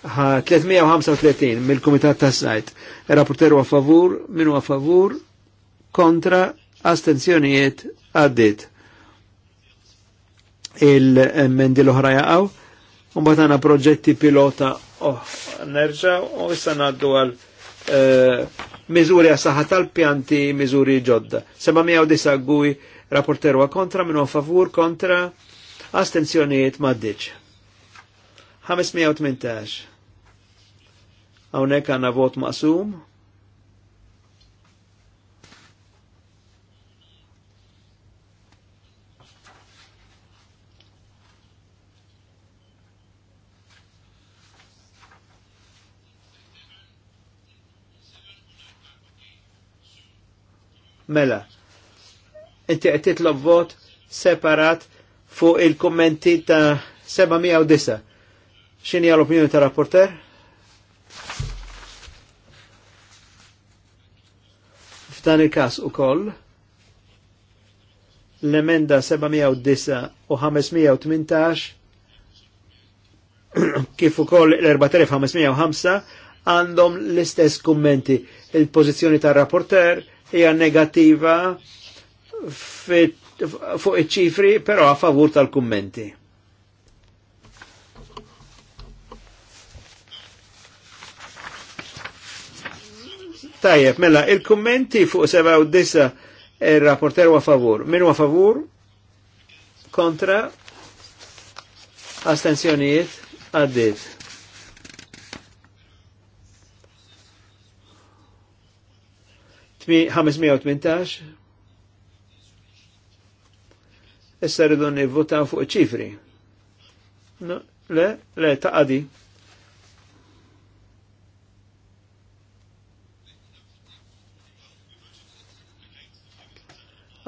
Ha 335 mill-Kumitat ta' Sajt. Rapporteru a favur, minu a favur, kontra astenzjonijiet għaddit. Il-mendi l-oħra jaqaw, un batana proġetti pilota oh, nerġa u oh, issa naddu għal uh, eh, mizuri għas tal-pjanti, miżuri ġodda. Sema' 109 għui Rapporteru kontra minu favur kontra astenzjoniet maddiċ. 518. Hawnhekk għandna vot maqsum. Mela, inti qed titlob vot separat fuq il-kummenti ta' 709. X'inhi l-opinjoni ta' rapporter? F'dan il-każ ukoll l-emenda 709 u 518 kif ukoll l-4505 għandhom l-istess kummenti. Il-pożizzjoni tar-rapporter hija negattiva fuq iċ-ċifri, però a favur tal-kummenti. Tajjeb, mela, il-kummenti fuq 7 il-rapporter u a favur. Minu a favur? Kontra? Astenzjonijiet? Addit. Tmi 518? Issa rridu nivvota fuq ċifri. No, le, le, taqadi.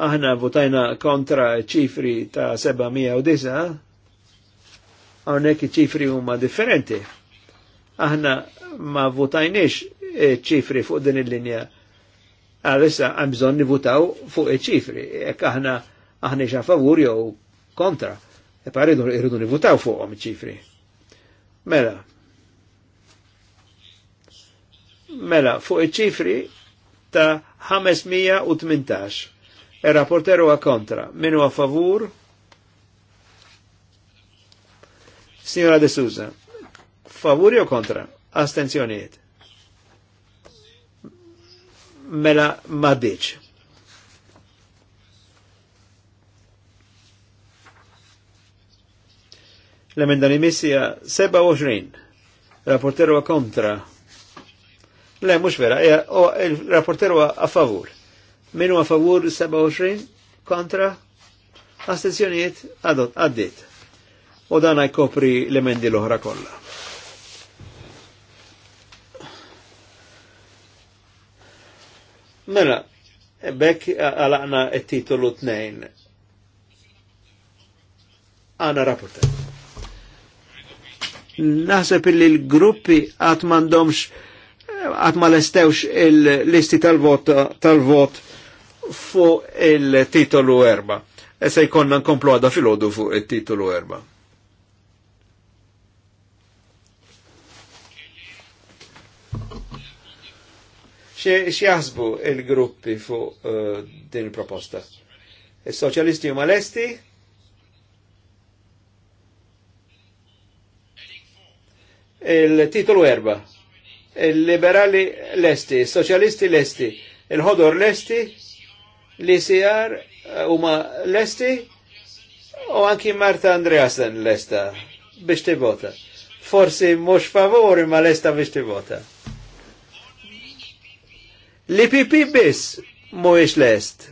Aħna votajna kontra ċifri ta' 709, għonek ċifri huma differenti. Aħna ma votajniex ċifri fuq din il-linja. Għalissa għamżon nivutaw fuq ċifri. Jekk aħna aħna xa favur jew kontra. E paridu irridu nivutaw fuqhom iċ-ċifri. Mela. Mela, fuq iċ-ċifri ta' 518. Il-rapporter e huwa kontra. Minu għa favur? Signora De Souza. Favur jew kontra? Astenzjonijiet. Mela ma diċ. l emendani li missija 27. Rapporteru kontra. Le, mux vera, il-rapporteru a favur. Minu a favur 27 kontra astenzjoniet għaddit. U dan kopri l-emendi l-oħra kolla. Mela, bekk għalaqna il titolu 2. Għana rapporter. Naħseb illi l-gruppi għat mandomx għat ma l listi tal-vot tal-vot fu il-titolu erba. Essa jkonna nkomplu għada fil-ħodu fu il-titolu erba. Xieħsbu il-gruppi fu uh, eh, din il-proposta? Il-soċjalisti u malesti? il-titolu erba. Il-liberali lesti, il-soċjalisti lesti, il-ħodor lesti, l-ICR eh, huma lesti u anki Marta Andreasen lesta biex tivota. Forsi mux favori ma lesta biex tivota. L-IPP biss mhuwiex lest.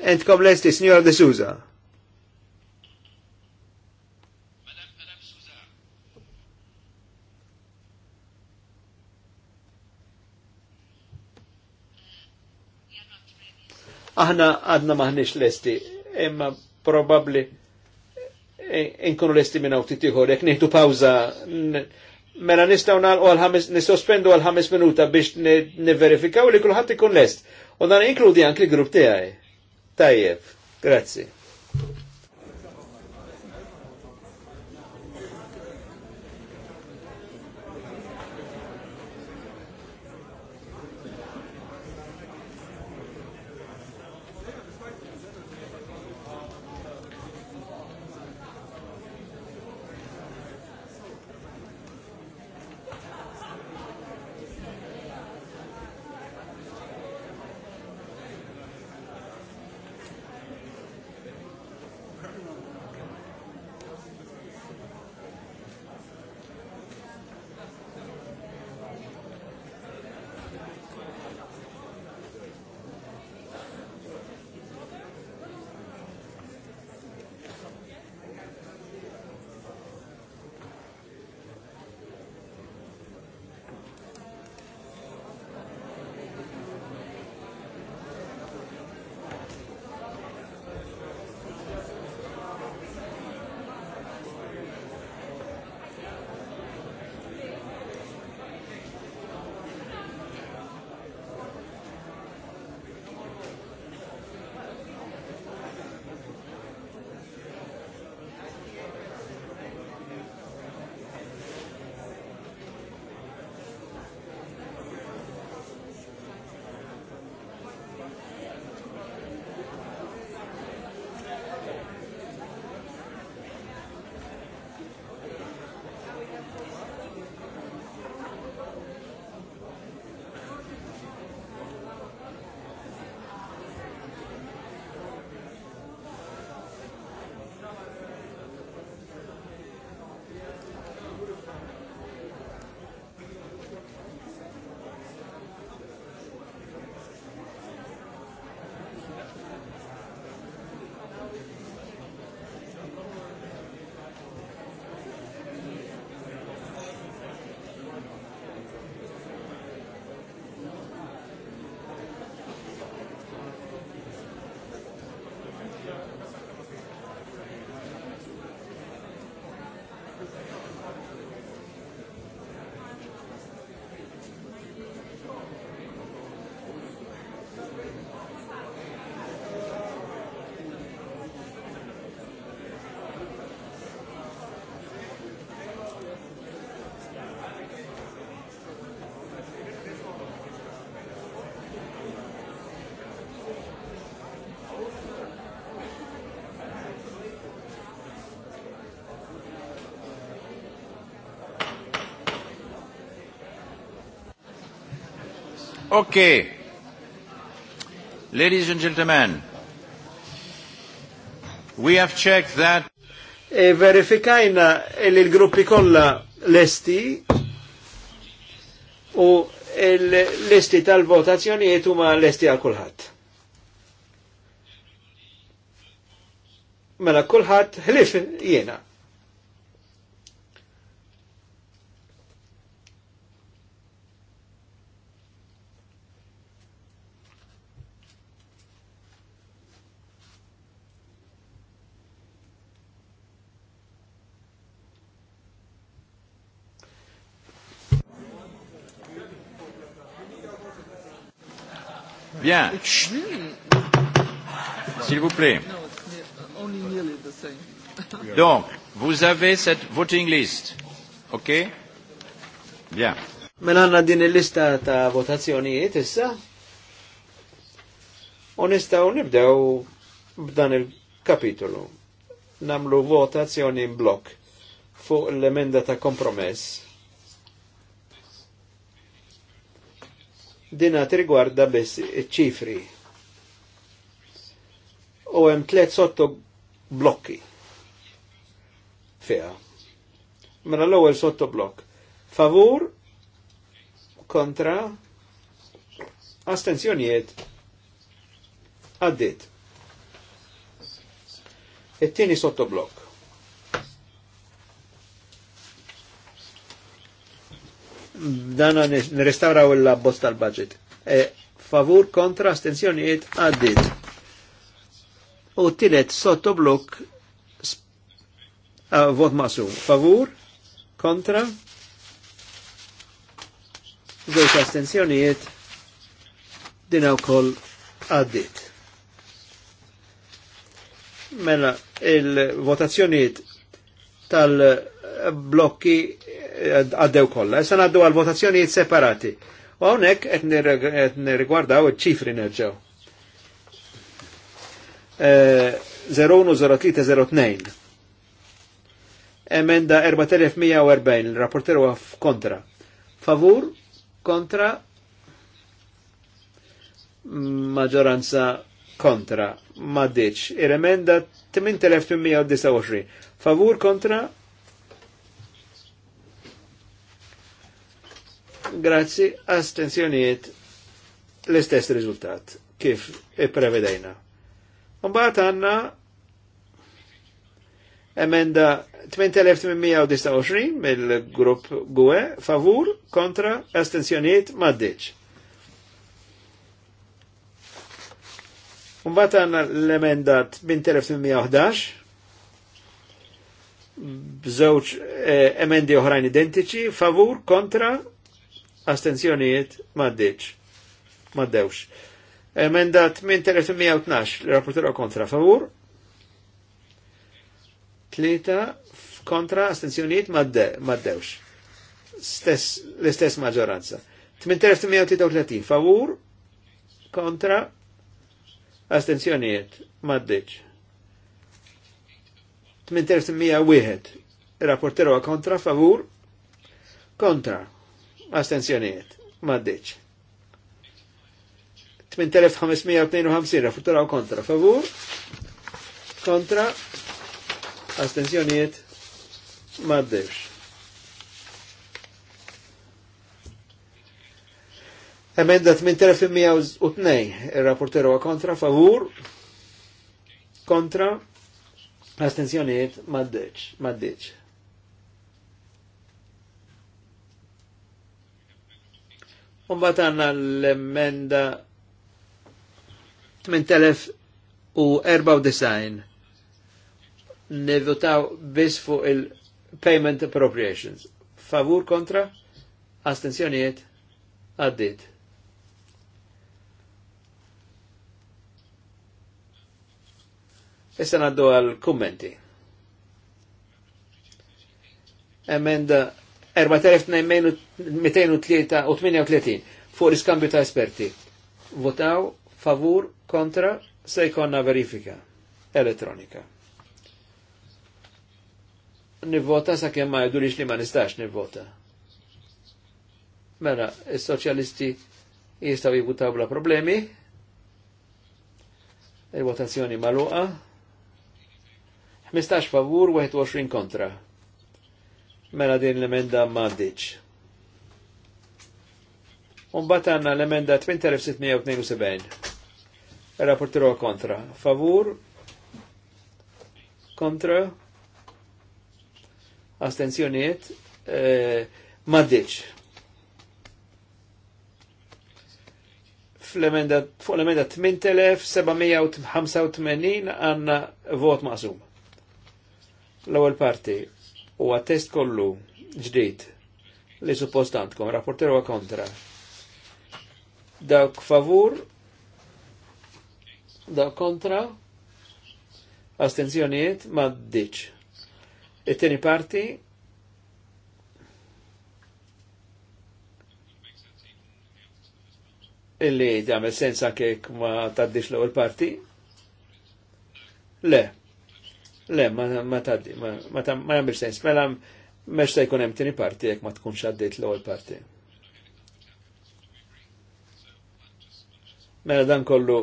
Entkom lesti, Signora De Souza. Aħna għadna maħniex lesti, imma probabli e, inkunu lesti minna u titiħor, jek nieħdu pawza, mela nistaw nisospendu għal ħames minuta biex niverifikaw li kullħat ikun lest. U dan inkludi anki l-grupp tiegħi. Tajjeb, grazzi. Okay. Ladies and gentlemen, we have checked that. E verifikajna li l-gruppi kollha lesti u l-lesti tal votazzjoni ma l lesti għal kullħat. Mela kullħat hlif jiena. Bien. Hmm. S'il vous plaît. Donc, vous avez cette voting list. OK? Bien. Men mela għanna din il-lista ta' votazzjonijiet issa. U nibdew b'dan il-kapitolu. Namlu votazzjoni in blok fuq l-emenda ta' kompromess dina tirgwarda bis ċifri. U hemm tliet sotto blokki fiha. Mela l-ewwel sotto blokk. Favur kontra astenzjonijiet għaddit. It-tieni sotto blokk. dana nirrestawraw il-abbozz tal-budget. E, favur kontra astenzjoniet għaddit. U t-tilet sotto blok vot masu. Favur kontra zewċ astenzjonijiet dinaw kol għaddit. Mela, il-votazzjoniet tal-blokki għaddew kolla. jessan għaddew għal votazzjoni separati. U għonek qed nirrigwardaw il ċifri nerġaw. 010302 Emenda 4140, il rapporteru għaf kontra. Favur, kontra, maġoranza kontra, maddiċ. Ir-emenda 8129 Favur, kontra, Grazzi, astensjoniet l-istess rizultat kif ipprevedejna. Mbagħad għandna emenda 8829 mill-grupp GUE favur kontra astensjoniet maddiċ. Mbagħad għandna l-emenda 8811 bżewġ eh, emendi oħrajn identiċi favur kontra astenzjonijiet maddiċ. Maddewx. Emenda 8312, l-rapportero kontra, favur. Tlita kontra astenzjonijiet maddewx. Stess, l-istess maġoranza. 8333, favur, kontra, astenzjonijiet maddiċ. 8301, rapportero kontra, favur, kontra Astenzjoniet. maddeċ. 8552 rafutura u kontra. Favur. Kontra. Astenzjoniet. maddeċ. Emenda 8102, il u kontra, favur, kontra, astenzjoniet, maddeċ, maddeċ. Umbat għanna l-emenda 8094. nevotaw bis fuq il-payment appropriations. Favur kontra? Astenzjoniet? Għaddit. Issa naddu għal kummenti. Emenda 4238 fuq iskambju ta' esperti. Votaw favur kontra se jkonna verifika elettronika. Nivvota sa' kemm ma jgħidulix li ma nistax nivvota. Mela, is-soċjalisti jistaw jibutaw bla problemi. Il-votazzjoni maluqa. 15 favur, 21 kontra. Mela din l-emenda maddiċ. Umbat għanna l-emenda 2672. Rapportiru kontra. Favur? Kontra? Astenzjoniet? Eh, maddiċ. fuq l-emenda 8785 għanna vot maqsum. L-ewwel parti u għattest test kollu ġdid li suppostantkom. Rapporteru wa kontra. Dawk favur, dawk kontra, astenzjoniet ma ddiċ. It-tieni parti, illi għamil sens anke ma taddix l-ewwel parti? Le. Le, ma taddi, ma jambir sens. Mela, mex ta' jkun hemm tieni parti jekk ma tkunx għaddejt l-ewwel parti. Mela dan kollu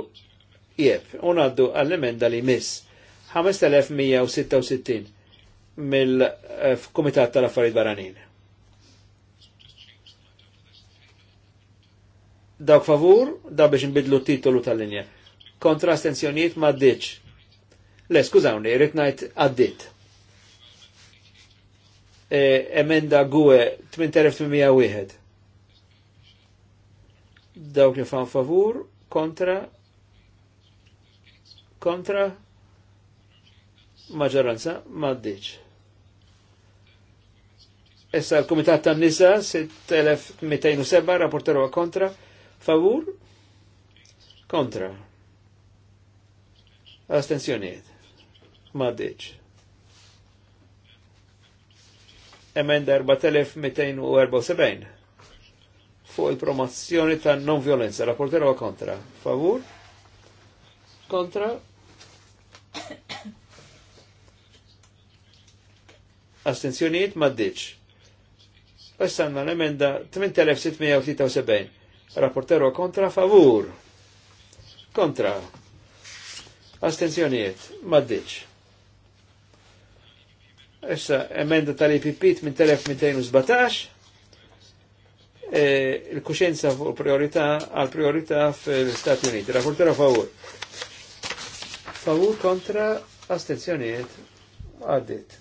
jieb, u ngħaddu għall-emenda li miss 5166 mill-Kumitat eh, tal-Affarijiet Baranin. Dawk favur, da biex nbidlu titolu tal-linja. Kontra astenzjonijiet ma ddiċ. Le, skużawni, rritnajt għaddit. E, emenda għue 8801. Dawk li fan favur, kontra, kontra, maġġoranza, maddiċ. Issa l-Komitat tan nisa 6207, rapporteru kontra, favur, kontra. Astenzjoniet. Maddiċ. Emenda 4274 fuq il-promozzjoni ta' non-violenza. Rapportero wa kontra. Favur? Kontra? Astenzjoniet deċ. Passanna l-emenda 8673. Rapportero kontra favur. Kontra. Astenzjoniet maddiċ. Issa, emenda tal-IPP 8217, e, il-kuxenza fuq priorità għal priorità fil-Stati Uniti. Rapportera favur. Favur kontra astenzjoniet għaddit.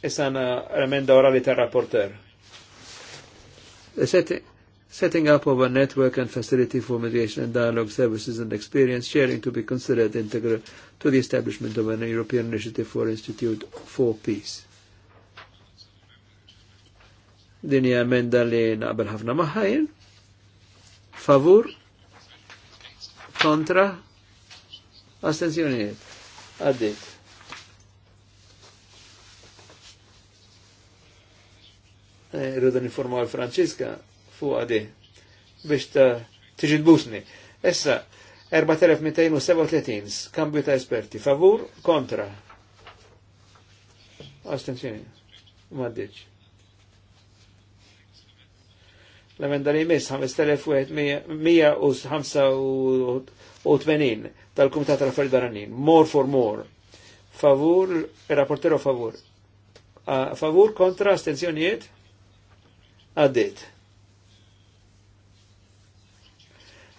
Issa emenda orali tal rapporter. E sette setting up of a network and facility for mediation and dialogue services and experience sharing to be considered integral to the establishment of an European Initiative for Institute for Peace. Din hija emenda li naqbel ħafna maħħajn. Favur? Kontra? Astenzjonijiet? Għaddit. Eh, Rudan informal Franċiska fuq għadi biex ta' tiġi tbusni. Essa, 4237, kambju ta' esperti, favur, kontra. Astenzjoni, maddiċ. L-emenda li jmiss 5185 tal-Kumitat Rafael Daranin, more for more. Favur, rapportero favur. favur kontra astenzjonijiet? Għaddit.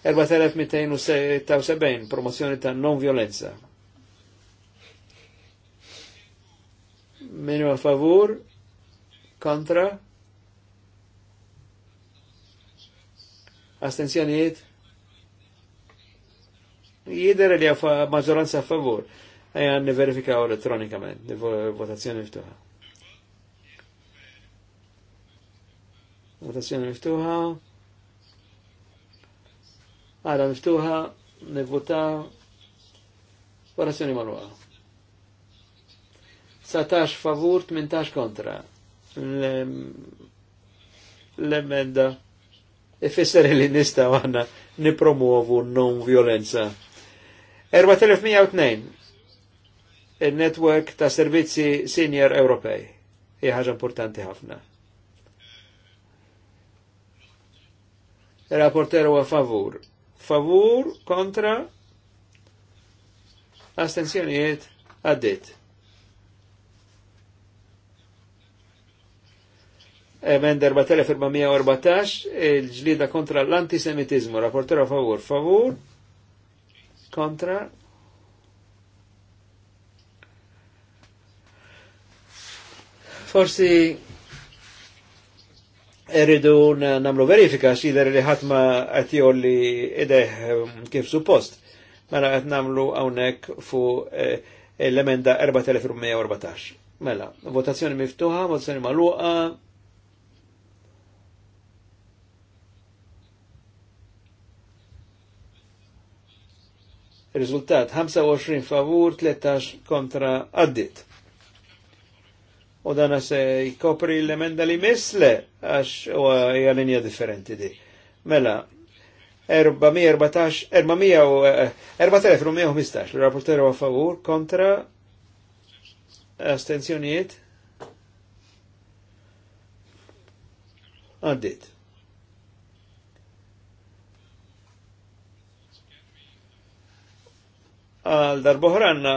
4276 promozzjoni ta' non violenza. Minu a favur, kontra, astenzjonijiet, jider li għafa maġoranza a favur, għajan verifikaw elettronikament, votazzjoni ftuħa. Votazzjoni ftuħa. Għada niftuħa nivvuta, votazzjoni marwa. 19 favur, 18 kontra. L-emenda ifisser li nista għanna nipromuovu non-violenza. 4102 il-network ta' servizzi senior Ewropej. Hija ħaġa importanti ħafna. Il-rapporter għafavur. favur favur, kontra, astenzjonijiet għaddit. Emenda 4414, il-ġlida kontra l-antisemitizmu, rapportera favur, favur, kontra, forsi Eridu namlu verifika xider li ħatma li ideħ um, kif suppost. Mela għat namlu għawnek fu eh, l-emenda 4114. Mela, votazzjoni miftuħa, votazzjoni maluqa. Rizultat 25 favur, 13 kontra għaddit u dana se jkopri l-emenda li misle għax u għalinja differenti di. Mela, 414, 4115, l-rapporteru a favur, kontra, astenzjoniet, għaddit. Għal darboħranna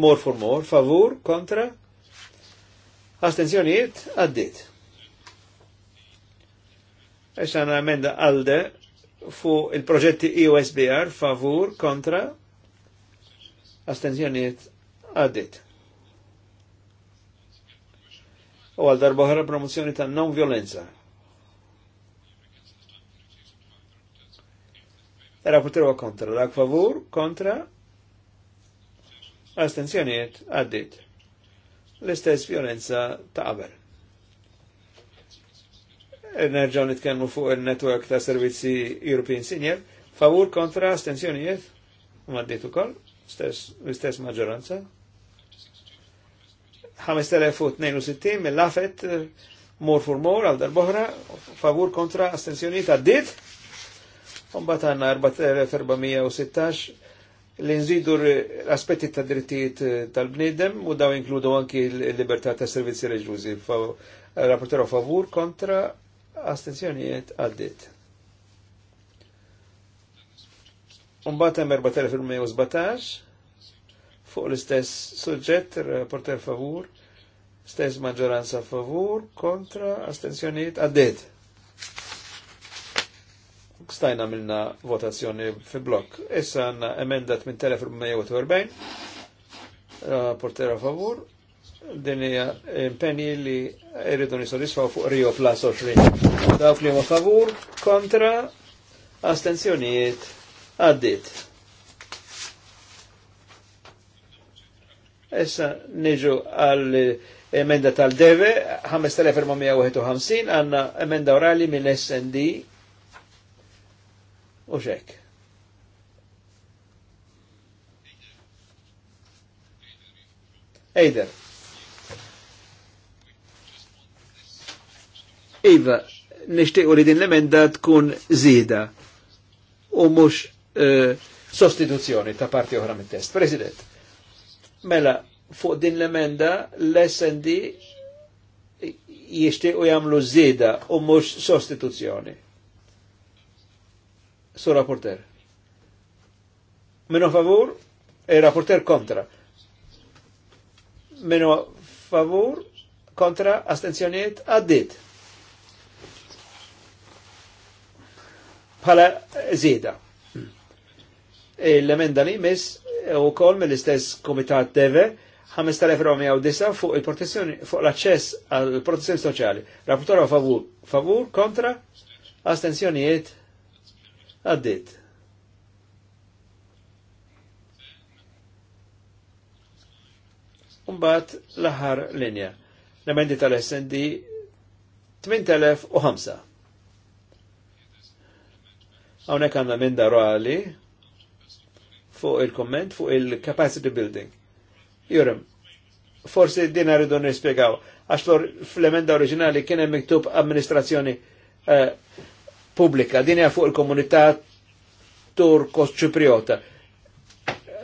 mor for mor, favur, kontra, Astenzjonijiet għaddit. Eċ għana għalde fu il-proġetti IOSBR favur kontra astenzjonijiet għaddit. U għal darboħra promozzjoni ta' non-violenza. Era Rapporter kontra, dak favur, kontra, astenzjoniet, għaddit l-istess violenza ta' qabel. E nerġaw nitkellmu fuq il-network ta' servizzi European Senior, favur kontra astensjonijiet, maddit ukoll, l-istess maġġoranza. 5062 mill-lafet mor fur mor għal darboħra, favur kontra astensjonijiet għaddit, un bat għanna 4416 li nżidu l-aspetti ta' drittijiet eh, tal-bnidem u daw inkludu anki l-libertà ta' servizzi reġużi. Rapportero favur kontra astenzjonijiet għaddit. Umbat hemm 4117 fuq l-istess suġġett, rapporter favur, stess maġġoranza favur, kontra, astenzjonijiet, għaddit stajna minna votazzjoni fi blok. Issa għanna emenda 8440, portera favur, din hija impenji li irridu nisodisfaw fuq Rio Plus 20. Dawk li huma favur, kontra, astenzjonijiet, għaddit. Issa niġu għal emenda tal-deve, 5151 għanna emenda orali mill-SND, u xek. Ejder. Iva, nishtiq u din l-emenda tkun zida u mux uh, eh, sostituzzjoni ta' parti oħra mit test President, mela fuq din l-emenda l-SND jishtiq u jamlu zida u mux sostituzzjoni. Sur rapporter. Minu favor e rapporter kontra. Minu favor? kontra, astenzjoniet, addit. Pala zida. E L-emenda li mis e u kol mill-istess komitat deve 5.409 fuq il-protezzjoni, fuq l-access għal protezzjoni soċjali. Rapportora favur, favur, kontra, astenzjoniet, Għaddit. Umbat l-ħar linja. L-emendi tal-SND 8005. Għawnek għanna minn darwali fuq il-komment fuq il-capacity building. Jurem, forsi din rridu nispiegaw, għax fl-emenda oriġinali kien hemm miktub amministrazzjoni uh, eh, pubblika, din hija fuq il-komunità turko-ċipriota.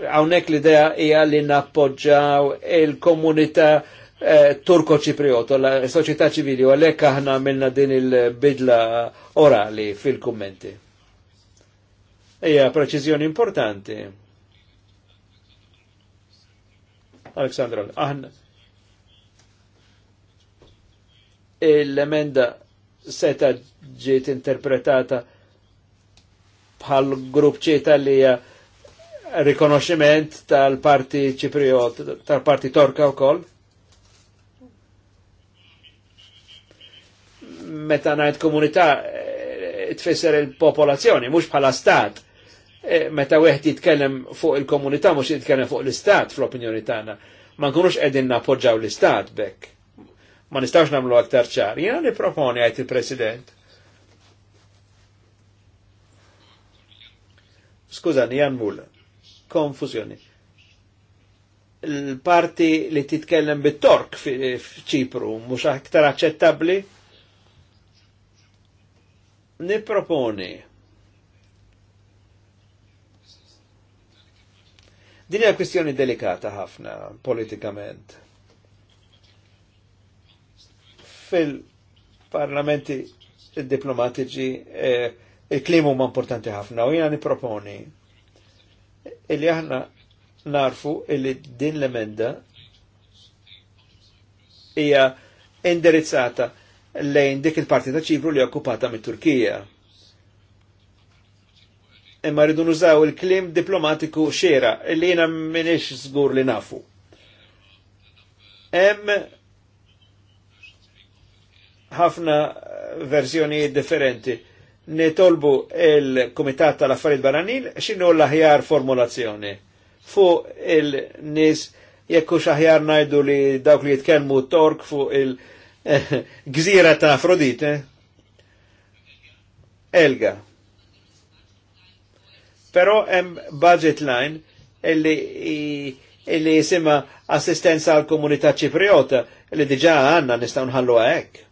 Hawnhekk l-idea hija li nappoġġaw il-komunità eh, turko-ċipriota, la soċjetà ċivili, u għalhekk aħna għamilna din il-bidla orali fil-kummenti. Hija preċiżjoni importanti. Aleksandra, aħna l-emenda seta ġiet interpretata bħal grupp ċeta li hija rikonoxximent tal-parti ċipriot, tal-parti torka wkoll. Meta ngħid komunità eh, tfisser il-popolazzjoni, mhux bħala stat. Eh, meta wieħed jitkellem fuq il-komunità mhux jitkellem fuq l-istat fl-opinjoni tagħna. Ma nkunux qegħdin nappoġġaw l-istat bekk ma nistax namlu aktar ċar. Jena li proponi għajt il-President. Skużani, Jan Mulla, konfuzjoni. Il-parti li titkellem bit-tork f'Ċipru mhux aktar aċċettabbli? Niproponi. Din hija kwistjoni delikata ħafna politikament fil-parlamenti diplomatiċi eh, il-klimu ma' importanti ħafna u jena niproponi illi aħna narfu illi din l-emenda hija indirizzata lejn dik il-parti ta' ċipru li okkupata mit turkija Imma rridu nużaw il-klim diplomatiku xera li jena minix zgur li nafu. Hemm ħafna verżjoni differenti. Nitolbu il-Kumitat tal-Affarijiet Baranin x'inhu l-aħjar formulazzjoni Fu il-nies jekk hux aħjar ngħidu li dawk li jitkellmu tork fuq il-gżira eh, ta' Afrodite. Eh? Elga. Però hemm budget line illi illi jisima assistenza għal komunità ċipriota li diġa għanna nistaw nħallu għek.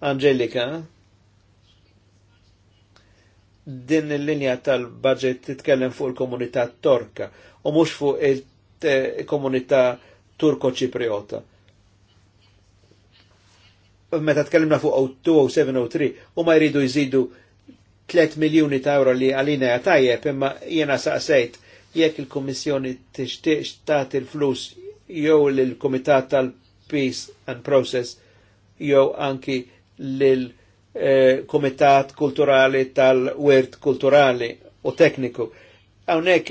Angelika, din il-linja tal-budget titkellem fuq il-komunità torka u mhux fuq il-komunità turko-ċipriota. Meta tkellimna fuq 2703, u ma jridu jżidu 3 miljoni ta' euro li għalina tajjeb imma jiena saqsejt jekk il-Kummissjoni tixtieq tagħti il-flus jew lill-Kumitat tal-Peace and Process jew anki l-Komitat eh, Kulturali tal-Wert Kulturali u Tekniku. Għawnek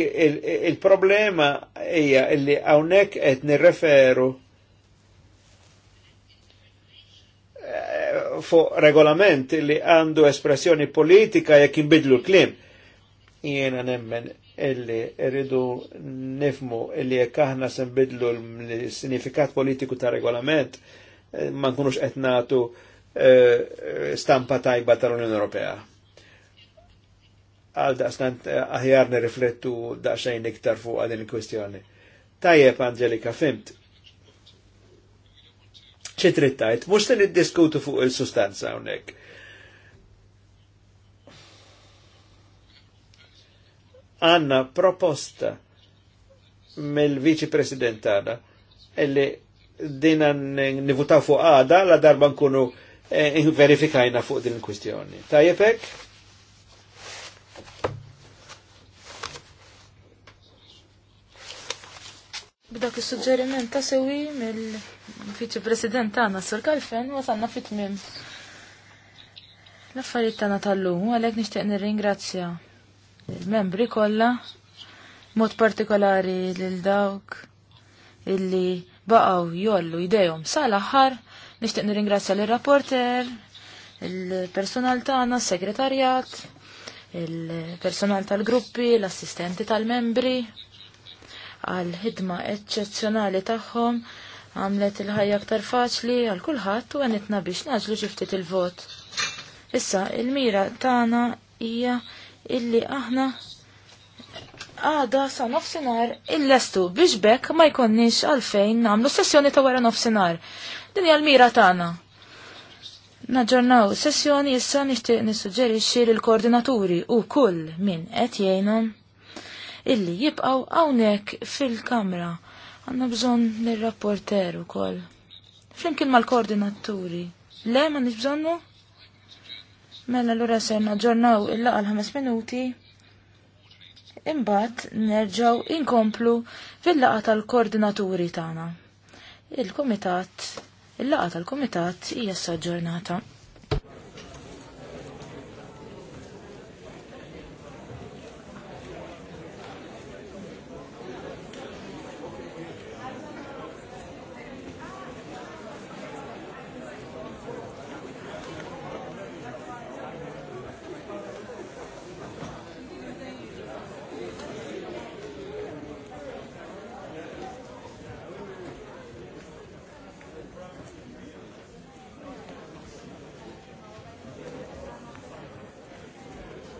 il-problema il hija illi għawnek qed nirreferu eh, fuq regolament li għandu espressjoni politika jekk inbidlu l-klim. Jena nemmen illi rridu nifmu illi jekk aħna sembidlu l-sinifikat politiku ta' regolament eh, ma nkunux etnatu nagħtu Eh, stampa tajba tal-Unjoni Ewropea. Għal daqsnant eh, aħjar nirriflettu daqsxejn iktar fuq din il-kwistjoni. Tajjeb, Angelika, fimt. ċi trittajt, mux se niddiskutu fuq il-sustanza hawnhekk. Għanna proposta mill-Viċi President illi dinan nivutaw fuq għada la darba nkunu Eh, verifikajna fuq din il-kwistjoni. Tajjebek? B'dak is-suġġeriment ta' sewi mill fiċi President tagħna Sur Kalfen wasalna fit-tmiem. L-affarijiet tagħna tal-lum għalhekk nixtieq nirringrazzja il-membri kollha mod partikolari lil dawk illi baqgħu jollu idejhom sal-aħħar Nixtieq nirringrazzja l rapporter il-personal tagħna, s-segretarjat, il-personal tal-gruppi, l-assistenti tal-membri, għal ħidma eċċezzjonali tagħhom għamlet il-ħajja aktar faċli għal kulħadd u għenitna biex naġlu ġiftit il-vot. Issa, il-mira tagħna hija illi aħna għada sa nofsinar il-lestu biex bekk ma jkonnix għalfejn namlu sessjoni ta' wara nofsinar. Din hija l-mira tagħna. Naġġornaw sessjoni issa nixtieq nissuġġerixxi lil koordinaturi u kull min qed jgħinhom illi jibqgħu hawnhekk fil-kamra. Għandna bżonn nir rapporter ukoll. Flimkien mal-koordinaturi. Le ma nix bżonnu? Mela l-ura ser naġġornaw il-laqa ħames minuti imbagħad nerġgħu inkomplu fil-laqgħa tal-koordinaturi tagħna. Il-kumitat, il-laqgħa tal-kumitat hija s-saġġornata.